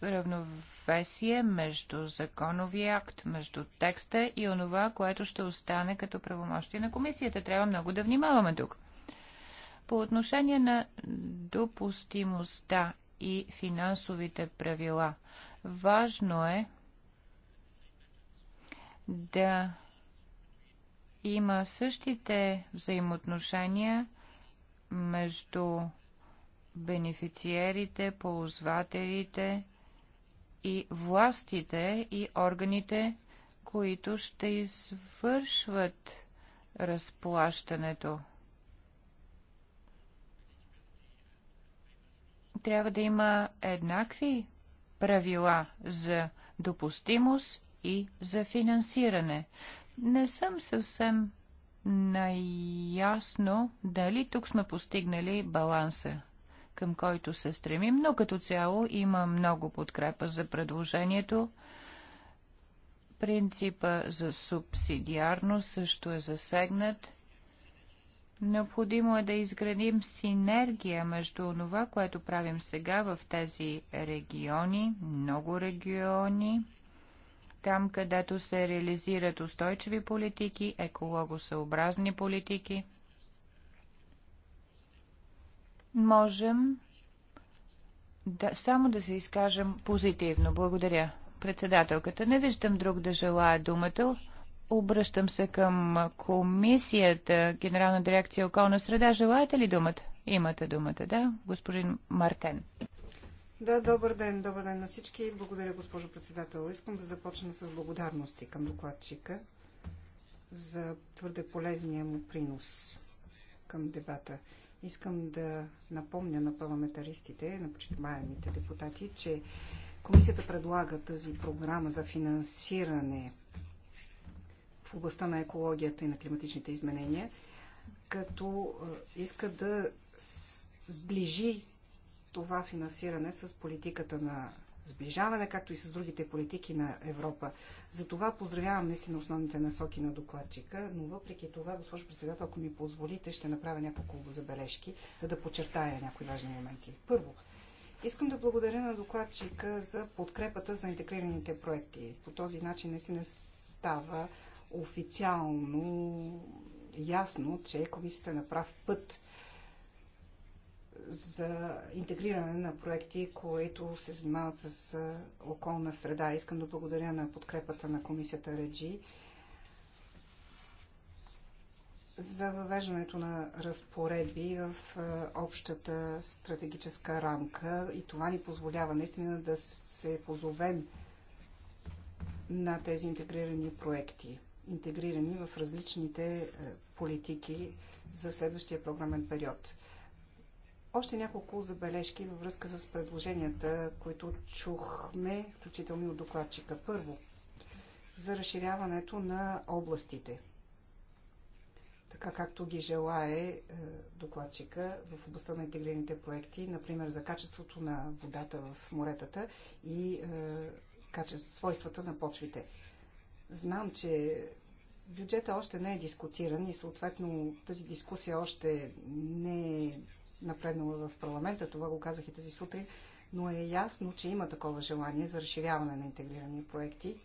равновесие между законовия акт, между текста и онова, което ще остане като правомощие на комисията. Трябва много да внимаваме тук. По отношение на допустимостта и финансовите правила, важно е да има същите взаимоотношения между бенефициерите, ползвателите и властите и органите, които ще извършват разплащането. Трябва да има еднакви правила за допустимост и за финансиране. Не съм съвсем наясно дали тук сме постигнали баланса, към който се стремим, но като цяло има много подкрепа за предложението. Принципа за субсидиарност също е засегнат. Необходимо е да изградим синергия между това, което правим сега в тези региони, много региони, там, където се реализират устойчиви политики, екологосъобразни политики. Можем да, само да се изкажем позитивно. Благодаря. Председателката, не виждам друг да желая думата. Обръщам се към комисията, Генерална дирекция околна среда. Желаете ли думата? Имате думата, да, господин Мартен. Да, добър ден, добър ден на всички. Благодаря, госпожо председател. Искам да започна с благодарности към докладчика за твърде полезния му принос към дебата. Искам да напомня на парламентаристите, на почитаемите депутати, че комисията предлага тази програма за финансиране в областта на екологията и на климатичните изменения, като е, иска да сближи това финансиране с политиката на сближаване, както и с другите политики на Европа. За това поздравявам наистина основните насоки на докладчика, но въпреки това, госпожо председател, ако ми позволите, ще направя няколко забележки, за да подчертая някои важни моменти. Първо, Искам да благодаря на докладчика за подкрепата за интегрираните проекти. По този начин наистина става официално ясно, че комисията е на прав път за интегриране на проекти, които се занимават с околна среда. Искам да благодаря на подкрепата на комисията Реджи за въвеждането на разпоредби в общата стратегическа рамка и това ни позволява наистина да се позовем на тези интегрирани проекти, интегрирани в различните политики за следващия програмен период. Още няколко забележки във връзка с предложенията, които чухме, включително от докладчика. Първо, за разширяването на областите, така както ги желае е, докладчика в областта на интегрираните проекти, например за качеството на водата в моретата и е, качество, свойствата на почвите. Знам, че бюджета още не е дискутиран и съответно тази дискусия още не е напреднала в парламента, това го казах и тази сутрин, но е ясно, че има такова желание за разширяване на интегрирани проекти,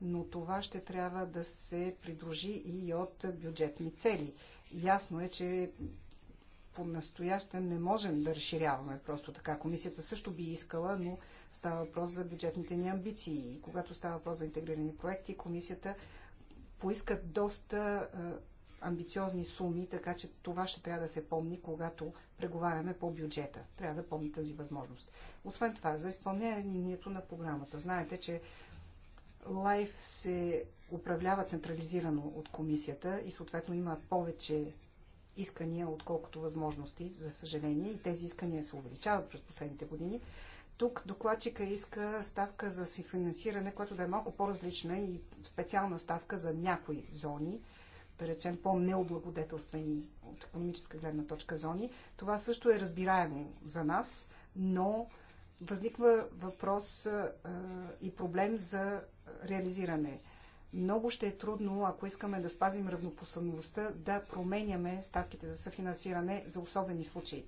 но това ще трябва да се придружи и от бюджетни цели. Ясно е, че по-настоящем не можем да разширяваме просто така. Комисията също би искала, но става въпрос за бюджетните ни амбиции. И когато става въпрос за интегрирани проекти, комисията поиска доста амбициозни суми, така че това ще трябва да се помни, когато преговаряме по бюджета. Трябва да помни тази възможност. Освен това, за изпълнението на програмата. Знаете, че Лайф се управлява централизирано от комисията и съответно има повече искания, отколкото възможности, за съжаление, и тези искания се увеличават през последните години. Тук докладчика иска ставка за си финансиране, която да е малко по-различна и специална ставка за някои зони, да речем, по-необлагодетелствени от економическа гледна точка зони. Това също е разбираемо за нас, но възниква въпрос а, и проблем за реализиране. Много ще е трудно, ако искаме да спазим равнопоставеността, да променяме ставките за съфинансиране за особени случаи.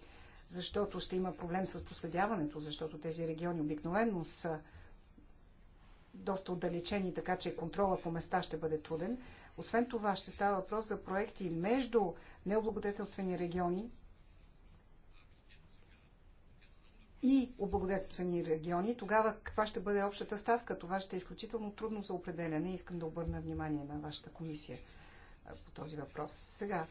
Защото ще има проблем с проследяването, защото тези региони обикновено са доста отдалечени, така че контрола по места ще бъде труден. Освен това, ще става въпрос за проекти между необлагодетелствени региони и облагодетелствени региони. Тогава каква ще бъде общата ставка? Това ще е изключително трудно за определяне. Искам да обърна внимание на вашата комисия по този въпрос. Сега,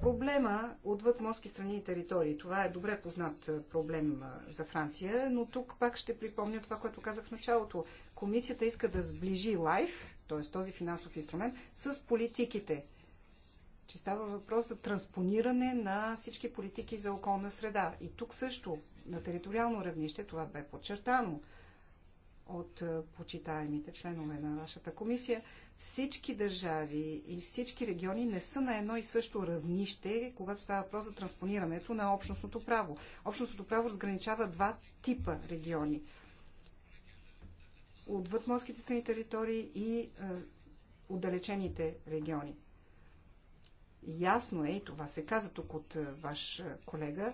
Проблема отвъд морски страни и територии. Това е добре познат проблем за Франция, но тук пак ще припомня това, което казах в началото. Комисията иска да сближи лайф, т.е. този финансов инструмент, с политиките. Че става въпрос за транспониране на всички политики за околна среда. И тук също, на териториално равнище, това бе подчертано – от е, почитаемите членове на вашата комисия, всички държави и всички региони не са на едно и също равнище, когато става въпрос за транспонирането на общностното право. Общностното право разграничава два типа региони. Отвъд морските страни територии и е, отдалечените региони. Ясно е, и това се каза тук от е, ваш е, колега,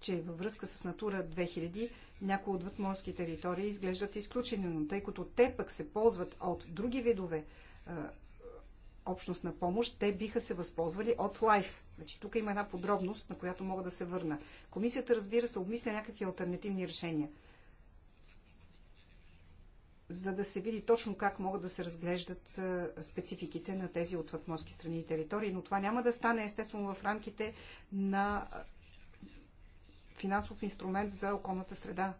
че във връзка с Натура 2000 някои от вътморски територии изглеждат изключени, но тъй като те пък се ползват от други видове а, общност на помощ, те биха се възползвали от лайф. Значи, тук има една подробност, на която мога да се върна. Комисията, разбира се, обмисля някакви альтернативни решения, за да се види точно как могат да се разглеждат спецификите на тези от вътморски страни и територии, но това няма да стане естествено в рамките на финансов инструмент за околната среда.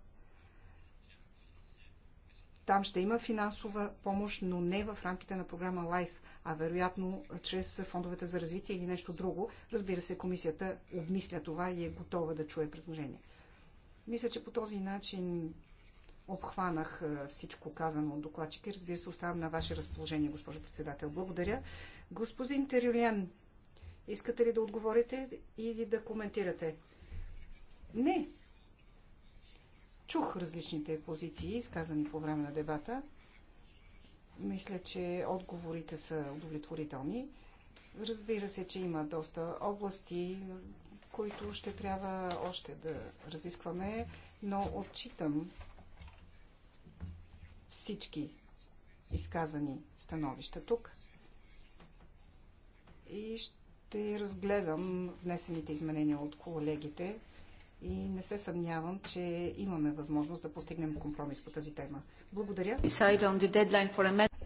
Там ще има финансова помощ, но не в рамките на програма LIFE, а вероятно чрез фондовете за развитие или нещо друго. Разбира се, комисията обмисля това и е готова да чуе предложение. Мисля, че по този начин обхванах е, всичко казано от докладчика и разбира се оставам на ваше разположение, госпожо председател. Благодаря. Господин Терюлиан, искате ли да отговорите или да коментирате? Не. Чух различните позиции, изказани по време на дебата. Мисля, че отговорите са удовлетворителни. Разбира се, че има доста области, които ще трябва още да разискваме, но отчитам всички изказани становища тук и ще разгледам внесените изменения от колегите и не се съмнявам, че имаме възможност да постигнем компромис по тази тема. Благодаря.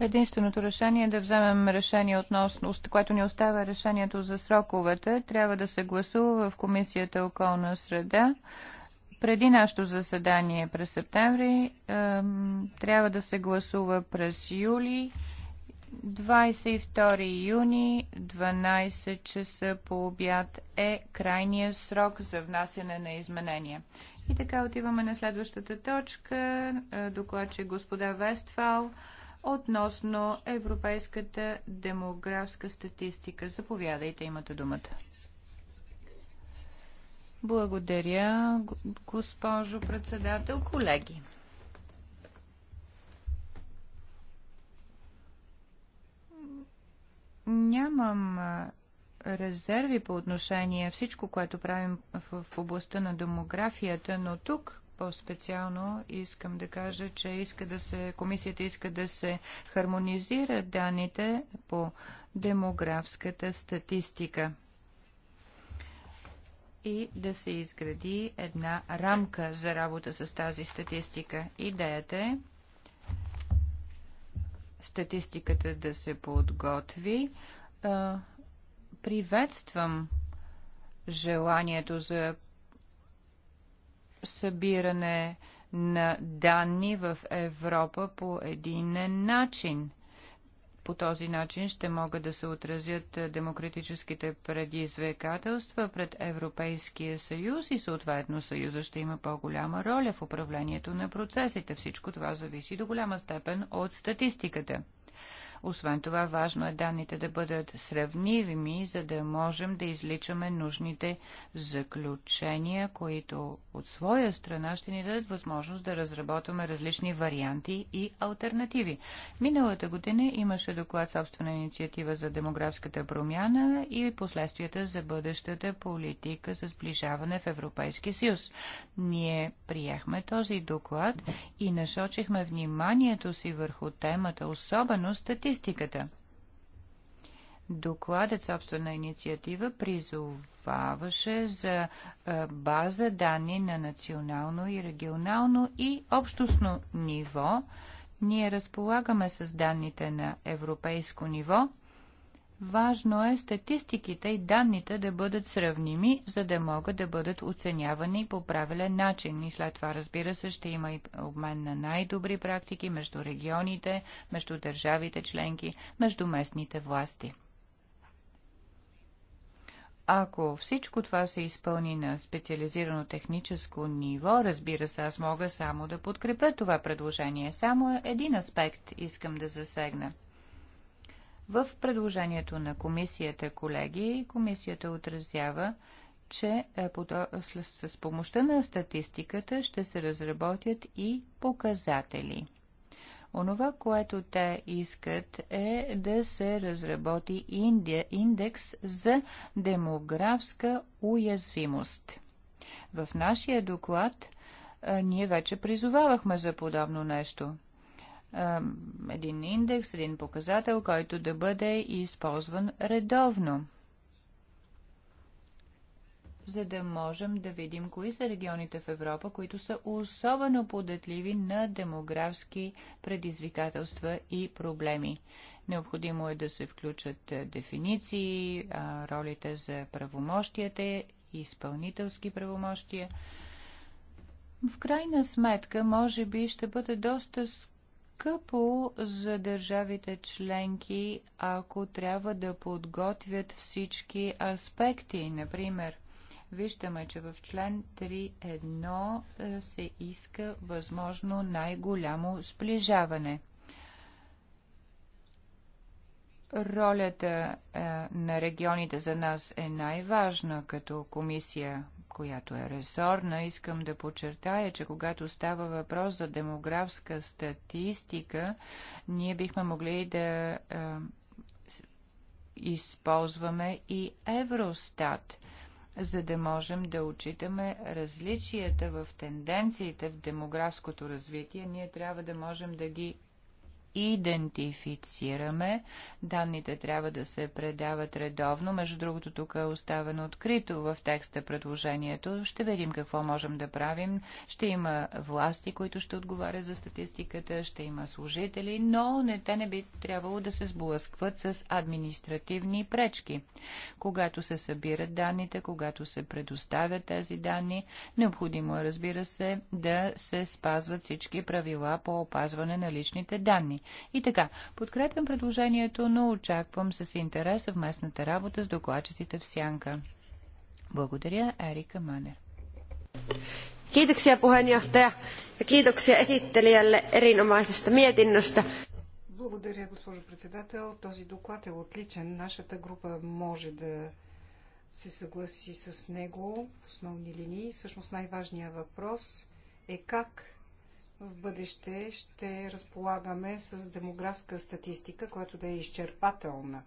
Единственото решение е да вземем решение относно, което ни остава е решението за сроковете. Трябва да се гласува в Комисията околна среда. Преди нашето заседание през септември трябва да се гласува през юли. 22 юни, 12 часа по обяд е крайния срок за внасяне на изменения. И така отиваме на следващата точка, е, докладче господа Вестфал, относно европейската демографска статистика. Заповядайте, имате думата. Благодаря, госпожо председател, колеги. Нямам резерви по отношение всичко, което правим в областта на демографията, но тук по-специално искам да кажа, че иска да се, комисията иска да се хармонизира данните по демографската статистика и да се изгради една рамка за работа с тази статистика. Идеята е статистиката да се подготви. Приветствам желанието за събиране на данни в Европа по един начин – по този начин ще могат да се отразят е, демократическите предизвикателства пред Европейския съюз и съответно съюза ще има по-голяма роля в управлението на процесите. Всичко това зависи до голяма степен от статистиката. Освен това, важно е данните да бъдат сравними, за да можем да изличаме нужните заключения, които от своя страна ще ни дадат възможност да разработваме различни варианти и альтернативи. Миналата година имаше доклад собствена инициатива за демографската промяна и последствията за бъдещата политика за сближаване в Европейски съюз. Ние приехме този доклад и насочихме вниманието си върху темата, особено статистиката статистиката. Докладът собствена инициатива призоваваше за база данни на национално и регионално и общностно ниво. Ние разполагаме с данните на европейско ниво – Важно е статистиките и данните да бъдат сравними, за да могат да бъдат оценявани по правилен начин. И след това, разбира се, ще има и обмен на най-добри практики между регионите, между държавите членки, между местните власти. Ако всичко това се изпълни на специализирано техническо ниво, разбира се, аз мога само да подкрепя това предложение. Само един аспект искам да засегна – в предложението на комисията, колеги, комисията отразява, че е, с помощта на статистиката ще се разработят и показатели. Онова, което те искат е да се разработи индекс за демографска уязвимост. В нашия доклад е, ние вече призовавахме за подобно нещо един индекс, един показател, който да бъде използван редовно за да можем да видим кои са регионите в Европа, които са особено податливи на демографски предизвикателства и проблеми. Необходимо е да се включат дефиниции, ролите за правомощията, изпълнителски правомощия. В крайна сметка, може би ще бъде доста скъпо скъпо за държавите членки, ако трябва да подготвят всички аспекти. Например, виждаме, че в член 3.1 е, се иска възможно най-голямо сближаване. Ролята е, на регионите за нас е най-важна като комисия която е ресорна, искам да подчертая, че когато става въпрос за демографска статистика, ние бихме могли да е, използваме и Евростат, за да можем да отчитаме различията в тенденциите в демографското развитие. Ние трябва да можем да ги идентифицираме. Данните трябва да се предават редовно. Между другото, тук е оставено открито в текста предложението. Ще видим какво можем да правим. Ще има власти, които ще отговарят за статистиката, ще има служители, но не, те не би трябвало да се сблъскват с административни пречки. Когато се събират данните, когато се предоставят тези данни, необходимо е, разбира се, да се спазват всички правила по опазване на личните данни. И така, подкрепям предложението, но очаквам с интерес съвместната работа с докладчиците в Сянка. Благодаря, Ерика Манер. Kiitoksia puheenjohtaja ja kiitoksia esittelijälle erinomaisesta mietinnöstä. Благодаря, госпожо председател. Този доклад е отличен. Нашата група може да се съгласи с него в основни линии. Всъщност най-важният въпрос е как в бъдеще ще разполагаме с демографска статистика, която да е изчерпателна.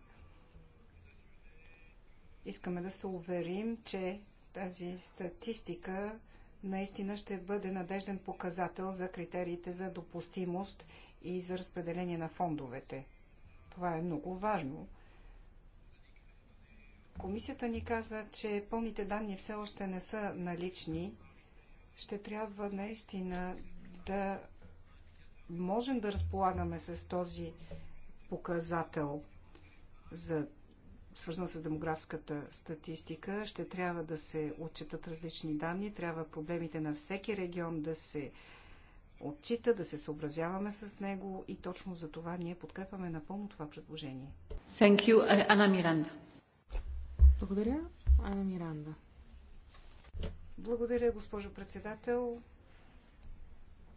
Искаме да се уверим, че тази статистика наистина ще бъде надежден показател за критериите за допустимост и за разпределение на фондовете. Това е много важно. Комисията ни каза, че пълните данни все още не са налични. Ще трябва наистина да можем да разполагаме с този показател за свързан с демографската статистика, ще трябва да се отчитат различни данни, трябва проблемите на всеки регион да се отчита, да се съобразяваме с него и точно за това ние подкрепяме напълно това предложение. Thank you, е, Ана Миранда. Благодаря, Ана Миранда. Благодаря, госпожо председател.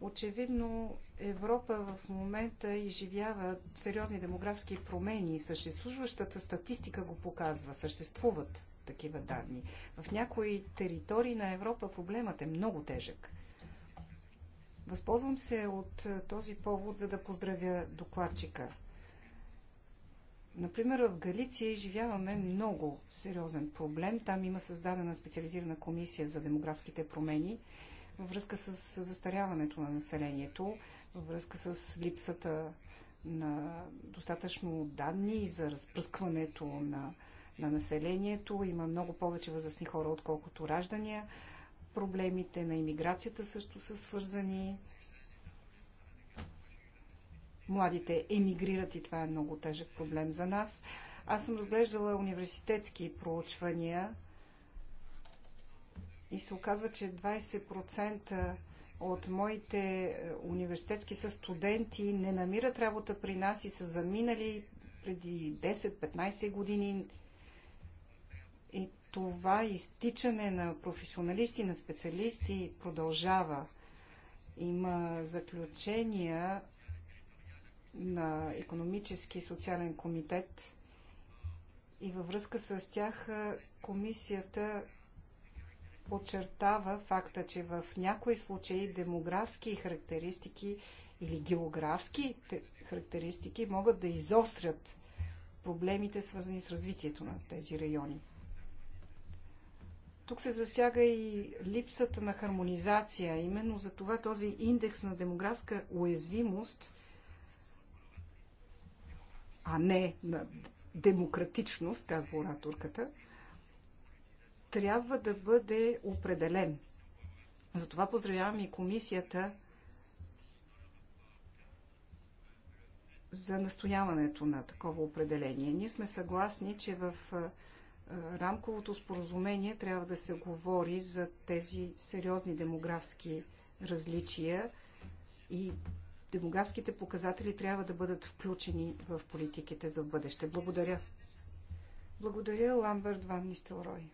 Очевидно Европа в момента изживява сериозни демографски промени. Съществуващата статистика го показва. Съществуват такива данни. В някои територии на Европа проблемът е много тежък. Възползвам се от е, този повод, за да поздравя докладчика. Например, в Галиция изживяваме много сериозен проблем. Там има създадена специализирана комисия за демографските промени – във връзка с застаряването на населението, във връзка с липсата на достатъчно данни за разпръскването на, на населението. Има много повече възрастни хора, отколкото раждания. Проблемите на иммиграцията също са свързани. Младите емигрират и това е много тежък проблем за нас. Аз съм разглеждала университетски проучвания и се оказва, че 20% от моите е, университетски са студенти, не намират работа при нас и са заминали преди 10-15 години. И това изтичане на професионалисти, на специалисти продължава. Има заключения на економически и социален комитет и във връзка с тях е, комисията подчертава факта, че в някои случаи демографски характеристики или географски характеристики могат да изострят проблемите, свързани с развитието на тези райони. Тук се засяга и липсата на хармонизация. Именно за това този индекс на демографска уязвимост, а не на демократичност, казва ораторката, трябва да бъде определен. Затова поздравявам и комисията за настояването на такова определение. Ние сме съгласни, че в рамковото споразумение трябва да се говори за тези сериозни демографски различия и демографските показатели трябва да бъдат включени в политиките за бъдеще. Благодаря. Благодаря, Ламберт Ван Нистелрой.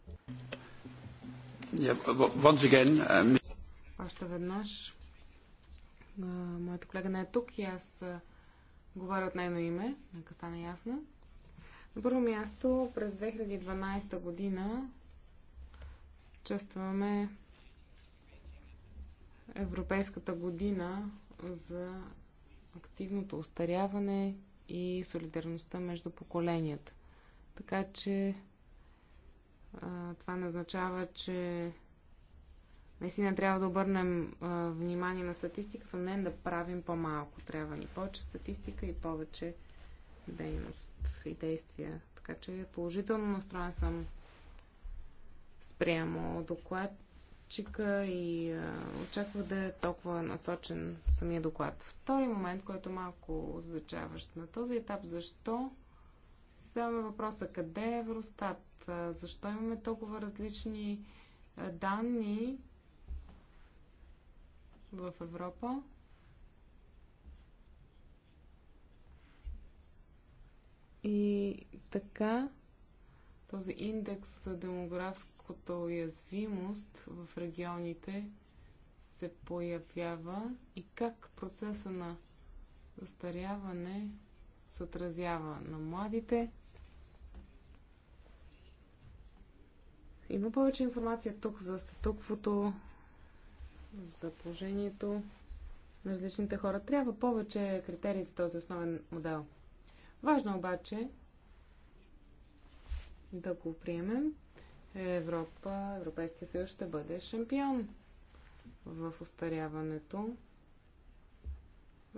Uh, Още веднъж. Моята колега не е тук и аз говоря от нейно име, нека стане ясно. На първо място, през 2012 година честваме Европейската година за активното устаряване и солидарността между поколенията. Така че а, това не означава, че наистина трябва да обърнем а, внимание на статистиката, не да правим по-малко. Трябва ни повече статистика и повече дейност и действия. Така че положително настроен съм спрямо докладчика и а, очаква да е толкова насочен самия доклад. Втори момент, който е малко означаващ на този етап, защо задаваме въпроса къде е Евростат? Защо имаме толкова различни данни в Европа? И така, този индекс за демографската уязвимост в регионите се появява и как процеса на застаряване се отразява на младите. Има повече информация тук за статуквото, за положението на различните хора. Трябва повече критерии за този основен модел. Важно обаче да го приемем. Европа, Европейския съюз ще бъде шампион в устаряването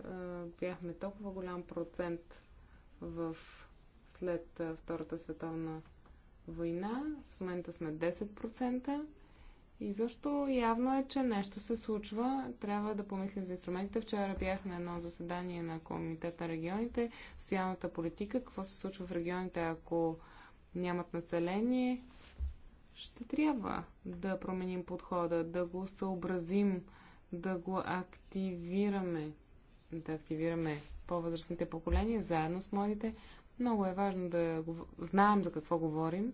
е, бяхме толкова голям процент в след е, Втората световна война. В момента сме 10%. И защо явно е, че нещо се случва. Трябва да помислим за инструментите. Вчера бях на едно заседание на Комитет на регионите, социалната политика, какво се случва в регионите, ако нямат население. Ще трябва да променим подхода, да го съобразим, да го активираме да активираме по-възрастните поколения заедно с младите. Много е важно да знаем за какво говорим,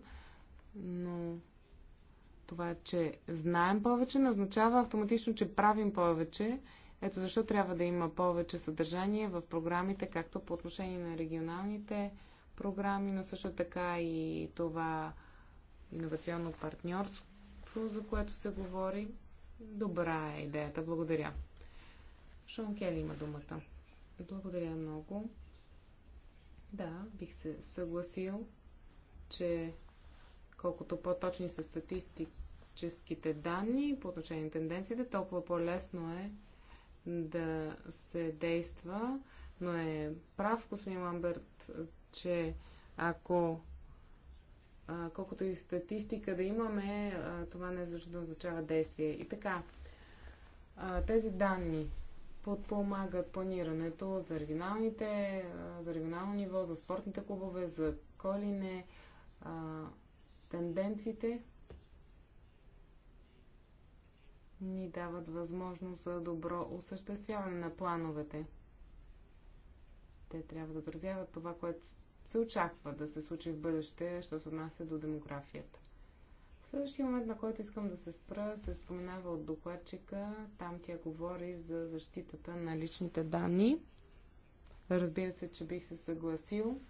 но това, че знаем повече, не означава автоматично, че правим повече. Ето защо трябва да има повече съдържание в програмите, както по отношение на регионалните програми, но също така и това иновационно партньорство, за което се говори. Добра е идеята. Благодаря. Шон Кели има думата. Благодаря много. Да, бих се съгласил, че колкото по-точни са статистическите данни по отношение на тенденциите, толкова по-лесно е да се действа. Но е прав господин Ламберт, че ако колкото и статистика да имаме, това не е защото означава действие. И така, тези данни подпомагат планирането за регионалните, за регионално ниво, за спортните клубове, за колине, тенденциите ни дават възможност за добро осъществяване на плановете. Те трябва да отразяват това, което се очаква да се случи в бъдеще, що се отнася до демографията. Следващия момент, на който искам да се спра, се споменава от докладчика. Там тя говори за защитата на личните данни. Разбира се, че бих се съгласил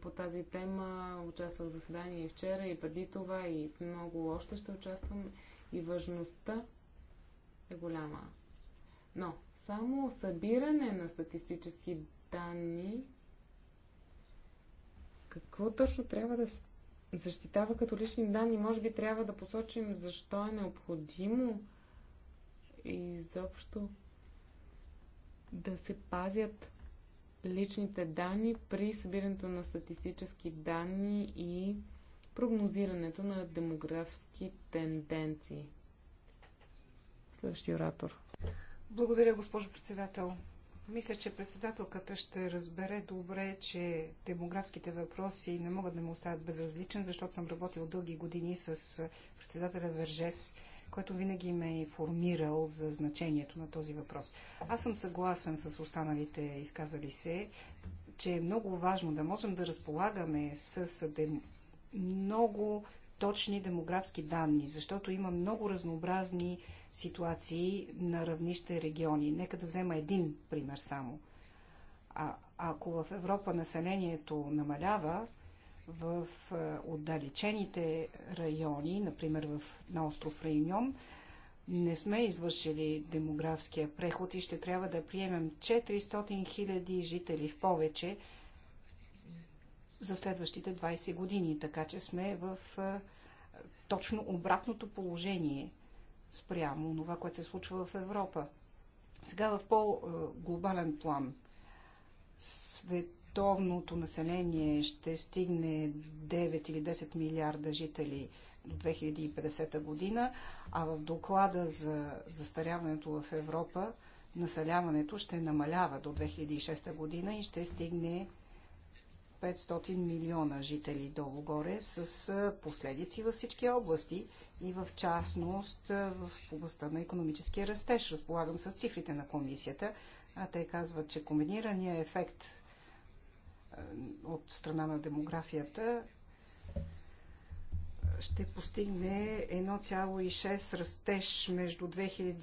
по тази тема. Участвах в заседание и вчера, и преди това, и много още ще участвам. И важността е голяма. Но само събиране на статистически данни, какво точно трябва да се защитава като лични данни. Може би трябва да посочим защо е необходимо и изобщо да се пазят личните данни при събирането на статистически данни и прогнозирането на демографски тенденции. Следващия оратор. Благодаря, госпожо председател. Мисля, че председателката ще разбере добре, че демографските въпроси не могат да ме оставят безразличен, защото съм работил дълги години с председателя Вержес, който винаги ме е информирал за значението на този въпрос. Аз съм съгласен с останалите изказали се, че е много важно да можем да разполагаме с дем... много точни демографски данни, защото има много разнообразни ситуации на равнище региони. Нека да взема един пример само. А, ако в Европа населението намалява, в е, отдалечените райони, например в, на остров Реюнион, не сме извършили демографския преход и ще трябва да приемем 400 000 жители в повече за следващите 20 години. Така че сме в е, точно обратното положение спрямо това, което се случва в Европа. Сега в по-глобален план световното население ще стигне 9 или 10 милиарда жители до 2050 година, а в доклада за застаряването в Европа населяването ще намалява до 2006 година и ще стигне 500 милиона жители долу-горе с последици във всички области и в частност в областта на економическия растеж. Разполагам с цифрите на комисията, а те казват, че комбинирания ефект от страна на демографията ще постигне 1,6 растеж между 2020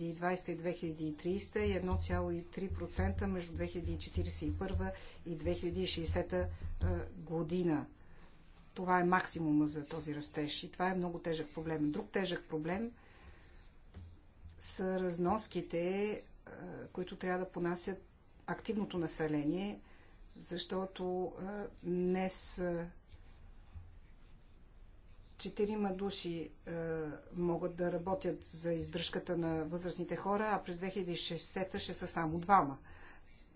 и 2030 и 1,3% между 2041 и 2060 година. Това е максимума за този растеж и това е много тежък проблем. Друг тежък проблем са разноските, които трябва да понасят активното население, защото днес четирима души е, могат да работят за издръжката на възрастните хора, а през 2060 та ще са само двама.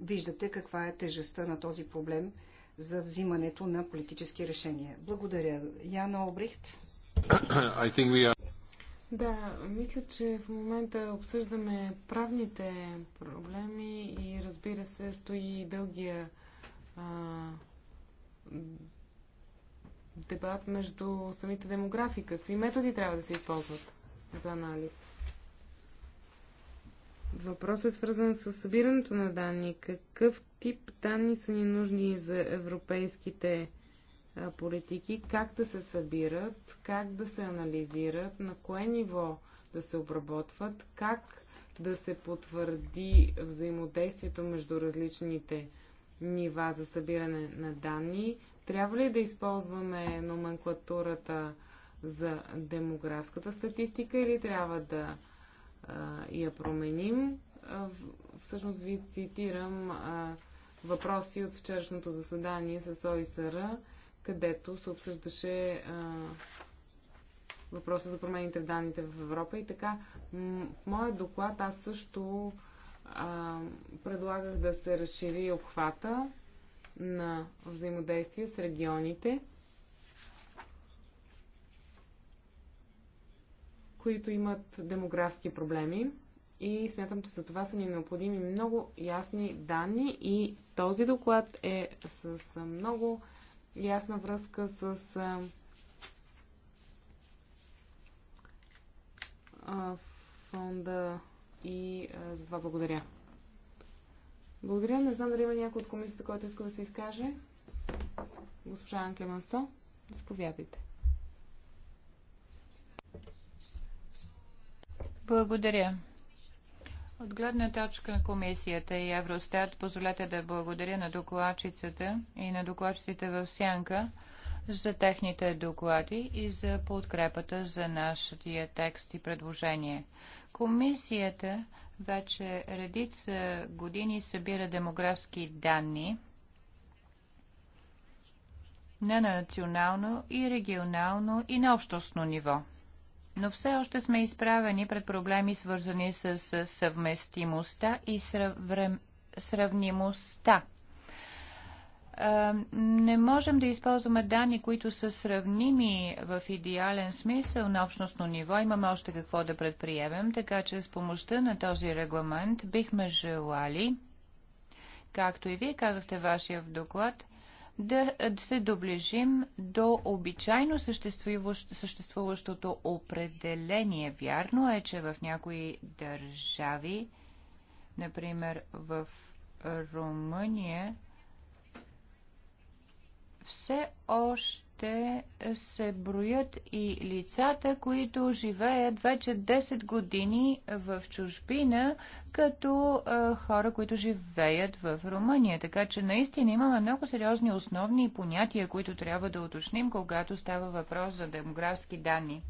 Виждате каква е тежестта на този проблем за взимането на политически решения. Благодаря. Яна Обрихт. Are... Да, мисля, че в момента обсъждаме правните проблеми и разбира се стои дългия а, дебат между самите демографи. Какви методи трябва да се използват за анализ? Въпросът е свързан с събирането на данни. Какъв тип данни са ни нужни за европейските политики? Как да се събират? Как да се анализират? На кое ниво да се обработват? Как да се потвърди взаимодействието между различните нива за събиране на данни? Трябва ли да използваме номенклатурата за демографската статистика или трябва да а, я променим? А, всъщност ви цитирам а, въпроси от вчерашното заседание с ОИСР, където се обсъждаше а, въпроса за промените в данните в Европа и така. В моя доклад аз също а, предлагах да се разшири обхвата на взаимодействие с регионите, които имат демографски проблеми и смятам, че за това са ни необходими много ясни данни и този доклад е с много ясна връзка с фонда и за това благодаря. Благодаря. Не знам дали има някой от комисията, който иска да се изкаже. Госпожа Анке Мансо, заповядайте. Благодаря. От гледна точка на комисията и Евростат, позволете да благодаря на докладчицата и на докладчиците в Сянка за техните доклади и за подкрепата за нашия текст и предложение. Комисията вече редица години събира демографски данни не на национално и регионално и на общностно ниво. Но все още сме изправени пред проблеми, свързани с съвместимостта и срав... сравнимостта е, не можем да използваме данни, които са сравними в идеален смисъл на общностно ниво. Имаме още какво да предприемем, така че с помощта на този регламент бихме желали, както и вие казахте вашия в доклад, да се доближим до обичайно съществуващото определение. Вярно е, че в някои държави, например в Румъния, все още се броят и лицата, които живеят вече 10 години в чужбина, като а, хора, които живеят в Румъния. Така че наистина имаме много сериозни основни понятия, които трябва да уточним, когато става въпрос за демографски данни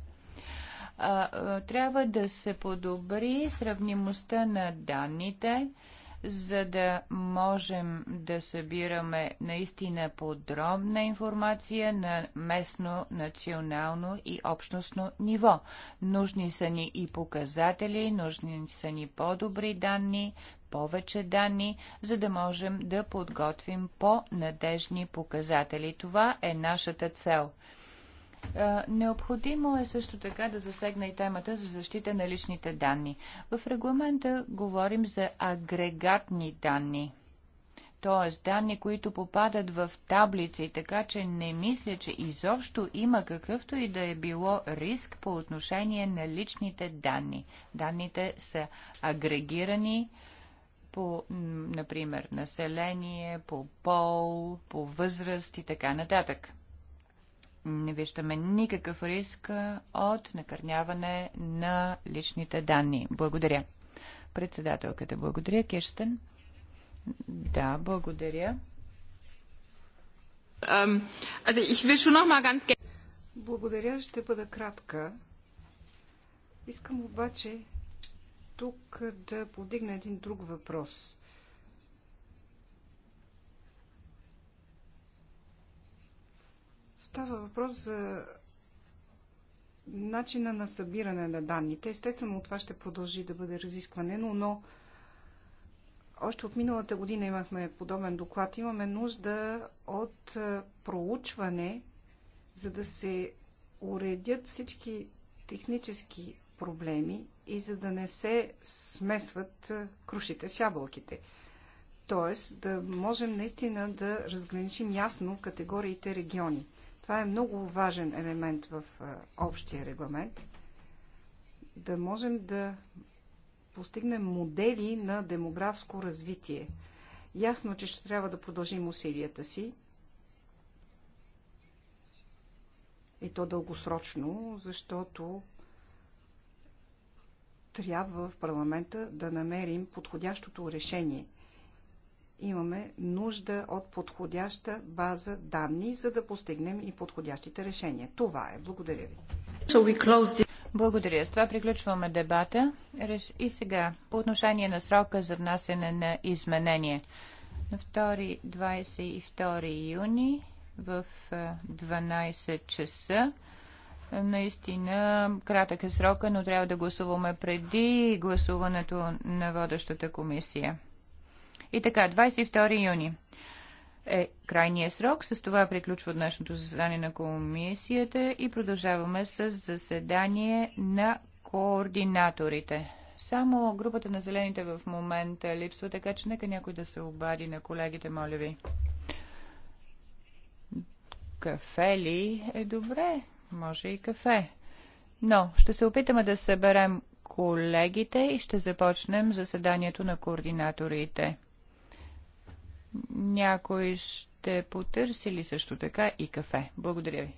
трябва да се подобри сравнимостта на данните, за да можем да събираме наистина подробна информация на местно, национално и общностно ниво. Нужни са ни и показатели, нужни са ни по-добри данни, повече данни, за да можем да подготвим по-надежни показатели. Това е нашата цел. Е, необходимо е също така да засегна и темата за защита на личните данни. В регламента говорим за агрегатни данни т.е. данни, които попадат в таблици, така че не мисля, че изобщо има какъвто и да е било риск по отношение на личните данни. Данните са агрегирани по, например, население, по пол, по възраст и така нататък не виждаме никакъв риск от накърняване на личните данни. Благодаря. Председателката, благодаря. Кирстен? Да, благодаря. Благодаря, ще бъда кратка. Искам обаче тук да подигна един друг въпрос. Става въпрос за начина на събиране на данните. Естествено, това ще продължи да бъде разискване, но, но още от миналата година имахме подобен доклад. Имаме нужда от проучване, за да се уредят всички технически проблеми и за да не се смесват крушите с ябълките. Тоест да можем наистина да разграничим ясно категориите региони. Това е много важен елемент в общия регламент. Да можем да постигнем модели на демографско развитие. Ясно, че ще трябва да продължим усилията си. И то дългосрочно, защото трябва в парламента да намерим подходящото решение имаме нужда от подходяща база данни, за да постигнем и подходящите решения. Това е. Благодаря ви. Благодаря. С това приключваме дебата. И сега, по отношение на срока за внасене на изменение. На 2-22 юни в 12 е, часа. Е, наистина кратък е срока, но трябва да гласуваме преди гласуването на водещата комисия. И така, 22 юни е крайния срок. С това приключва днешното заседание на комисията и продължаваме с заседание на координаторите. Само групата на зелените в момента липсва, така че нека някой да се обади на колегите, моля ви. Кафе ли е добре? Може и кафе. Но ще се опитаме да съберем колегите и ще започнем заседанието на координаторите. Някой ще потърси ли също така и кафе? Благодаря ви.